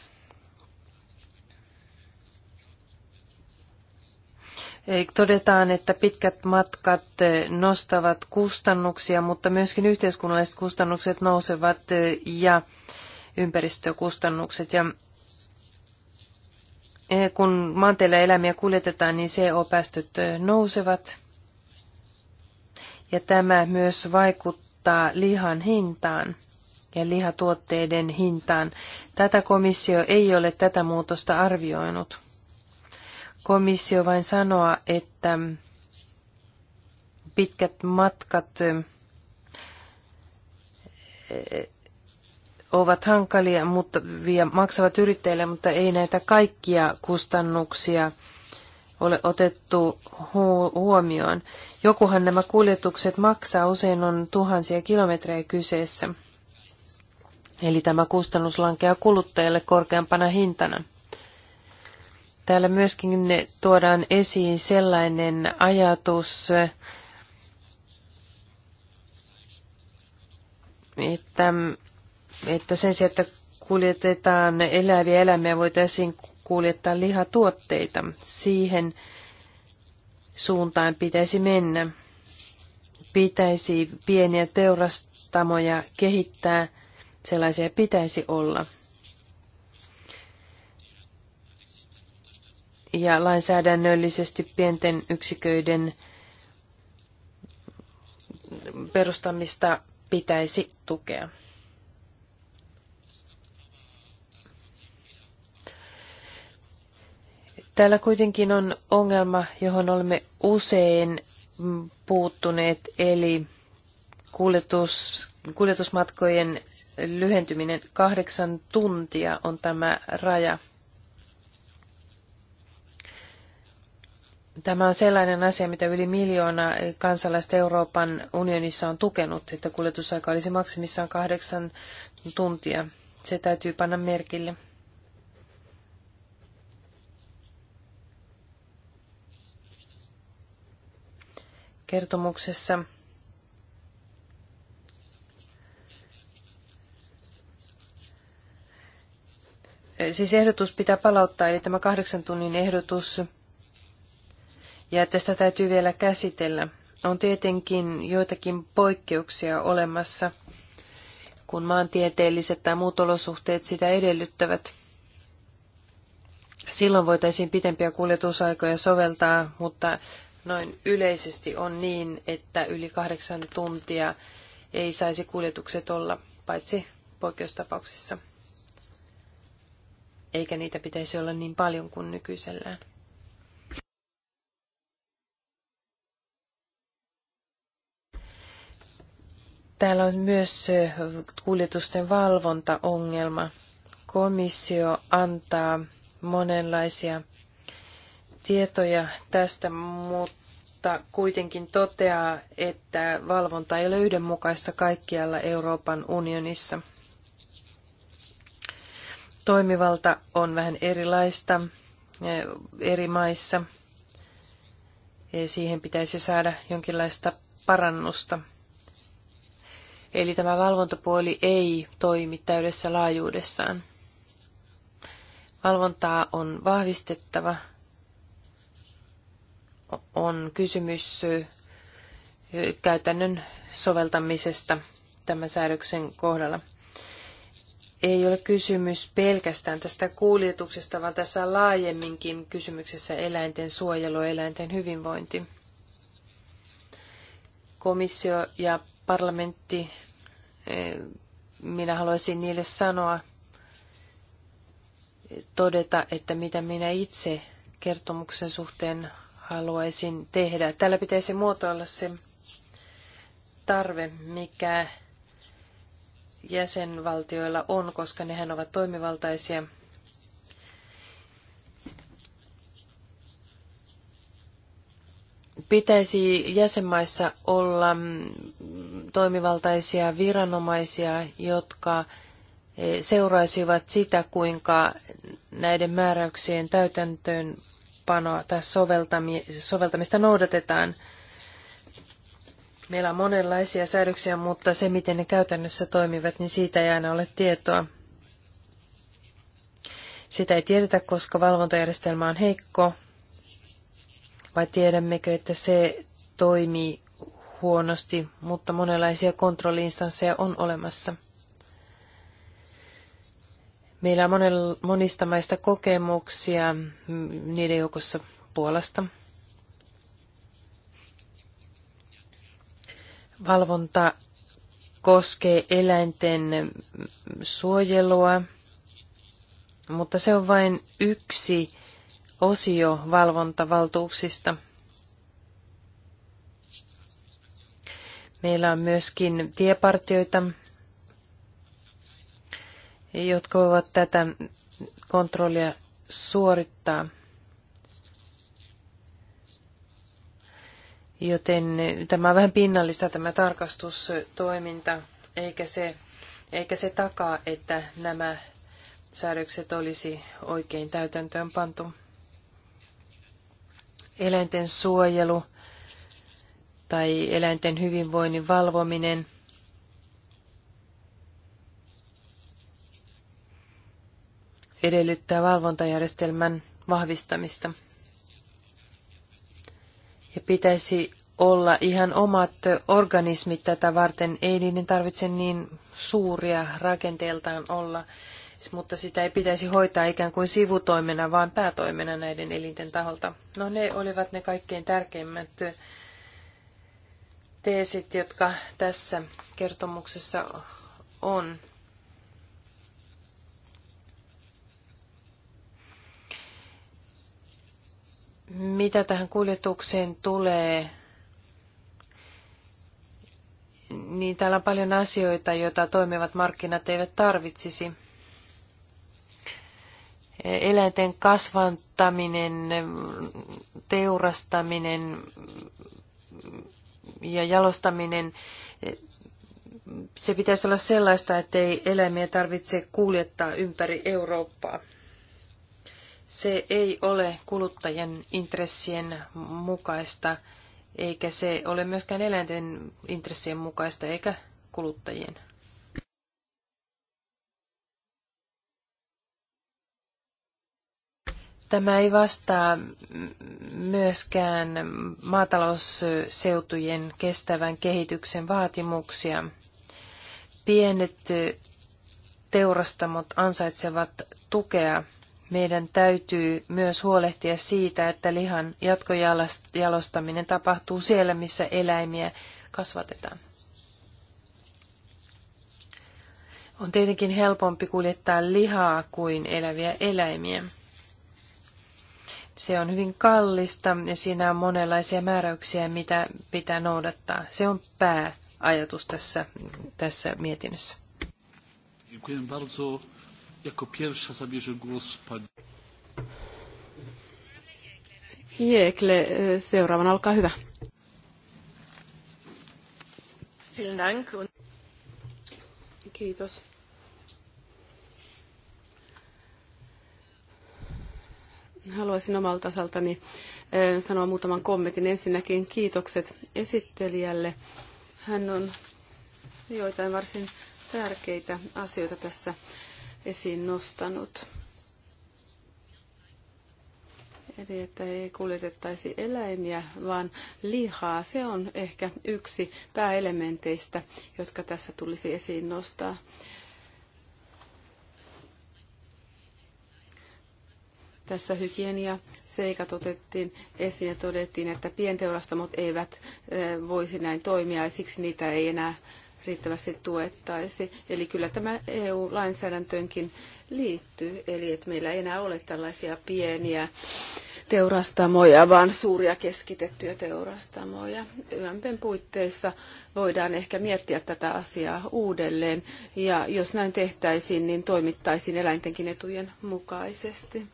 Todetaan, että pitkät matkat nostavat kustannuksia, mutta myöskin yhteiskunnalliset kustannukset nousevat ja ympäristökustannukset. Ja Eh, kun maanteilla eläimiä kuljetetaan, niin CO-päästöt eh, nousevat. Ja tämä myös vaikuttaa lihan hintaan ja lihatuotteiden hintaan. Tätä komissio ei ole tätä muutosta arvioinut. Komissio vain sanoa, että pitkät matkat eh, ovat hankalia mutta, ja maksavat yrittäjille, mutta ei näitä kaikkia kustannuksia ole otettu hu- huomioon. Jokuhan nämä kuljetukset maksaa, usein on tuhansia kilometrejä kyseessä. Eli tämä kustannus lankeaa kuluttajalle korkeampana hintana. Täällä myöskin tuodaan esiin sellainen ajatus, että että sen sijaan, että kuljetetaan eläviä eläimiä, voitaisiin kuljettaa lihatuotteita. Siihen suuntaan pitäisi mennä. Pitäisi pieniä teurastamoja kehittää, sellaisia pitäisi olla. Ja lainsäädännöllisesti pienten yksiköiden perustamista pitäisi tukea. Täällä kuitenkin on ongelma, johon olemme usein puuttuneet, eli kuljetus, kuljetusmatkojen lyhentyminen kahdeksan tuntia on tämä raja. Tämä on sellainen asia, mitä yli miljoona kansalaista Euroopan unionissa on tukenut, että kuljetusaika olisi maksimissaan kahdeksan tuntia. Se täytyy panna merkille. kertomuksessa. Siis ehdotus pitää palauttaa, eli tämä kahdeksan tunnin ehdotus, ja että sitä täytyy vielä käsitellä. On tietenkin joitakin poikkeuksia olemassa, kun maantieteelliset tai muut olosuhteet sitä edellyttävät. Silloin voitaisiin pitempiä kuljetusaikoja soveltaa, mutta noin yleisesti on niin, että yli kahdeksan tuntia ei saisi kuljetukset olla, paitsi poikkeustapauksissa. Eikä niitä pitäisi olla niin paljon kuin nykyisellään. Täällä on myös kuljetusten valvontaongelma. Komissio antaa monenlaisia tietoja tästä, mutta kuitenkin toteaa, että valvonta ei ole yhdenmukaista kaikkialla Euroopan unionissa. Toimivalta on vähän erilaista eh, eri maissa. Eh, siihen pitäisi saada jonkinlaista parannusta. Eli tämä valvontapuoli ei toimi täydessä laajuudessaan. Valvontaa on vahvistettava on kysymys käytännön soveltamisesta tämän säädöksen kohdalla. Ei ole kysymys pelkästään tästä kuljetuksesta, vaan tässä on laajemminkin kysymyksessä eläinten suojelu ja eläinten hyvinvointi. Komissio ja parlamentti, minä haluaisin niille sanoa, todeta, että mitä minä itse kertomuksen suhteen haluaisin tehdä. Tällä pitäisi muotoilla se tarve, mikä jäsenvaltioilla on, koska nehän ovat toimivaltaisia. Pitäisi jäsenmaissa olla toimivaltaisia viranomaisia, jotka eh, seuraisivat sitä, kuinka näiden määräyksien täytäntöön toimeenpanoa tai soveltamista noudatetaan. Meillä on monenlaisia säädöksiä, mutta se, miten ne käytännössä toimivat, niin siitä ei aina ole tietoa. Sitä ei tiedetä, koska valvontajärjestelmä on heikko. Vai tiedämmekö, että se toimii huonosti, mutta monenlaisia kontrolliinstansseja on olemassa. Meillä on monista maista kokemuksia, niiden joukossa Puolasta. Valvonta koskee eläinten suojelua, mutta se on vain yksi osio valvontavaltuuksista. Meillä on myöskin tiepartioita, jotka voivat tätä kontrollia suorittaa. Joten tämä on vähän pinnallista tämä tarkastustoiminta, eikä se, eikä se takaa, että nämä säädökset olisi oikein täytäntöön pantu. Eläinten suojelu tai eläinten hyvinvoinnin valvominen – edellyttää valvontajärjestelmän vahvistamista. Ja pitäisi olla ihan omat organismit tätä varten. Ei niiden tarvitse niin suuria rakenteeltaan olla, mutta sitä ei pitäisi hoitaa ikään kuin sivutoimena, vaan päätoimena näiden elinten taholta. No ne olivat ne kaikkein tärkeimmät teesit, jotka tässä kertomuksessa on. Mitä tähän kuljetukseen tulee, niin täällä on paljon asioita, joita toimivat markkinat eivät tarvitsisi. Eläinten kasvantaminen, teurastaminen ja jalostaminen, se pitäisi olla sellaista, ettei eläimiä tarvitse kuljettaa ympäri Eurooppaa. Se ei ole kuluttajien intressien mukaista, eikä se ole myöskään eläinten intressien mukaista, eikä kuluttajien. Tämä ei vastaa myöskään maatalousseutujen kestävän kehityksen vaatimuksia. Pienet teurastamot ansaitsevat tukea meidän täytyy myös huolehtia siitä, että lihan jatkojalostaminen tapahtuu siellä, missä eläimiä kasvatetaan. On tietenkin helpompi kuljettaa lihaa kuin eläviä eläimiä. Se on hyvin kallista ja siinä on monenlaisia määräyksiä, mitä pitää noudattaa. Se on pääajatus tässä, tässä mietinnössä. Jako pierwsza zabierze głos pani. Jekle, e, seuraavana, olkaa hyvä. Kiitos. Haluaisin omalta osaltani e, sanoa muutaman kommentin. Ensinnäkin kiitokset esittelijälle. Hän on joitain varsin tärkeitä asioita tässä esiin nostanut. Eli että ei kuljetettaisi eläimiä, vaan lihaa. Se on ehkä yksi pääelementeistä, jotka tässä tulisi esiin nostaa. tässä hygienia. Seikat otettiin esiin ja todettiin, että pienteurastamot eivät eh, voisi näin toimia ja siksi niitä ei enää riittävästi tuettaisi. Eli kyllä tämä EU-lainsäädäntöönkin liittyy, eli että meillä ei enää ole tällaisia pieniä teurastamoja, vaan suuria keskitettyjä teurastamoja. YMPn puitteissa voidaan ehkä miettiä tätä asiaa uudelleen, ja jos näin tehtäisiin, niin toimittaisiin eläintenkin etujen mukaisesti.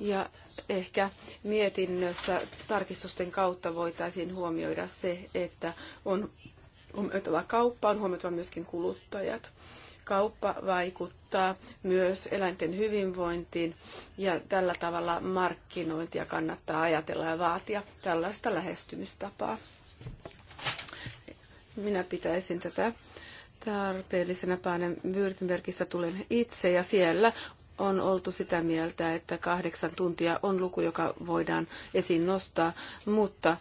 Ja ehkä mietinnössä tarkistusten kautta voitaisiin huomioida se, että on huomioitava kauppa, on huomioitava myöskin kuluttajat. Kauppa vaikuttaa myös eläinten hyvinvointiin ja tällä tavalla markkinointia kannattaa ajatella ja vaatia tällaista lähestymistapaa. Minä pitäisin tätä tarpeellisena päänen Württembergistä tulen itse ja siellä on oltu sitä mieltä, että kahdeksan tuntia on luku, joka voidaan esiin nostaa, mutta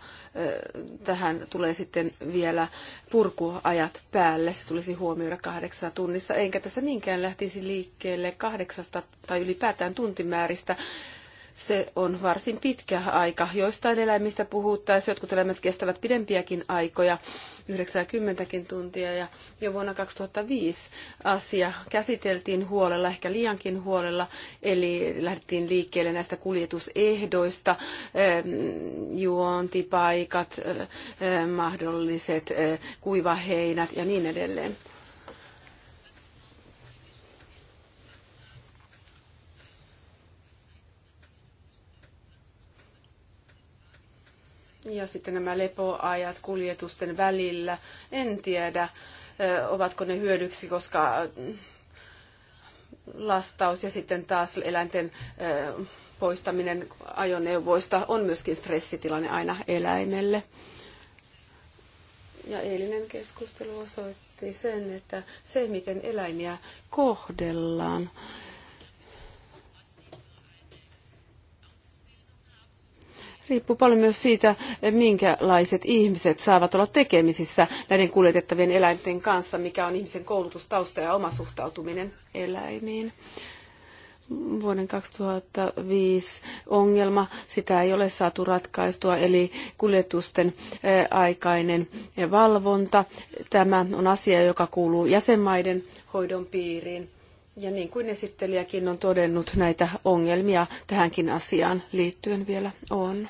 tähän tulee sitten vielä purkuajat päälle. Se tulisi huomioida kahdeksan tunnissa. Enkä tässä niinkään lähtisi liikkeelle kahdeksasta tai ylipäätään tuntimääristä, se on varsin pitkä aika. Joistain eläimistä puhuttaessa jotkut eläimet kestävät pidempiäkin aikoja, 90 tuntia. Ja jo vuonna 2005 asia käsiteltiin huolella, ehkä liiankin huolella, eli lähdettiin liikkeelle näistä kuljetusehdoista, juontipaikat, mahdolliset kuivaheinät ja niin edelleen. Ja sitten nämä lepoajat kuljetusten välillä. En tiedä, ovatko ne hyödyksi, koska lastaus ja sitten taas eläinten poistaminen ajoneuvoista on myöskin stressitilanne aina eläimelle. Ja eilinen keskustelu osoitti sen, että se miten eläimiä kohdellaan Riippuu paljon myös siitä, minkälaiset ihmiset saavat olla tekemisissä näiden kuljetettavien eläinten kanssa, mikä on ihmisen koulutustausta ja oma suhtautuminen eläimiin. Vuoden 2005 ongelma, sitä ei ole saatu ratkaistua, eli kuljetusten eh, aikainen valvonta. Tämä on asia, joka kuuluu jäsenmaiden hoidon piiriin ja niin kuin esittelijäkin on todennut, näitä ongelmia tähänkin asiaan liittyen vielä on.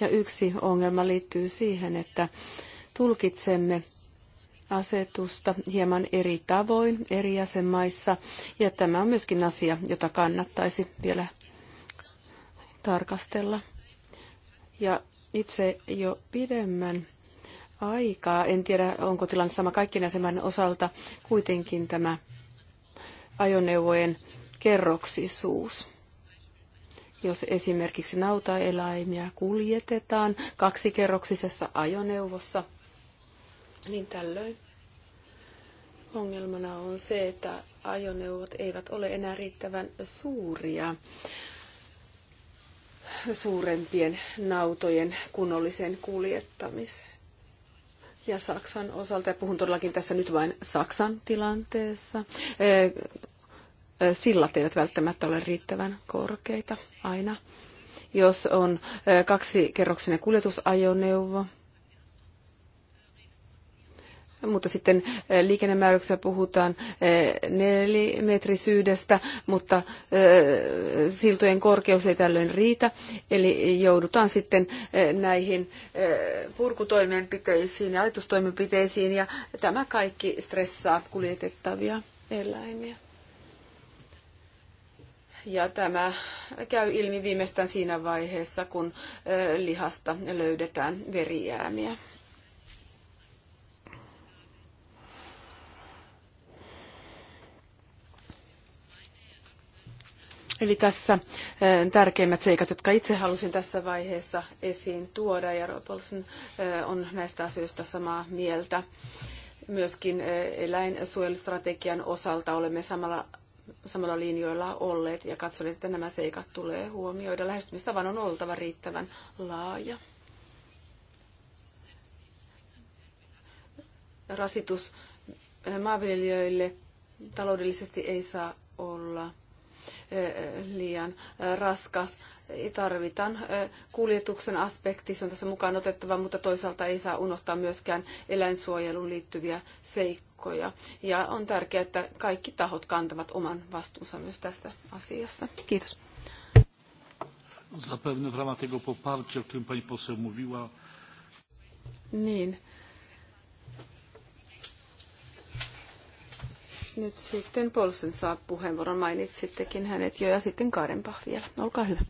Ja yksi ongelma liittyy siihen, että tulkitsemme asetusta hieman eri tavoin eri jäsenmaissa, ja tämä on myöskin asia, jota kannattaisi vielä tarkastella. Ja itse jo pidemmän aikaa, en tiedä onko tilanne sama kaikkien jäsenmaiden osalta, kuitenkin tämä ajoneuvojen kerroksisuus. Jos esimerkiksi nautaeläimiä kuljetetaan kaksikerroksisessa ajoneuvossa, niin tällöin ongelmana on se, että ajoneuvot eivät ole enää riittävän suuria suurempien nautojen kunnolliseen kuljettamiseen ja Saksan osalta, ja puhun todellakin tässä nyt vain Saksan tilanteessa, eh, eh, sillat eivät välttämättä ole riittävän korkeita aina. Jos on eh, kaksikerroksinen kuljetusajoneuvo, mutta sitten eh, liikennemääräyksessä puhutaan eh, nelimetrisyydestä, mutta eh, siltojen korkeus ei tällöin riitä, eli joudutaan sitten näihin purkutoimenpiteisiin ja ajatustoimenpiteisiin, ja tämä kaikki stressaa kuljetettavia eläimiä. Ja tämä käy ilmi viimeistään siinä vaiheessa, kun lihasta löydetään verijäämiä. Eli tässä eh, tärkeimmät seikat, jotka itse halusin tässä vaiheessa esiin tuoda, ja Robinson eh, on näistä asioista samaa mieltä. Myöskin eh, eläinsuojelustrategian osalta olemme samalla samalla linjoilla olleet ja katsoin, että nämä seikat tulee huomioida. Lähestymistavan on oltava riittävän laaja. Rasitus maanviljelijöille taloudellisesti ei saa olla liian raskas. Tarvitaan kuljetuksen aspekti, se on tässä mukaan otettava, mutta toisaalta ei saa unohtaa myöskään eläinsuojeluun liittyviä seikkoja. Ja on tärkeää, että kaikki tahot kantavat oman vastuunsa myös tässä asiassa. Kiitos. Zapewne w ramach tego poparcia, o którym pani poseł mówiła. Niin, Nyt sitten Polsen saa puheenvuoron. Mainitsittekin hänet jo ja sitten Kaarenpah vielä. Olkaa hyvä.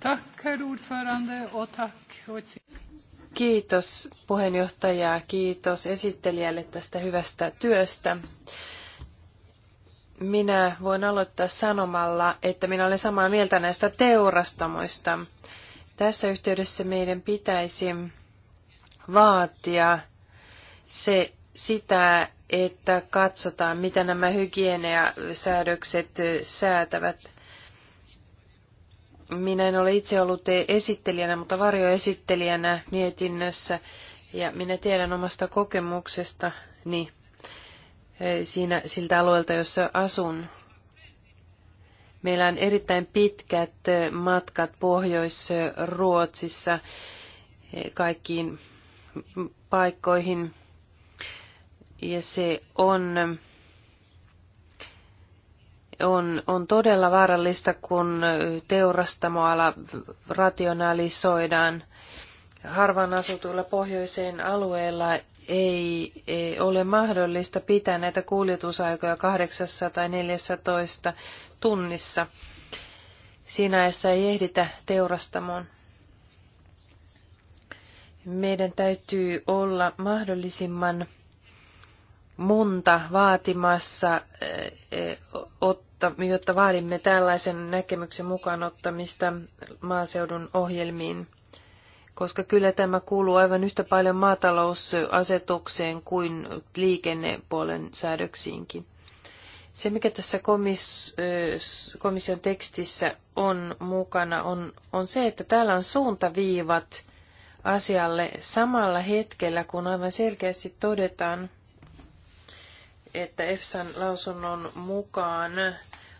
Tack, ordförande, och tack. Kiitos puheenjohtajaa, kiitos esittelijälle tästä hyvästä työstä. Minä voin aloittaa sanomalla, että minä olen samaa mieltä näistä teurastamoista. Tässä yhteydessä meidän pitäisi vaatia se, sitä, että katsotaan, mitä nämä hygieniasäädökset eh, säätävät. Minä en ole itse ollut eh, esittelijänä, mutta varjoesittelijänä mietinnössä, ja minä tiedän omasta kokemuksestani niin, eh, siinä, siltä alueelta, jossa asun. Meillä on erittäin pitkät matkat Pohjois-Ruotsissa kaikkiin paikkoihin, ja se on, on, on todella vaarallista, kun teurastamoala rationalisoidaan. harvan asutuilla pohjoiseen alueella ei, ei ole mahdollista pitää näitä kuljetusaikoja 8 tai 14 tunnissa. Siinä ajassa ei ehditä teurastamoon. Meidän täytyy olla mahdollisimman monta vaatimassa, eh, eh, jotta vaadimme tällaisen näkemyksen mukaan ottamista maaseudun ohjelmiin, koska kyllä tämä kuuluu aivan yhtä paljon maatalousasetukseen kuin liikennepuolen säädöksiinkin. Se, mikä tässä eh, komission tekstissä on mukana, on, on se, että täällä on suuntaviivat asialle samalla hetkellä, kun aivan selkeästi todetaan, että EFSAn lausunnon mukaan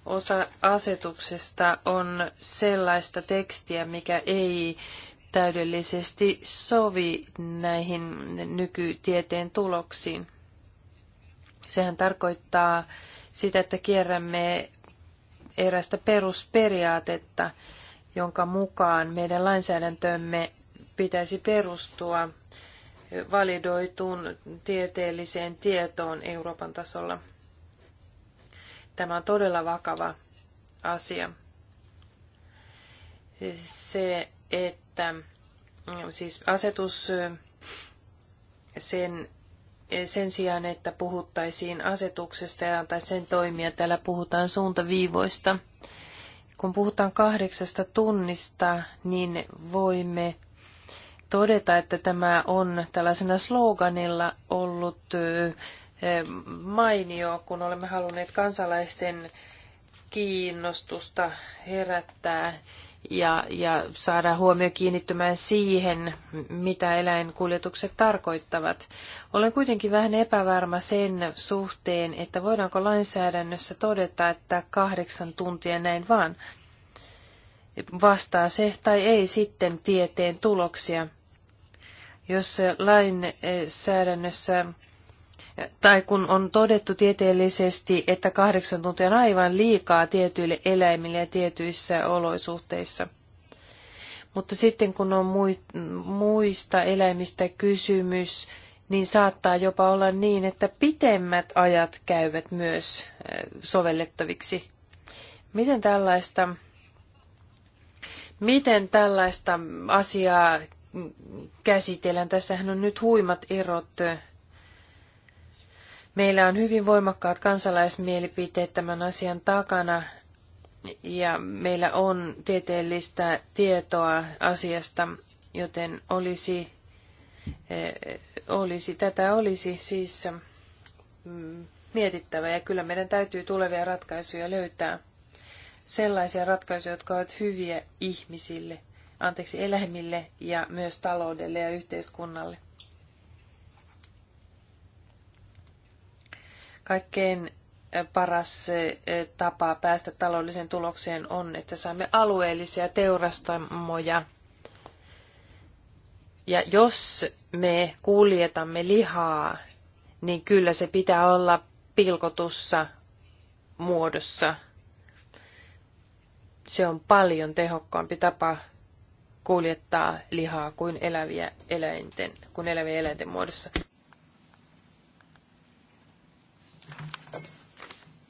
osa asetuksesta on sellaista tekstiä, mikä ei täydellisesti sovi näihin nykytieteen tuloksiin. Sehän tarkoittaa sitä, että kierrämme erästä perusperiaatetta, jonka mukaan meidän lainsäädäntömme pitäisi perustua validoituun tieteelliseen tietoon Euroopan tasolla. Tämä on todella vakava asia. Se, että siis asetus sen, sen sijaan, että puhuttaisiin asetuksesta ja tai sen toimia, täällä puhutaan suuntaviivoista. Kun puhutaan kahdeksasta tunnista, niin voimme todeta, että tämä on tällaisena sloganilla ollut mainio, kun olemme halunneet kansalaisten kiinnostusta herättää ja, ja saada huomio kiinnittymään siihen, mitä eläinkuljetukset tarkoittavat. Olen kuitenkin vähän epävarma sen suhteen, että voidaanko lainsäädännössä todeta, että kahdeksan tuntia näin vaan vastaa se tai ei sitten tieteen tuloksia. Jos lainsäädännössä tai kun on todettu tieteellisesti, että kahdeksan tuntia on aivan liikaa tietyille eläimille ja tietyissä olosuhteissa. Mutta sitten kun on muista eläimistä kysymys, niin saattaa jopa olla niin, että pitemmät ajat käyvät myös eh, sovellettaviksi. Miten tällaista, miten tällaista asiaa käsitellään. Tässähän on nyt huimat erot. Meillä on hyvin voimakkaat kansalaismielipiteet tämän asian takana ja meillä on tieteellistä tietoa asiasta, joten olisi, eh, olisi, tätä olisi siis mm, mietittävä ja kyllä meidän täytyy tulevia ratkaisuja löytää. Sellaisia ratkaisuja, jotka ovat hyviä ihmisille – anteeksi, eläimille ja myös taloudelle ja yhteiskunnalle. Kaikkein paras tapa päästä taloudelliseen tulokseen on, että saamme alueellisia teurastamoja. Ja jos me kuljetamme lihaa, niin kyllä se pitää olla pilkotussa muodossa. Se on paljon tehokkaampi tapa kuljettaa lihaa kuin eläviä eläinten, kuin eläviä eläinten muodossa.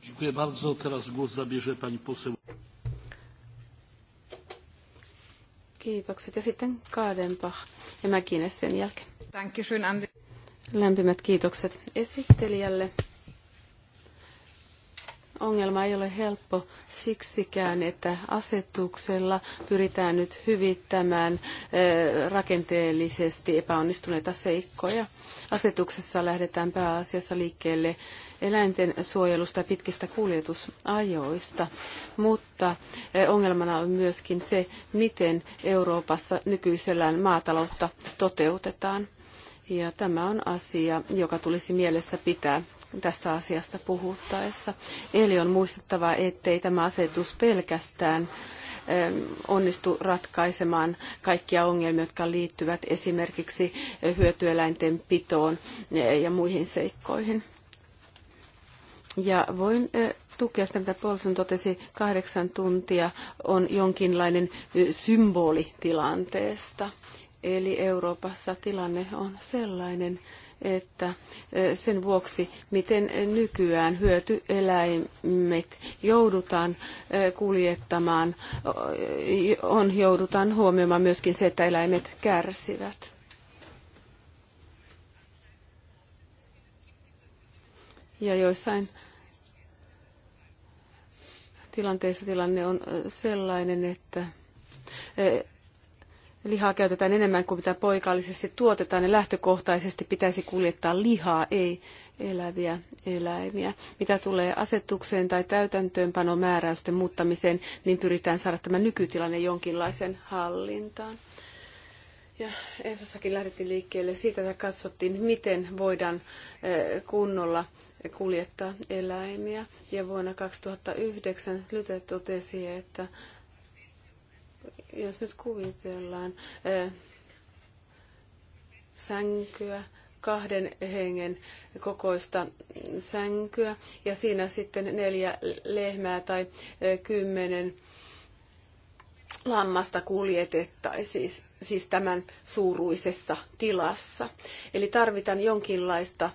Dziękuję bardzo. Teraz głos zabierze pani poseł. Kiitokset. Ja sitten Kaadenpah ja Mäkinen sen jälkeen. Lämpimät kiitokset esittelijälle ongelma ei ole helppo siksikään, että asetuksella pyritään nyt hyvittämään rakenteellisesti epäonnistuneita seikkoja. Asetuksessa lähdetään pääasiassa liikkeelle eläinten suojelusta ja pitkistä kuljetusajoista, mutta ongelmana on myöskin se, miten Euroopassa nykyisellään maataloutta toteutetaan. Ja tämä on asia, joka tulisi mielessä pitää tästä asiasta puhuttaessa. Eli on muistettava, ettei tämä asetus pelkästään ähm, onnistu ratkaisemaan kaikkia ongelmia, jotka liittyvät esimerkiksi hyötyeläinten pitoon äh, ja muihin seikkoihin. Ja voin äh, tukea sitä, mitä Paulson totesi, kahdeksan tuntia on jonkinlainen symboli tilanteesta. Eli Euroopassa tilanne on sellainen, että sen vuoksi, miten nykyään hyötyeläimet joudutaan kuljettamaan, on joudutaan huomioimaan myöskin se, että eläimet kärsivät. Ja joissain tilanteissa tilanne on sellainen, että lihaa käytetään enemmän kuin mitä poikallisesti tuotetaan, niin lähtökohtaisesti pitäisi kuljettaa lihaa, ei eläviä eläimiä. Mitä tulee asetukseen tai täytäntöönpanomääräysten muuttamiseen, niin pyritään saada tämä nykytilanne jonkinlaisen hallintaan. Ja Elsassakin lähdettiin liikkeelle siitä, että katsottiin, miten voidaan eh, kunnolla kuljettaa eläimiä. Ja vuonna 2009 Lyte totesi, että jos nyt kuvitellaan eh, sänkyä, kahden hengen kokoista sänkyä ja siinä sitten neljä lehmää tai eh, kymmenen lammasta kuljetettaisiin siis tämän suuruisessa tilassa. Eli tarvitaan jonkinlaista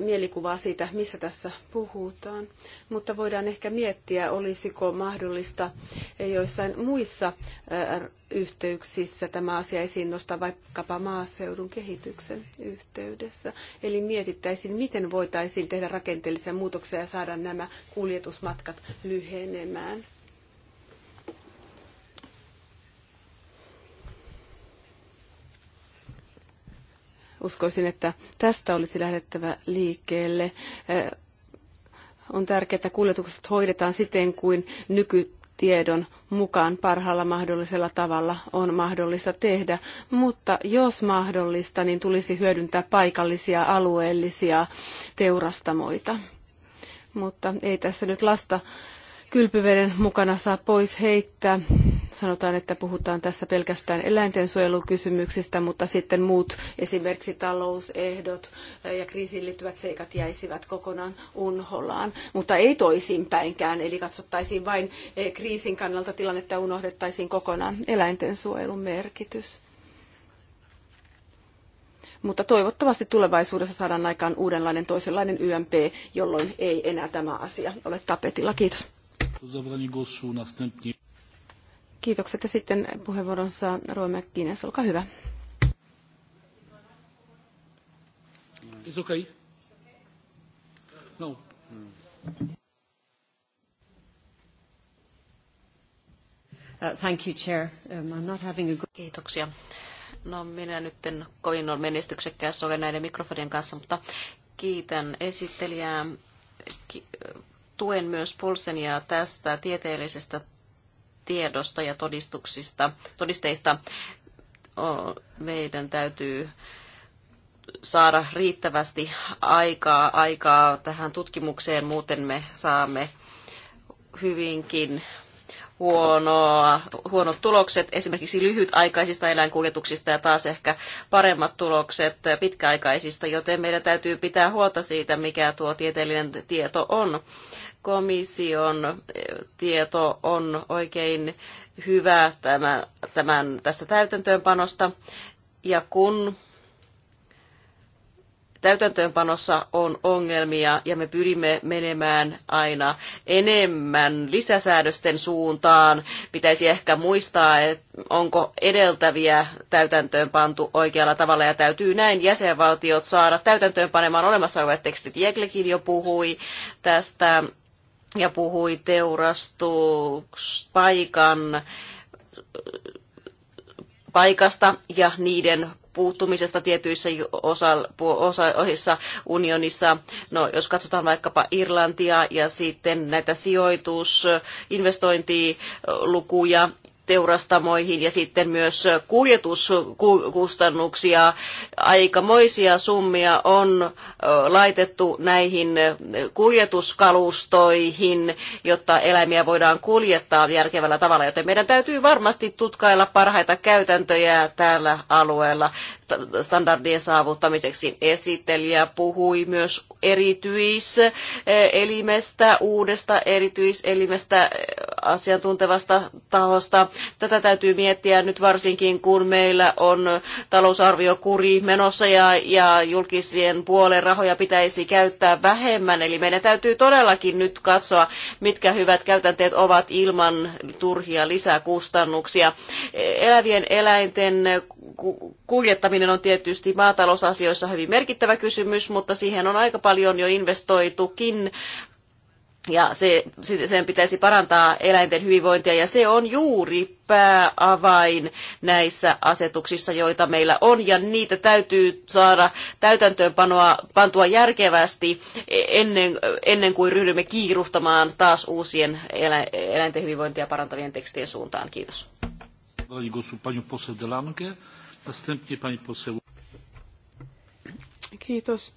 mielikuvaa siitä, missä tässä puhutaan. Mutta voidaan ehkä miettiä, olisiko mahdollista joissain muissa yhteyksissä tämä asia esiin nostaa vaikkapa maaseudun kehityksen yhteydessä. Eli mietittäisiin, miten voitaisiin tehdä rakenteellisia muutoksia ja saada nämä kuljetusmatkat lyhenemään. uskoisin, että tästä olisi lähdettävä liikkeelle. On tärkeää, että kuljetukset hoidetaan siten kuin nykytiedon mukaan parhaalla mahdollisella tavalla on mahdollista tehdä, mutta jos mahdollista, niin tulisi hyödyntää paikallisia alueellisia teurastamoita. Mutta ei tässä nyt lasta kylpyveden mukana saa pois heittää. Sanotaan, että puhutaan tässä pelkästään eläintensuojelukysymyksistä, mutta sitten muut, esimerkiksi talousehdot ja kriisiin liittyvät seikat jäisivät kokonaan unholaan, mutta ei toisinpäinkään, eli katsottaisiin vain eh, kriisin kannalta tilannetta ja unohdettaisiin kokonaan eläintensuojelun merkitys mutta toivottavasti tulevaisuudessa saadaan aikaan uudenlainen toisenlainen YMP, jolloin ei enää tämä asia ole tapetilla. Kiitos. Kiitokset ja sitten puheenvuoronsa Roy McGuinness, siis olkaa hyvä. It's okay. No. Uh, thank you, Chair. Um, I'm not having a... Kiitoksia. No minä nyt en kovin ole menestyksekkäässä ole näiden mikrofonien kanssa, mutta kiitän esittelijää. Tuen myös Polsenia tästä tieteellisestä tiedosta ja todistuksista, todisteista. Meidän täytyy saada riittävästi aikaa, aikaa tähän tutkimukseen, muuten me saamme hyvinkin huonoa, huonot tulokset esimerkiksi lyhytaikaisista eläinkuljetuksista ja taas ehkä paremmat tulokset pitkäaikaisista, joten meidän täytyy pitää huolta siitä, mikä tuo tieteellinen tieto on komission eh, tieto on oikein hyvä tämän, tämän, tästä täytäntöönpanosta. Ja kun täytäntöönpanossa on ongelmia ja me pyrimme menemään aina enemmän lisäsäädösten suuntaan. Pitäisi ehkä muistaa, että onko edeltäviä täytäntöönpantu oikealla tavalla ja täytyy näin jäsenvaltiot saada täytäntöönpanemaan olemassa olevat tekstit. Jeklekin jo puhui tästä ja puhui teurastuspaikan paikasta ja niiden puuttumisesta tietyissä osa, osa, osissa unionissa. No, jos katsotaan vaikkapa Irlantia ja sitten näitä sijoitusinvestointilukuja teurastamoihin ja sitten myös kuljetuskustannuksia. Aikamoisia summia on laitettu näihin kuljetuskalustoihin, jotta eläimiä voidaan kuljettaa järkevällä tavalla, joten meidän täytyy varmasti tutkailla parhaita käytäntöjä tällä alueella standardien saavuttamiseksi. Esittelijä puhui myös erityiselimestä, uudesta erityiselimestä eh, asiantuntevasta tahosta. Tätä täytyy miettiä nyt varsinkin, kun meillä on talousarviokuri menossa ja, ja julkisien puolen rahoja pitäisi käyttää vähemmän. Eli meidän täytyy todellakin nyt katsoa, mitkä hyvät käytänteet ovat ilman turhia lisäkustannuksia. Elävien eläinten kuljettaminen Osaaminen on tietysti maatalousasioissa hyvin merkittävä kysymys, mutta siihen on aika paljon jo investoitukin ja se, sen pitäisi parantaa eläinten hyvinvointia ja se on juuri pääavain näissä asetuksissa, joita meillä on ja niitä täytyy saada täytäntöön pantua järkevästi ennen, ennen kuin ryhdymme kiiruhtamaan taas uusien elä, eläinten hyvinvointia parantavien tekstien suuntaan. Kiitos. Kiitos.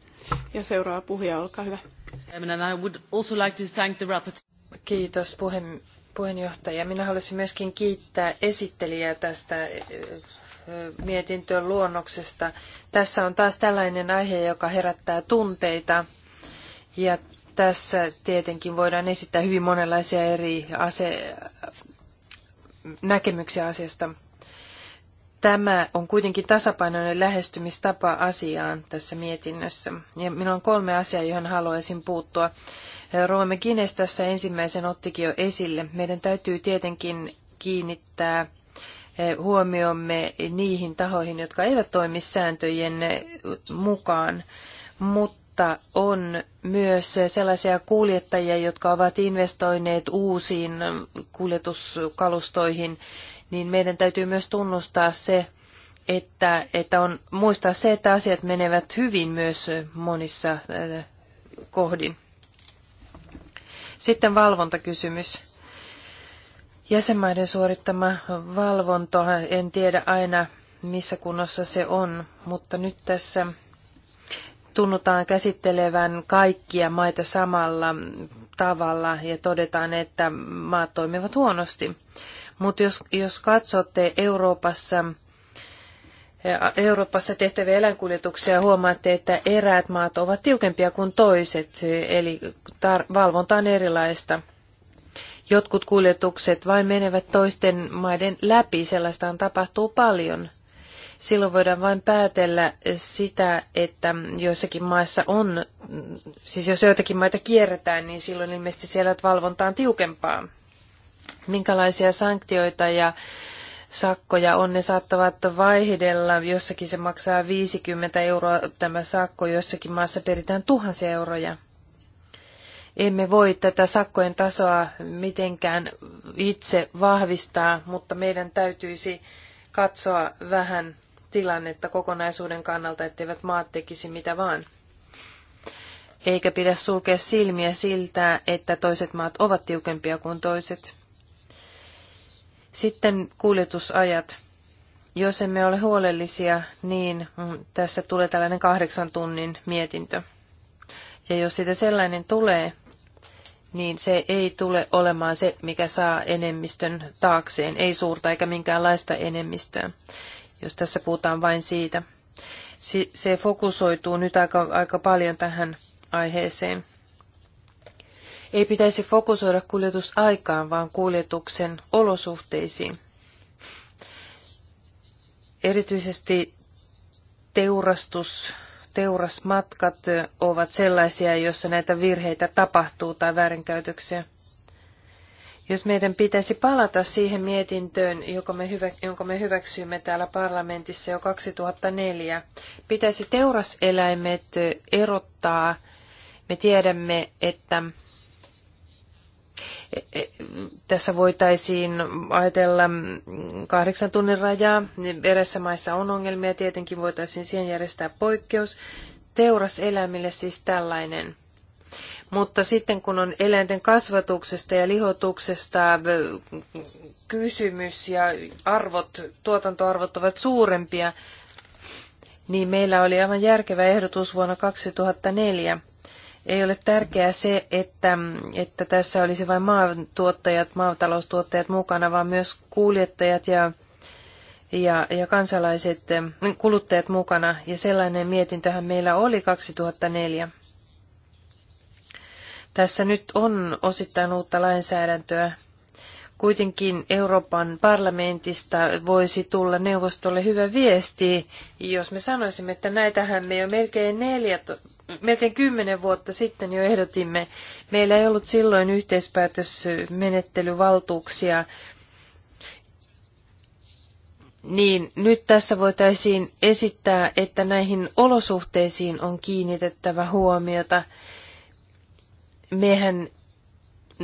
Ja seuraava puhuja, olkaa hyvä. Kiitos puheenjohtaja. Minä haluaisin myöskin kiittää esittelijää tästä mietintöön luonnoksesta. Tässä on taas tällainen aihe, joka herättää tunteita. Ja tässä tietenkin voidaan esittää hyvin monenlaisia eri ase- näkemyksiä asiasta. Tämä on kuitenkin tasapainoinen lähestymistapa asiaan tässä mietinnössä. Ja minulla on kolme asiaa, johon haluaisin puuttua. Roome Gines tässä ensimmäisen ottikin jo esille. Meidän täytyy tietenkin kiinnittää eh, huomiomme niihin tahoihin, jotka eivät toimi sääntöjen eh, mukaan, mutta on myös sellaisia kuljettajia, jotka ovat investoineet uusiin kuljetuskalustoihin niin meidän täytyy myös tunnustaa se, että, että on muistaa se, että asiat menevät hyvin myös monissa kohdin. Sitten valvontakysymys. Jäsenmaiden suorittama valvonto, en tiedä aina missä kunnossa se on, mutta nyt tässä tunnutaan käsittelevän kaikkia maita samalla tavalla ja todetaan, että maat toimivat huonosti. Mutta jos, jos katsotte Euroopassa, eh, Euroopassa tehtäviä eläinkuljetuksia huomaatte, että eräät maat ovat tiukempia kuin toiset, eli tar- valvonta on erilaista. Jotkut kuljetukset vain menevät toisten maiden läpi, sellaista on tapahtuu paljon. Silloin voidaan vain päätellä sitä, että joissakin maissa on, siis jos joitakin maita kierretään, niin silloin ilmeisesti siellä valvonta on tiukempaa minkälaisia sanktioita ja sakkoja on, ne saattavat vaihdella. Jossakin se maksaa 50 euroa tämä sakko, jossakin maassa peritään tuhansia euroja. Emme voi tätä sakkojen tasoa mitenkään itse vahvistaa, mutta meidän täytyisi katsoa vähän tilannetta kokonaisuuden kannalta, etteivät maat tekisi mitä vaan. Eikä pidä sulkea silmiä siltä, että toiset maat ovat tiukempia kuin toiset. Sitten kuljetusajat. Jos emme ole huolellisia, niin mm, tässä tulee tällainen kahdeksan tunnin mietintö. Ja jos sitä sellainen tulee, niin se ei tule olemaan se, mikä saa enemmistön taakseen, ei suurta eikä minkäänlaista enemmistöä, jos tässä puhutaan vain siitä. Se fokusoituu nyt aika, aika paljon tähän aiheeseen. Ei pitäisi fokusoida kuljetusaikaan, vaan kuljetuksen olosuhteisiin. Erityisesti teurastus, teurasmatkat ovat sellaisia, joissa näitä virheitä tapahtuu tai väärinkäytöksiä. Jos meidän pitäisi palata siihen mietintöön, me hyvä, jonka me hyväksyimme täällä parlamentissa jo 2004, pitäisi teuraseläimet erottaa. Me tiedämme, että tässä voitaisiin ajatella kahdeksan tunnin rajaa. Erässä maissa on ongelmia, tietenkin voitaisiin siihen järjestää poikkeus. eläimille siis tällainen. Mutta sitten kun on eläinten kasvatuksesta ja lihotuksesta kysymys ja arvot, tuotantoarvot ovat suurempia, niin meillä oli aivan järkevä ehdotus vuonna 2004. Ei ole tärkeää se, että, että tässä olisi vain maatuottajat, maataloustuottajat mukana, vaan myös kuljettajat ja, ja, ja kansalaiset, kuluttajat mukana. Ja sellainen mietintöhän meillä oli 2004. Tässä nyt on osittain uutta lainsäädäntöä. Kuitenkin Euroopan parlamentista voisi tulla neuvostolle hyvä viesti, jos me sanoisimme, että näitähän me jo melkein neljä melkein kymmenen vuotta sitten jo ehdotimme. Meillä ei ollut silloin yhteispäätösmenettelyvaltuuksia. Niin nyt tässä voitaisiin esittää, että näihin olosuhteisiin on kiinnitettävä huomiota. Mehän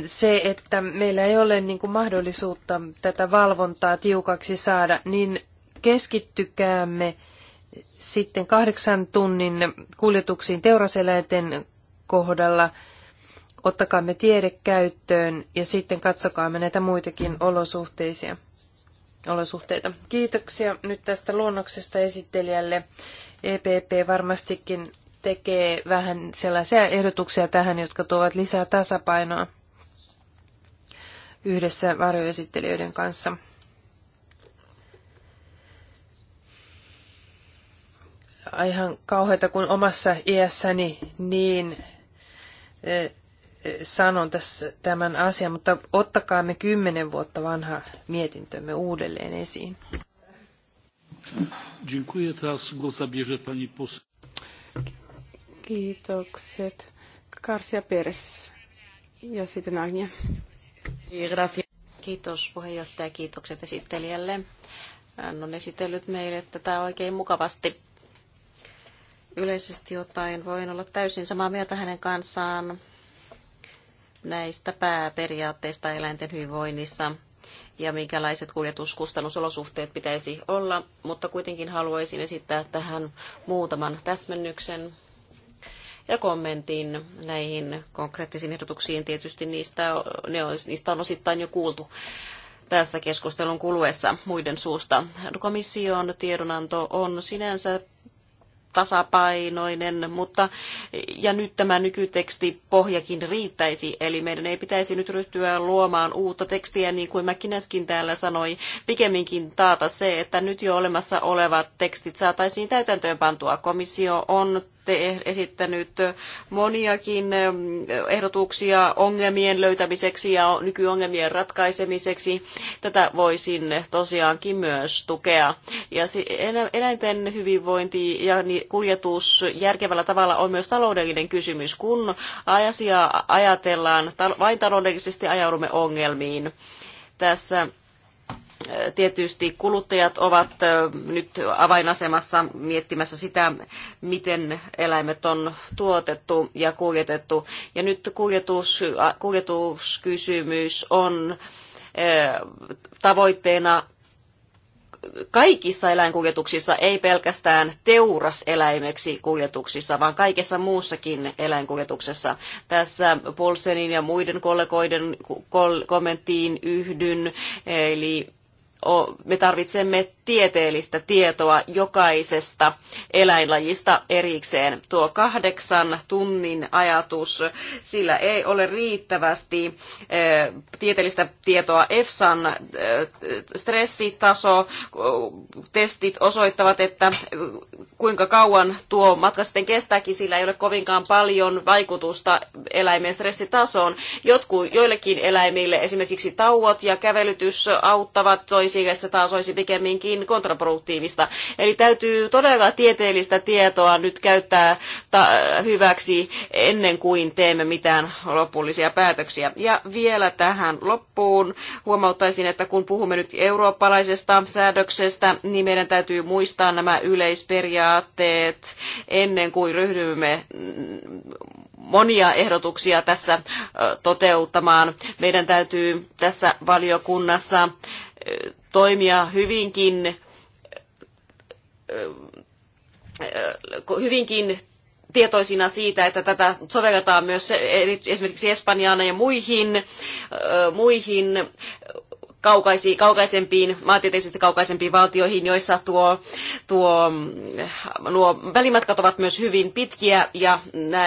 se, että meillä ei ole niin kuin mahdollisuutta tätä valvontaa tiukaksi saada, niin keskittykäämme sitten kahdeksan tunnin kuljetuksiin teuraseläinten kohdalla ottakaamme tiede käyttöön ja sitten katsokaamme näitä muitakin olosuhteisia, olosuhteita. Kiitoksia nyt tästä luonnoksesta esittelijälle. EPP varmastikin tekee vähän sellaisia ehdotuksia tähän, jotka tuovat lisää tasapainoa yhdessä varjoesittelijöiden kanssa. ihan kauheita, kun omassa iässäni niin e, e, sanon tässä tämän asian, mutta me kymmenen vuotta vanha mietintömme uudelleen esiin. Kiitokset. Karsia Peres ja sitten Agnia. Kiitos puheenjohtaja, kiitokset esittelijälle. Hän on esitellyt meille tätä oikein mukavasti Yleisesti ottaen voin olla täysin samaa mieltä hänen kanssaan näistä pääperiaatteista eläinten hyvinvoinnissa ja minkälaiset kuljetuskustannusolosuhteet pitäisi olla, mutta kuitenkin haluaisin esittää tähän muutaman täsmennyksen ja kommentin näihin konkreettisiin ehdotuksiin. Tietysti niistä, ne on, niistä on osittain jo kuultu tässä keskustelun kuluessa muiden suusta. Komission tiedonanto on sinänsä tasapainoinen, mutta ja nyt tämä nykyteksti pohjakin riittäisi, eli meidän ei pitäisi nyt ryhtyä luomaan uutta tekstiä, niin kuin Mäkinäskin täällä sanoi, pikemminkin taata se, että nyt jo olemassa olevat tekstit saataisiin täytäntöön pantua. Komissio on olette eh, esittänyt moniakin ehdotuksia ongelmien löytämiseksi ja nykyongelmien ratkaisemiseksi. Tätä voisin tosiaankin myös tukea. Ja eläinten hyvinvointi ja kuljetus järkevällä tavalla on myös taloudellinen kysymys. Kun asiaa ajatellaan, vain taloudellisesti ajaudumme ongelmiin. Tässä tietysti kuluttajat ovat nyt avainasemassa miettimässä sitä, miten eläimet on tuotettu ja kuljetettu. Ja nyt kuljetus, kuljetuskysymys on tavoitteena kaikissa eläinkuljetuksissa, ei pelkästään teuraseläimeksi kuljetuksissa, vaan kaikessa muussakin eläinkuljetuksessa. Tässä Polsenin ja muiden kollegoiden kommenttiin yhdyn, eli me tarvitsemme tieteellistä tietoa jokaisesta eläinlajista erikseen. Tuo kahdeksan tunnin ajatus, sillä ei ole riittävästi eh, tieteellistä tietoa. EFSAn eh, stressitaso, testit osoittavat, että kuinka kauan tuo matka sitten kestääkin, sillä ei ole kovinkaan paljon vaikutusta eläimen stressitasoon. Jotku, joillekin eläimille esimerkiksi tauot ja kävelytys auttavat, toisille se taas olisi pikemminkin hyvinkin kontraproduktiivista. Eli täytyy todella tieteellistä tietoa nyt käyttää hyväksi ennen kuin teemme mitään lopullisia päätöksiä. Ja vielä tähän loppuun huomauttaisin, että kun puhumme nyt eurooppalaisesta säädöksestä, niin meidän täytyy muistaa nämä yleisperiaatteet ennen kuin ryhdymme monia ehdotuksia tässä toteuttamaan. Meidän täytyy tässä valiokunnassa toimia hyvinkin, hyvinkin tietoisina siitä, että tätä sovelletaan myös e- esimerkiksi Espanjaan ja muihin, muihin kaukaisiin, kaukaisempiin, maantieteellisesti kaukaisempiin valtioihin, joissa tuo, tuo, mm, nuo välimatkat ovat myös hyvin pitkiä ja,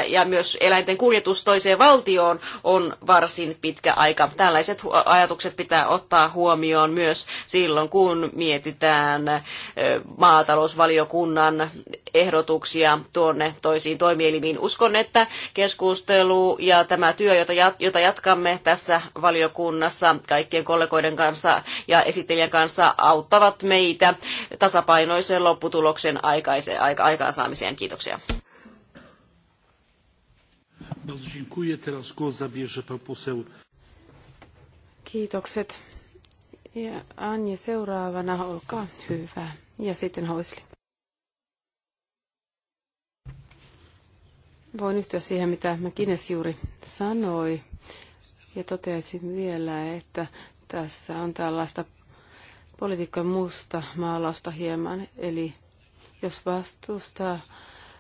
ja myös eläinten kuljetus toiseen valtioon on varsin pitkä aika. Tällaiset ajatukset pitää ottaa huomioon myös silloin, kun mietitään maatalousvaliokunnan ehdotuksia tuonne toisiin toimielimiin. Uskon, että keskustelu ja tämä työ, jota jatkamme tässä valiokunnassa kaikkien kollegoiden kanssa ja esittelijän kanssa, auttavat meitä tasapainoisen lopputuloksen aikaiseen, aika, aikaansaamiseen. Kiitoksia. Kiitokset. Ja Anja seuraavana, olkaa hyvä. Ja sitten Hoisling. Voin yhtyä siihen, mitä McInnes juuri sanoi. Ja toteaisin vielä, että tässä on tällaista politiikan musta maalausta hieman. Eli jos vastustaa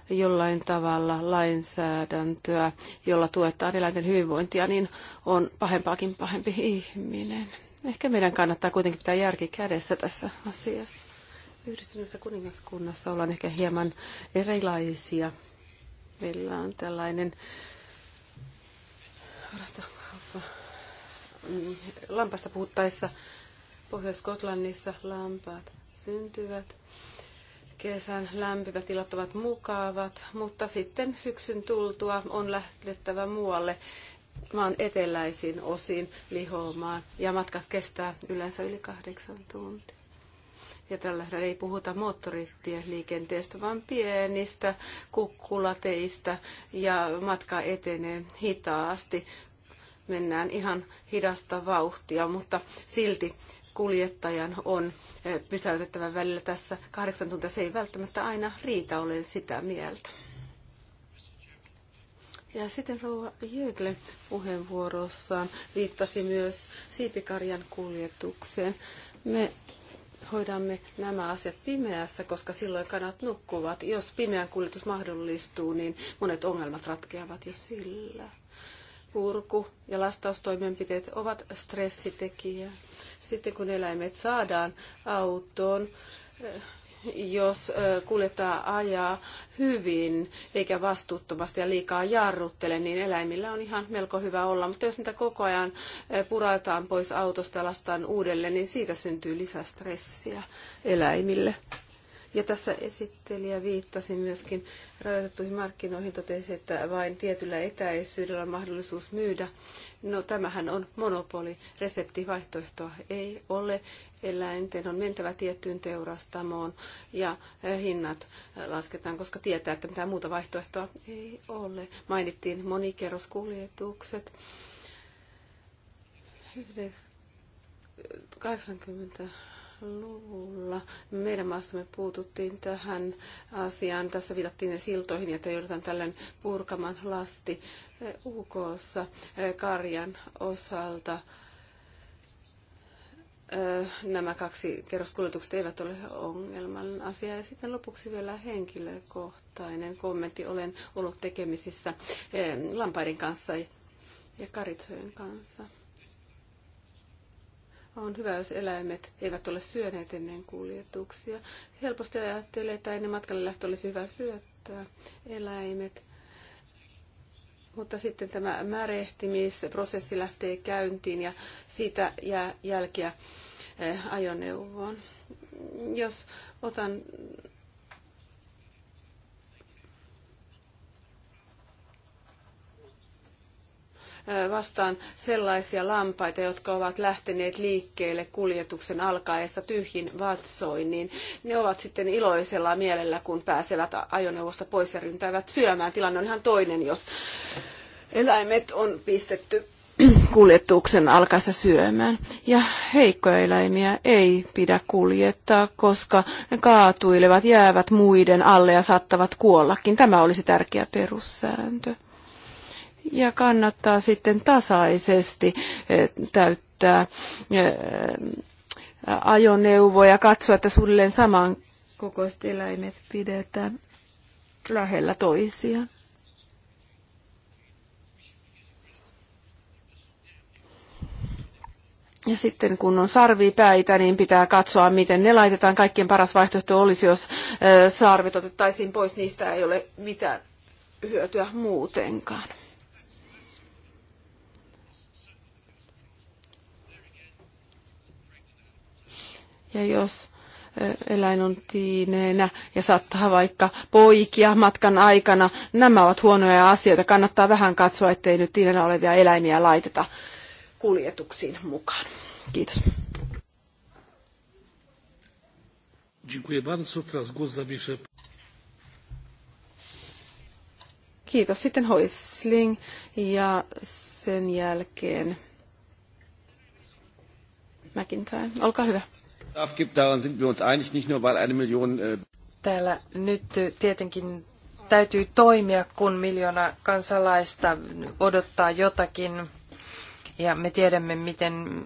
jollain tavalla lainsäädäntöä, jolla tuetaan eläinten hyvinvointia, niin on pahempaakin pahempi ihminen. Ehkä meidän kannattaa kuitenkin pitää järki kädessä tässä asiassa. Yhdistyneessä kuningaskunnassa ollaan ehkä hieman erilaisia Meillä on tällainen lampasta puhuttaessa Pohjois-Skotlannissa lampaat syntyvät. Kesän lämpimät tilat ovat mukavat, mutta sitten syksyn tultua on lähdettävä muualle maan eteläisiin osiin lihomaan ja matkat kestää yleensä yli kahdeksan tuntia. Ja tällä ei puhuta moottoritieliikenteestä, vaan pienistä kukkulateista ja matka etenee hitaasti. Mennään ihan hidasta vauhtia, mutta silti kuljettajan on eh, pysäytettävä välillä tässä. Kahdeksan tuntia se ei välttämättä aina riitä, olen sitä mieltä. Ja sitten Rouva Jögle puheenvuorossaan viittasi myös siipikarjan kuljetukseen. Me hoidamme nämä asiat pimeässä, koska silloin kanat nukkuvat. Jos pimeän kuljetus mahdollistuu, niin monet ongelmat ratkeavat jo sillä. Purku ja lastaustoimenpiteet ovat stressitekijä. Sitten kun eläimet saadaan autoon, eh, jos kuljettaja ajaa hyvin eikä vastuuttomasti ja liikaa jarruttele, niin eläimillä on ihan melko hyvä olla. Mutta jos niitä koko ajan purataan pois autosta ja lastaan uudelleen, niin siitä syntyy lisästressiä eläimille. Ja tässä esittelijä viittasi myöskin rajoitettuihin markkinoihin, totesi, että vain tietyllä etäisyydellä on mahdollisuus myydä. No tämähän on monopoli, reseptivaihtoehtoa ei ole, eläinten on mentävä tiettyyn teurastamoon ja äh, hinnat äh, lasketaan, koska tietää, että mitään muuta vaihtoehtoa ei ole. Mainittiin monikerroskuljetukset. 80-luvulla meidän maassamme puututtiin tähän asiaan. Tässä viitattiin siltoihin, että joudutaan tällöin purkamaan lasti äh, UKssa karjan osalta nämä kaksi kerroskuljetukset eivät ole ongelmallinen asia. Ja sitten lopuksi vielä henkilökohtainen kommentti. Olen ollut tekemisissä lampaiden kanssa ja karitsojen kanssa. On hyvä, jos eläimet eivät ole syöneet ennen kuljetuksia. Helposti ajattelee, että ennen matkalle lähtö olisi hyvä syöttää eläimet. Mutta sitten tämä märehtimisprosessi lähtee käyntiin ja siitä jää jälkeä eh, ajoneuvoon. Jos otan vastaan sellaisia lampaita, jotka ovat lähteneet liikkeelle kuljetuksen alkaessa tyhjin vatsoin, niin ne ovat sitten iloisella mielellä, kun pääsevät ajoneuvosta pois ja ryntäävät syömään. Tilanne on ihan toinen, jos eläimet on pistetty kuljetuksen alkaessa syömään. Ja heikkoja eläimiä ei pidä kuljettaa, koska ne kaatuilevat, jäävät muiden alle ja saattavat kuollakin. Tämä olisi tärkeä perussääntö ja kannattaa sitten tasaisesti eh, täyttää eh, ajoneuvoja, katsoa, että suunnilleen saman eläimet pidetään lähellä toisiaan. Ja sitten kun on sarvipäitä, niin pitää katsoa, miten ne laitetaan. Kaikkien paras vaihtoehto olisi, jos eh, sarvet otettaisiin pois. Niistä ei ole mitään hyötyä muutenkaan. Ja jos eläin on tiineenä ja saattaa vaikka poikia matkan aikana, nämä ovat huonoja asioita. Kannattaa vähän katsoa, ettei nyt tiineenä olevia eläimiä laiteta kuljetuksiin mukaan. Kiitos. Kiitos. Sitten Hoisling ja sen jälkeen McIntyre. Olkaa hyvä. Äh, Täällä nyt tietenkin täytyy toimia, kun miljoona kansalaista odottaa jotakin. Ja me tiedämme, miten,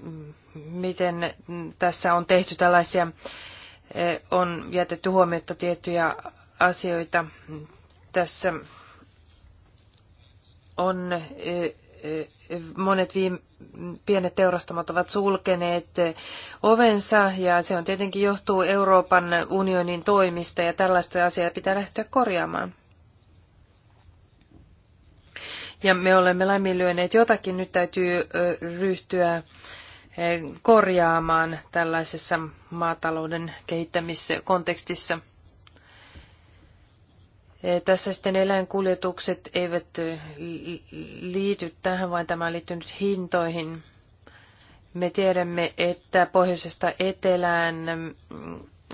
miten tässä on tehty tällaisia, äh, on jätetty huomiota tiettyjä asioita. Tässä on äh, monet viime, pienet teurastamot ovat sulkeneet ovensa ja se on tietenkin johtuu Euroopan unionin toimista ja tällaista asiaa pitää lähteä korjaamaan. Ja me olemme laiminlyöneet jotakin, nyt täytyy ryhtyä korjaamaan tällaisessa maatalouden kehittämiskontekstissa. Eh, tässä sitten eläinkuljetukset eivät eh, liity tähän, vaan tämä on liittynyt hintoihin. Me tiedämme, että pohjoisesta etelään mm,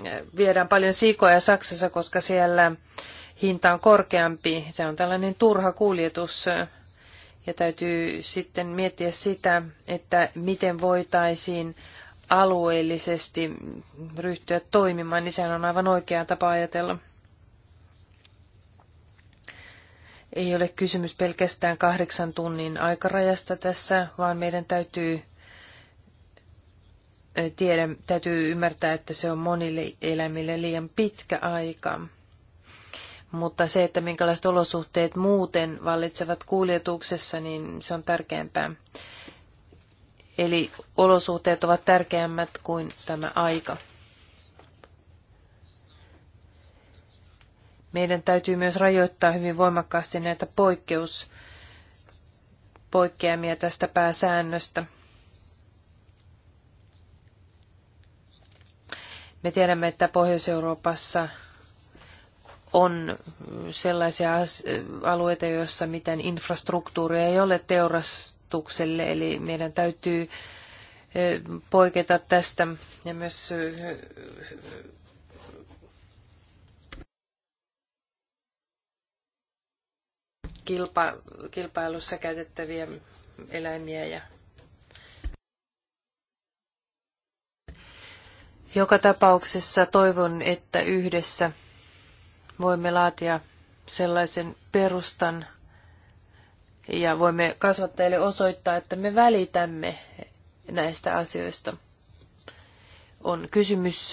eh, viedään paljon sikoja Saksassa, koska siellä hinta on korkeampi. Se on tällainen turha kuljetus. Ja täytyy sitten miettiä sitä, että miten voitaisiin alueellisesti ryhtyä toimimaan, niin sehän on aivan oikea tapa ajatella. Ei ole kysymys pelkästään kahdeksan tunnin aikarajasta tässä, vaan meidän täytyy eh, tiedä, täytyy ymmärtää, että se on monille eläimille liian pitkä aika. Mutta se, että minkälaiset olosuhteet muuten vallitsevat kuljetuksessa, niin se on tärkeämpää. Eli olosuhteet ovat tärkeämmät kuin tämä aika. Meidän täytyy myös rajoittaa hyvin voimakkaasti näitä poikkeus, poikkeamia tästä pääsäännöstä. Me tiedämme, että Pohjois-Euroopassa on sellaisia alueita, joissa mitään infrastruktuuria ei ole teurastukselle, eli meidän täytyy poiketa tästä ja myös kilpa, kilpailussa käytettäviä eläimiä ja Joka tapauksessa toivon, että yhdessä voimme laatia sellaisen perustan ja voimme kasvattajille osoittaa, että me välitämme näistä asioista. On kysymys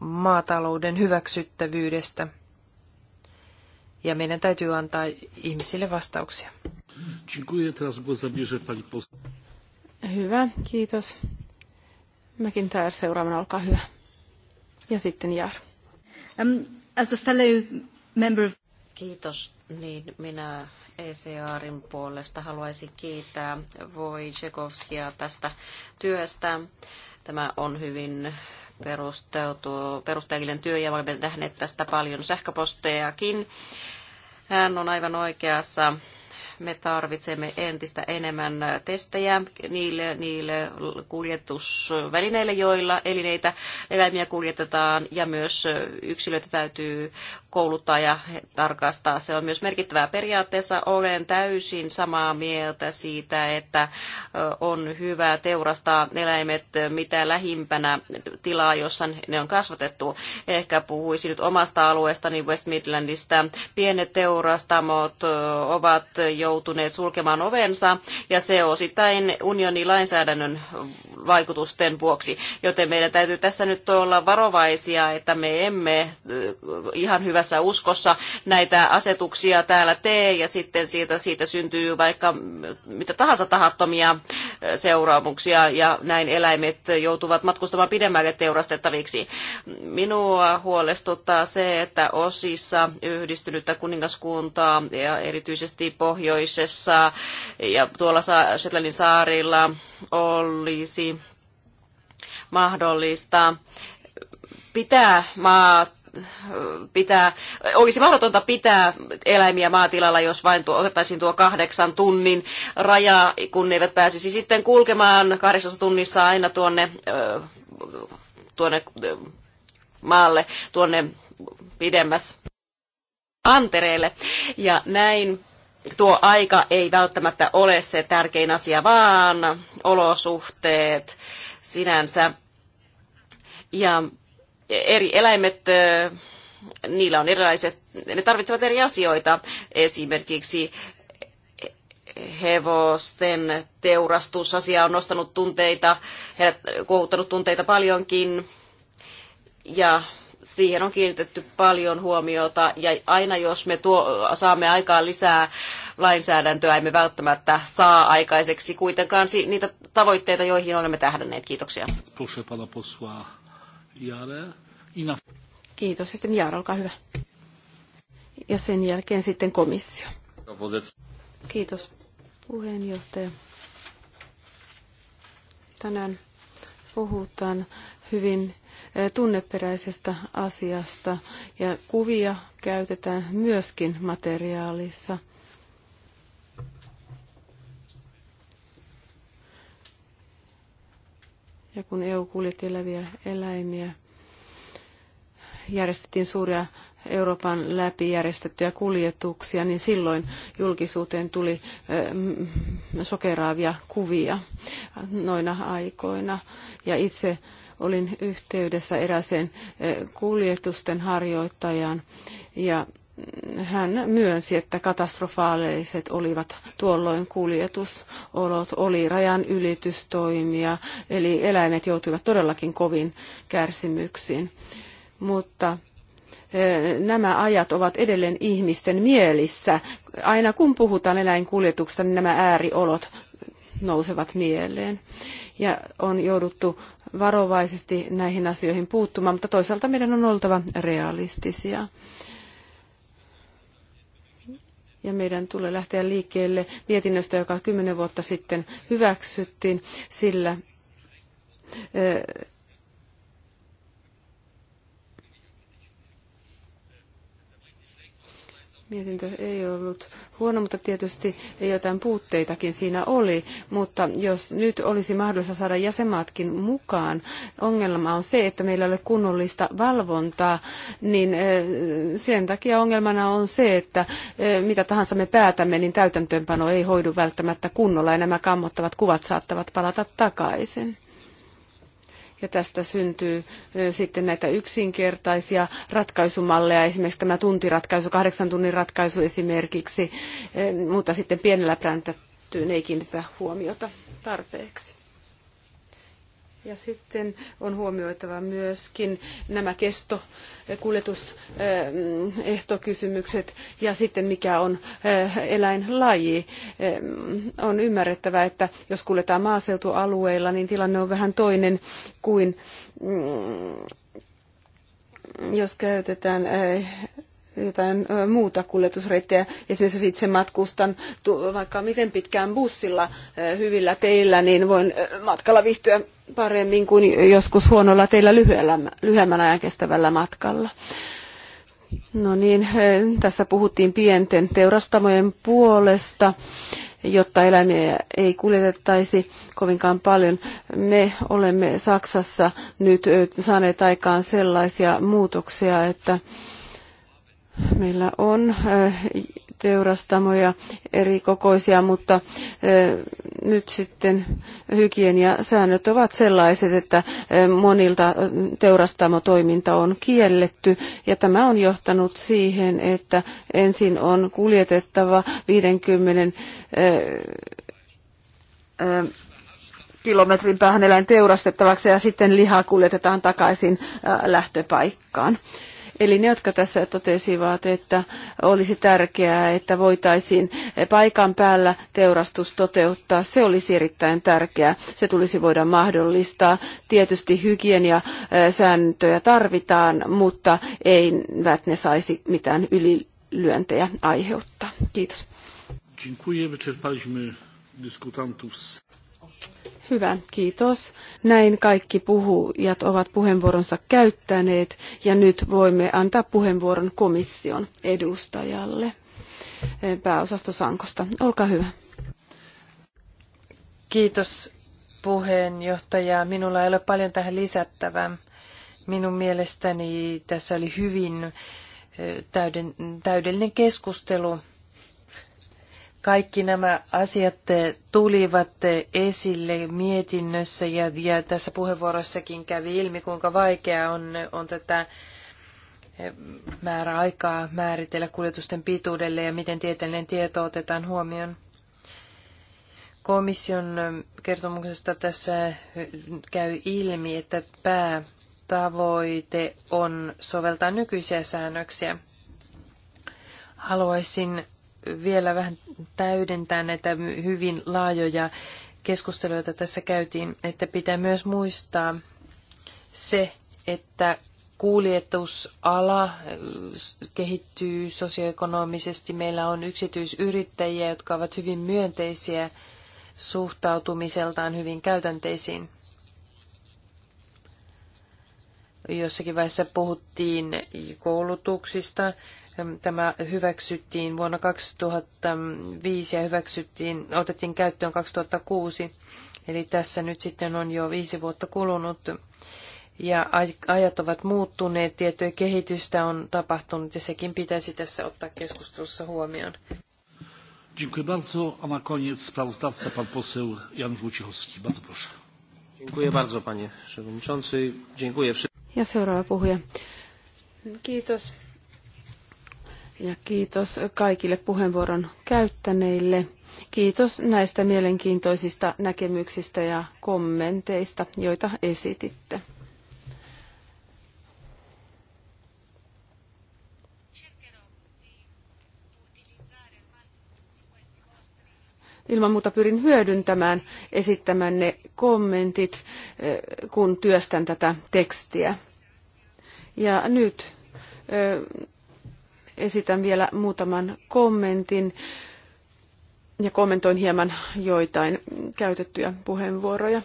maatalouden hyväksyttävyydestä ja meidän täytyy antaa ihmisille vastauksia. Hyvä, kiitos. Mäkin täällä seuraavana, olkaa hyvä. Ja sitten Jar. Um, as a fellow member of... Kiitos. Niin, minä ECRin puolesta haluaisin kiittää Wojciechowskia tästä työstä. Tämä on hyvin perusteltu, perusteellinen työ ja olemme nähneet tästä paljon sähköpostejakin. Hän on aivan oikeassa me tarvitsemme entistä enemmän testejä niille, niille kuljetusvälineille, joilla elineitä, eläimiä kuljetetaan ja myös yksilöitä täytyy kouluttaa ja tarkastaa. Se on myös merkittävää periaatteessa. Olen täysin samaa mieltä siitä, että on hyvä teurastaa eläimet mitä lähimpänä tilaa, jossa ne on kasvatettu. Ehkä puhuisin nyt omasta alueestani West Midlandista. Pienet teurastamot ovat jo joutuneet sulkemaan ovensa, ja se osittain unionin lainsäädännön vaikutusten vuoksi. Joten meidän täytyy tässä nyt olla varovaisia, että me emme äh, ihan hyvässä uskossa näitä asetuksia täällä tee, ja sitten siitä, siitä syntyy vaikka mitä tahansa tahattomia äh, seuraamuksia, ja näin eläimet joutuvat matkustamaan pidemmälle teurastettaviksi. Minua huolestuttaa se, että osissa yhdistynyttä kuningaskuntaa ja erityisesti pohjois pohjoisessa ja tuolla Shetlandin saarilla olisi mahdollista pitää maa pitää, olisi mahdotonta pitää eläimiä maatilalla, jos vain tuo, otettaisiin tuo kahdeksan tunnin raja, kun ne eivät pääsisi sitten kulkemaan kahdeksassa tunnissa aina tuonne, tuonne maalle, tuonne pidemmäs antereelle. Ja näin tuo aika ei välttämättä ole se tärkein asia, vaan olosuhteet sinänsä. Ja eri eläimet, niillä on erilaiset, ne tarvitsevat eri asioita. Esimerkiksi hevosten teurastusasia on nostanut tunteita, kohuttanut tunteita paljonkin. Ja siihen on kiinnitetty paljon huomiota ja aina jos me tuo, saamme aikaan lisää lainsäädäntöä, emme välttämättä saa aikaiseksi kuitenkaan niitä tavoitteita, joihin olemme tähdänneet. Kiitoksia. Kiitos. Sitten Jaara, olkaa hyvä. Ja sen jälkeen sitten komissio. Kiitos puheenjohtaja. Tänään puhutaan hyvin tunneperäisestä asiasta ja kuvia käytetään myöskin materiaalissa. Ja kun EU kuljetti eläviä eläimiä, järjestettiin suuria Euroopan läpi järjestettyjä kuljetuksia, niin silloin julkisuuteen tuli sokeraavia kuvia noina aikoina. Ja itse olin yhteydessä eräseen e, kuljetusten harjoittajaan ja hän myönsi, että katastrofaaliset olivat tuolloin kuljetusolot, oli rajan ylitystoimia, eli eläimet joutuivat todellakin kovin kärsimyksiin. Mutta e, nämä ajat ovat edelleen ihmisten mielissä. Aina kun puhutaan eläinkuljetuksesta, niin nämä ääriolot nousevat mieleen. Ja on jouduttu varovaisesti näihin asioihin puuttumaan, mutta toisaalta meidän on oltava realistisia. Ja meidän tulee lähteä liikkeelle mietinnöstä, joka kymmenen vuotta sitten hyväksyttiin, sillä Mietintö ei ollut huono, mutta tietysti jotain puutteitakin siinä oli. Mutta jos nyt olisi mahdollista saada jäsenmaatkin mukaan, ongelma on se, että meillä ei ole kunnollista valvontaa, niin sen takia ongelmana on se, että mitä tahansa me päätämme, niin täytäntöönpano ei hoidu välttämättä kunnolla ja nämä kammottavat kuvat saattavat palata takaisin ja tästä syntyy sitten näitä yksinkertaisia ratkaisumalleja, esimerkiksi tämä tuntiratkaisu, kahdeksan tunnin ratkaisu esimerkiksi, mutta sitten pienellä präntättyyn ei kiinnitetä huomiota tarpeeksi. Ja sitten on huomioitava myöskin nämä kesto- ja kuljetusehtokysymykset eh, ja sitten mikä on eh, eläinlaji. Eh, on ymmärrettävä, että jos kuljetaan maaseutualueilla, niin tilanne on vähän toinen kuin mm, jos käytetään jotain muuta kuljetusreittejä. Esimerkiksi jos itse matkustan vaikka miten pitkään bussilla hyvillä teillä, niin voin matkalla viihtyä paremmin kuin joskus huonolla teillä lyhyellä, lyhyemmän ajan kestävällä matkalla. No niin, tässä puhuttiin pienten teurastamojen puolesta jotta eläimiä ei kuljetettaisi kovinkaan paljon. Me olemme Saksassa nyt saaneet aikaan sellaisia muutoksia, että Meillä on äh, teurastamoja eri kokoisia, mutta äh, nyt sitten hygieniasäännöt ovat sellaiset, että äh, monilta teurastamotoiminta on kielletty ja tämä on johtanut siihen, että ensin on kuljetettava 50 kilometrin päähän eläin teurastettavaksi ja sitten liha kuljetetaan takaisin lähtöpaikkaan. Eli ne, jotka tässä totesivat, että olisi tärkeää, että voitaisiin paikan päällä teurastus toteuttaa, se olisi erittäin tärkeää. Se tulisi voida mahdollistaa. Tietysti hygieniasääntöjä tarvitaan, mutta eivät ne saisi mitään ylilyöntejä aiheuttaa. Kiitos. Dziękuję. Wyczerpaliśmy dyskutantów. Hyvä, kiitos. Näin kaikki puhujat ovat puheenvuoronsa käyttäneet ja nyt voimme antaa puheenvuoron komission edustajalle eh, pääosastosankosta. Olkaa hyvä. Kiitos puheenjohtaja. Minulla ei ole paljon tähän lisättävää. Minun mielestäni tässä oli hyvin eh, täyden, täydellinen keskustelu kaikki nämä asiat tulivat esille mietinnössä ja, ja tässä puheenvuorossakin kävi ilmi, kuinka vaikeaa on, on tätä eh, määräaikaa määritellä kuljetusten pituudelle ja miten tieteellinen tieto otetaan huomioon. Komission kertomuksesta tässä käy ilmi, että päätavoite on soveltaa nykyisiä säännöksiä. Haluaisin vielä vähän täydentää näitä hyvin laajoja keskusteluja, joita tässä käytiin, että pitää myös muistaa se, että kuljetusala äh, kehittyy sosioekonomisesti. Meillä on yksityisyrittäjiä, jotka ovat hyvin myönteisiä suhtautumiseltaan hyvin käytänteisiin. Jossakin vaiheessa puhuttiin koulutuksista, Tämä hyväksyttiin vuonna 2005 ja hyväksyttiin, otettiin käyttöön 2006. Eli tässä nyt sitten on jo viisi vuotta kulunut ja ajat ovat muuttuneet, tietojen kehitystä on tapahtunut ja sekin pitäisi tässä ottaa keskustelussa huomioon. Dziękuję bardzo. A na koniec sprawozdawca, pan poseł Jan Wójciechowski. Bardzo proszę. Dziękuję bardzo, panie przewodniczący. Dziękuję. Ja seuraava puhuja. Kiitos ja kiitos kaikille puheenvuoron käyttäneille. Kiitos näistä mielenkiintoisista näkemyksistä ja kommenteista, joita esititte. ilman muuta pyrin hyödyntämään esittämänne kommentit, eh, kun työstän tätä tekstiä. Ja nyt eh, esitän vielä muutaman kommentin ja kommentoin hieman joitain käytettyjä puheenvuoroja.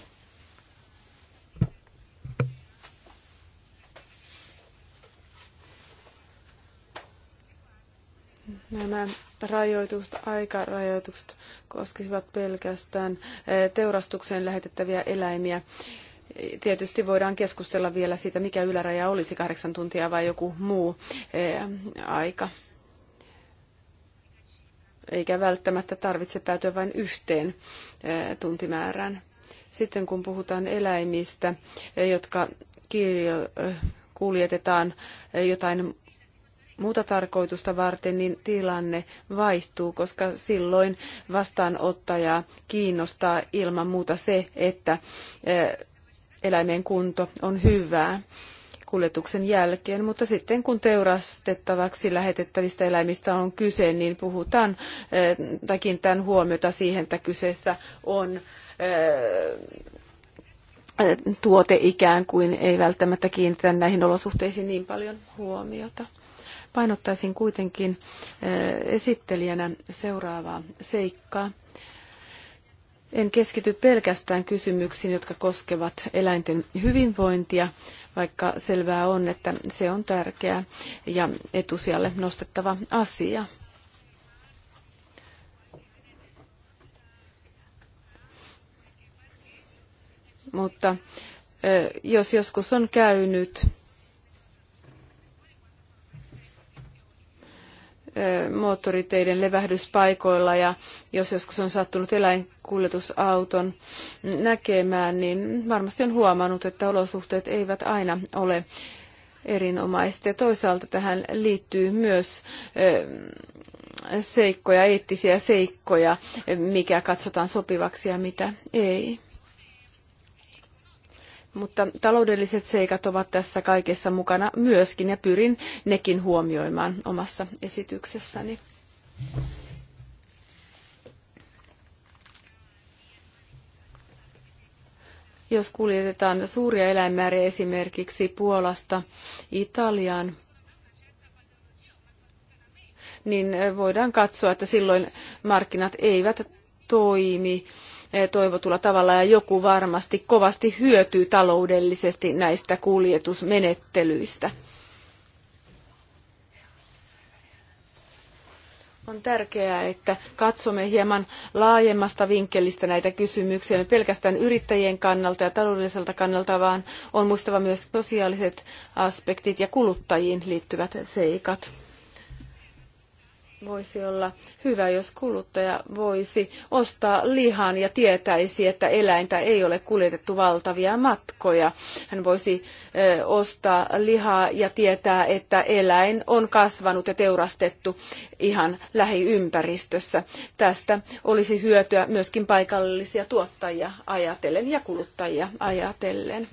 Nämä rajoitukset, aikarajoitukset koskisivat pelkästään teurastukseen lähetettäviä eläimiä. Tietysti voidaan keskustella vielä siitä, mikä yläraja olisi, kahdeksan tuntia vai joku muu eh, aika. Eikä välttämättä tarvitse päätyä vain yhteen eh, tuntimäärään. Sitten kun puhutaan eläimistä, eh, jotka kuljetetaan jotain muuta tarkoitusta varten, niin tilanne vaihtuu, koska silloin vastaanottajaa kiinnostaa ilman muuta se, että eläimen kunto on hyvää kuljetuksen jälkeen, mutta sitten kun teurastettavaksi lähetettävistä eläimistä on kyse, niin puhutaan eh, tai kiinnitän huomiota siihen, että kyseessä on eh, eh, tuote ikään kuin ei välttämättä kiinnitä näihin olosuhteisiin niin paljon huomiota. Painottaisin kuitenkin esittelijänä seuraavaa seikkaa. En keskity pelkästään kysymyksiin, jotka koskevat eläinten hyvinvointia, vaikka selvää on, että se on tärkeä ja etusijalle nostettava asia. Mutta jos joskus on käynyt moottoriteiden levähdyspaikoilla ja jos joskus on sattunut eläinkuljetusauton näkemään, niin varmasti on huomannut, että olosuhteet eivät aina ole erinomaiset. Ja toisaalta tähän liittyy myös seikkoja, eettisiä seikkoja, mikä katsotaan sopivaksi ja mitä ei. Mutta taloudelliset seikat ovat tässä kaikessa mukana myöskin ja pyrin nekin huomioimaan omassa esityksessäni. Jos kuljetetaan suuria eläinmääriä esimerkiksi Puolasta Italiaan, niin voidaan katsoa, että silloin markkinat eivät toimi toivotulla tavalla ja joku varmasti kovasti hyötyy taloudellisesti näistä kuljetusmenettelyistä. On tärkeää, että katsomme hieman laajemmasta vinkkelistä näitä kysymyksiä, me pelkästään yrittäjien kannalta ja taloudelliselta kannalta, vaan on muistava myös sosiaaliset aspektit ja kuluttajiin liittyvät seikat voisi olla hyvä, jos kuluttaja voisi ostaa lihan ja tietäisi, että eläintä ei ole kuljetettu valtavia matkoja. Hän voisi ostaa lihaa ja tietää, että eläin on kasvanut ja teurastettu ihan lähiympäristössä. Tästä olisi hyötyä myöskin paikallisia tuottajia ajatellen ja kuluttajia ajatellen.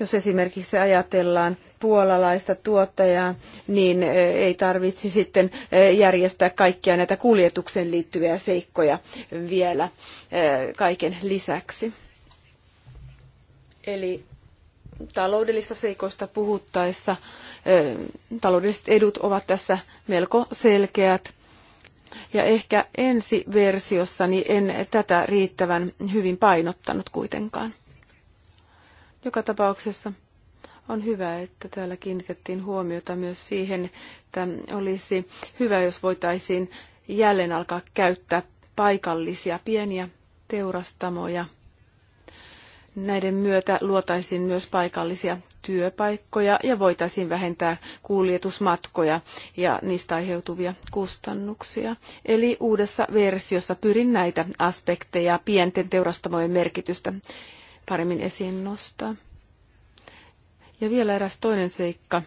Jos esimerkiksi ajatellaan puolalaista tuottajaa, niin eh, ei tarvitsi sitten eh, järjestää kaikkia näitä kuljetukseen liittyviä seikkoja vielä eh, kaiken lisäksi. Eli taloudellista seikoista puhuttaessa taloudelliset edut ovat tässä melko selkeät. Ja ehkä ensi niin en tätä riittävän hyvin painottanut kuitenkaan. Joka tapauksessa on hyvä, että täällä kiinnitettiin huomiota myös siihen, että olisi hyvä, jos voitaisiin jälleen alkaa käyttää paikallisia pieniä teurastamoja. Näiden myötä luotaisiin myös paikallisia työpaikkoja ja voitaisiin vähentää kuljetusmatkoja ja niistä aiheutuvia kustannuksia. Eli uudessa versiossa pyrin näitä aspekteja pienten teurastamojen merkitystä paremmin esiin nostaa. Ja vielä eräs toinen seikka,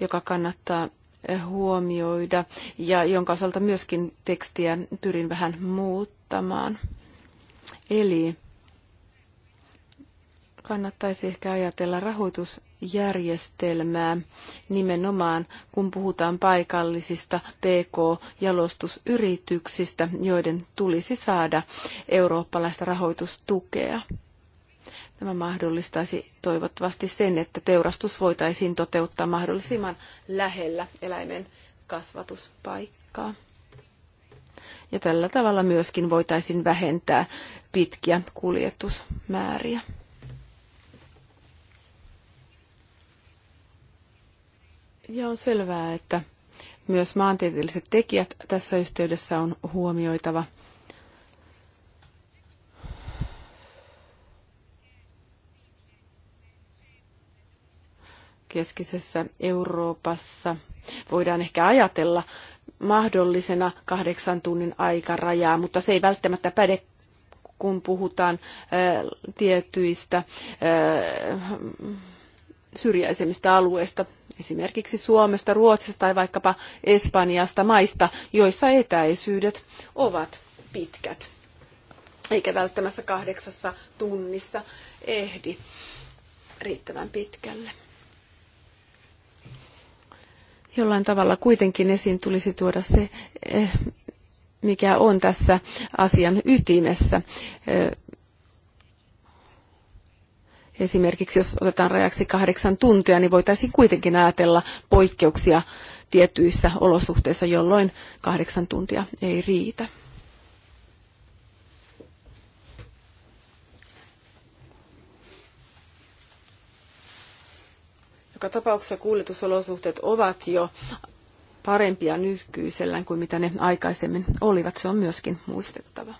joka kannattaa eh, huomioida ja jonka osalta myöskin tekstiä pyrin vähän muuttamaan. Eli kannattaisi ehkä ajatella rahoitusjärjestelmää nimenomaan, kun puhutaan paikallisista PK-jalostusyrityksistä, joiden tulisi saada eurooppalaista rahoitustukea. Tämä mahdollistaisi toivottavasti sen, että teurastus voitaisiin toteuttaa mahdollisimman lähellä eläimen kasvatuspaikkaa. Ja tällä tavalla myöskin voitaisiin vähentää pitkiä kuljetusmääriä. Ja on selvää, että myös maantieteelliset tekijät tässä yhteydessä on huomioitava – keskisessä Euroopassa voidaan ehkä ajatella mahdollisena kahdeksan tunnin aikarajaa, mutta se ei välttämättä päde kun puhutaan tietyistä syrjäisemmistä alueista, esimerkiksi Suomesta, Ruotsista tai vaikkapa Espanjasta, maista, joissa etäisyydet ovat pitkät, eikä välttämättä kahdeksassa tunnissa ehdi riittävän pitkälle jollain tavalla kuitenkin esiin tulisi tuoda se, eh, mikä on tässä asian ytimessä. Eh, esimerkiksi jos otetaan rajaksi kahdeksan tuntia, niin voitaisiin kuitenkin ajatella poikkeuksia tietyissä olosuhteissa, jolloin kahdeksan tuntia ei riitä. Joka tapauksessa kuljetusolosuhteet ovat jo parempia nykyisellään kuin mitä ne aikaisemmin olivat. Se on myöskin muistettava.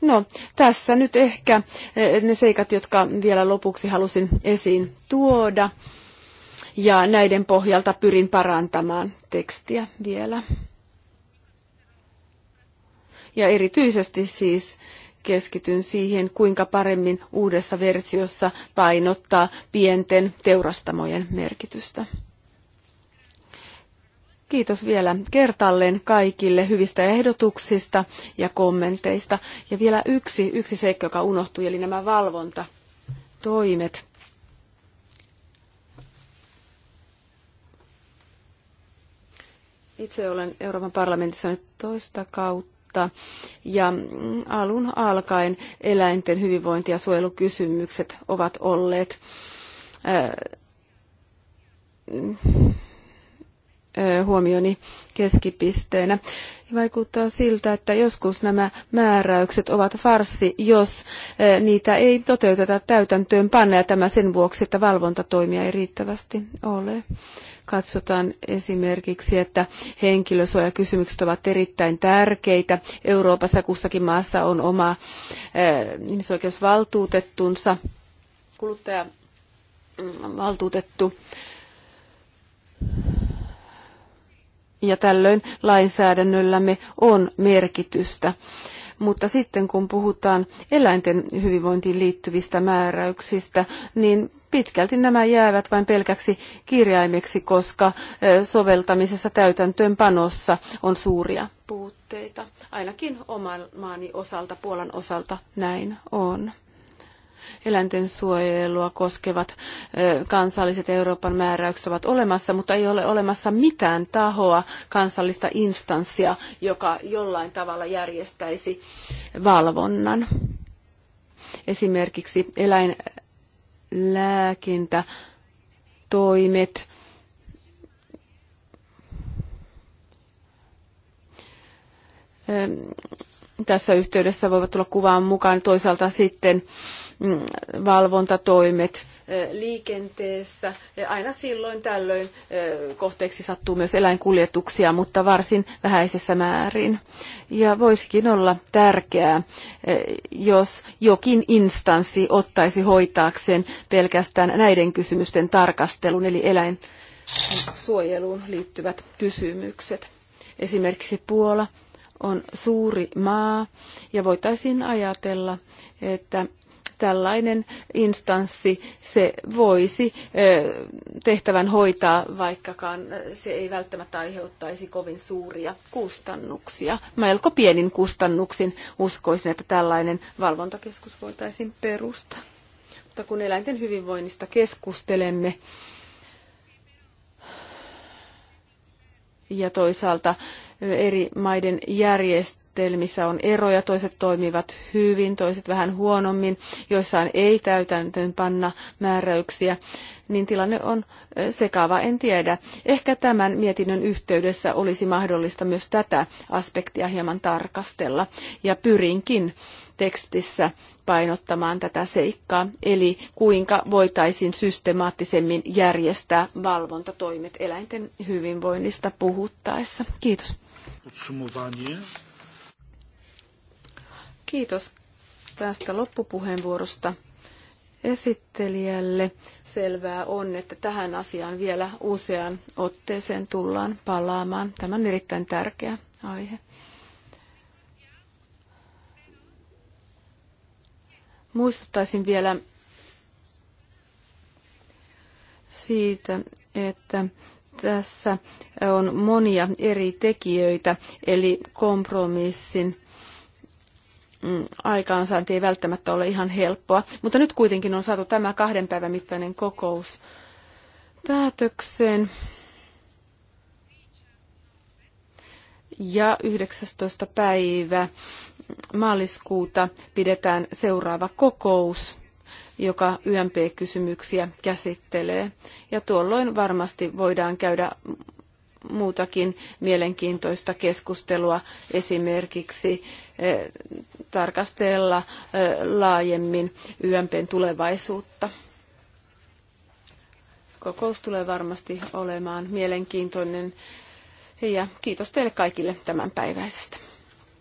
No, tässä nyt ehkä eh, ne seikat, jotka vielä lopuksi halusin esiin tuoda. Ja näiden pohjalta pyrin parantamaan tekstiä vielä. Ja erityisesti siis keskityn siihen, kuinka paremmin uudessa versiossa painottaa pienten teurastamojen merkitystä. Kiitos vielä kertalleen kaikille hyvistä ehdotuksista ja kommenteista. Ja vielä yksi, yksi seikka, joka unohtui, eli nämä valvontatoimet. Itse olen Euroopan parlamentissa nyt toista kautta vaikuttaa. Ja alun alkaen eläinten hyvinvointi- ja suojelukysymykset ovat olleet huomioni keskipisteenä. Vaikuttaa siltä, että joskus nämä määräykset ovat farsi, jos niitä ei toteuteta täytäntöön panna ja tämä sen vuoksi, että valvontatoimia ei riittävästi ole katsotaan esimerkiksi, että henkilösuojakysymykset ovat erittäin tärkeitä. Euroopassa kussakin maassa on oma eh, ihmisoikeusvaltuutettunsa, kuluttajavaltuutettu. Ja tällöin lainsäädännöllämme on merkitystä mutta sitten kun puhutaan eläinten hyvinvointiin liittyvistä määräyksistä, niin pitkälti nämä jäävät vain pelkäksi kirjaimeksi, koska eh, soveltamisessa täytäntöönpanossa on suuria puutteita. Ainakin oman maani osalta, Puolan osalta näin on eläinten suojelua koskevat kansalliset Euroopan määräykset ovat olemassa, mutta ei ole olemassa mitään tahoa, kansallista instanssia, joka jollain tavalla järjestäisi valvonnan. Esimerkiksi eläinlääkintätoimet, tässä yhteydessä voivat tulla kuvaan mukaan toisaalta sitten Mm, valvontatoimet liikenteessä. Aina silloin tällöin kohteeksi sattuu myös eläinkuljetuksia, mutta varsin vähäisessä määrin. Ja voisikin olla tärkeää, jos jokin instanssi ottaisi hoitaakseen pelkästään näiden kysymysten tarkastelun, eli eläinsuojeluun liittyvät kysymykset. Esimerkiksi Puola on suuri maa ja voitaisiin ajatella, että tällainen instanssi, se voisi tehtävän hoitaa, vaikkakaan se ei välttämättä aiheuttaisi kovin suuria kustannuksia. Melko pienin kustannuksin uskoisin, että tällainen valvontakeskus voitaisiin perustaa. Mutta kun eläinten hyvinvoinnista keskustelemme, ja toisaalta eri maiden järjestelmät, järjestelmissä on eroja, toiset toimivat hyvin, toiset vähän huonommin, joissain ei täytäntöön panna määräyksiä, niin tilanne on sekava, en tiedä. Ehkä tämän mietinnön yhteydessä olisi mahdollista myös tätä aspektia hieman tarkastella, ja pyrinkin tekstissä painottamaan tätä seikkaa, eli kuinka voitaisiin systemaattisemmin järjestää valvontatoimet eläinten hyvinvoinnista puhuttaessa. Kiitos. Podsumowanie. Kiitos tästä loppupuheenvuorosta esittelijälle. Selvää on, että tähän asiaan vielä useaan otteeseen tullaan palaamaan. Tämä on erittäin tärkeä aihe. Muistuttaisin vielä siitä, että tässä on monia eri tekijöitä, eli kompromissin Mm, aikaansaanti ei välttämättä ole ihan helppoa. Mutta nyt kuitenkin on saatu tämä kahden päivän mittainen kokous päätökseen. Ja 19. päivä maaliskuuta pidetään seuraava kokous, joka YMP-kysymyksiä käsittelee. Ja tuolloin varmasti voidaan käydä muutakin mielenkiintoista keskustelua, esimerkiksi eh, tarkastella eh, laajemmin YMPn tulevaisuutta. Kokous tulee varmasti olemaan mielenkiintoinen ja kiitos teille kaikille tämänpäiväisestä.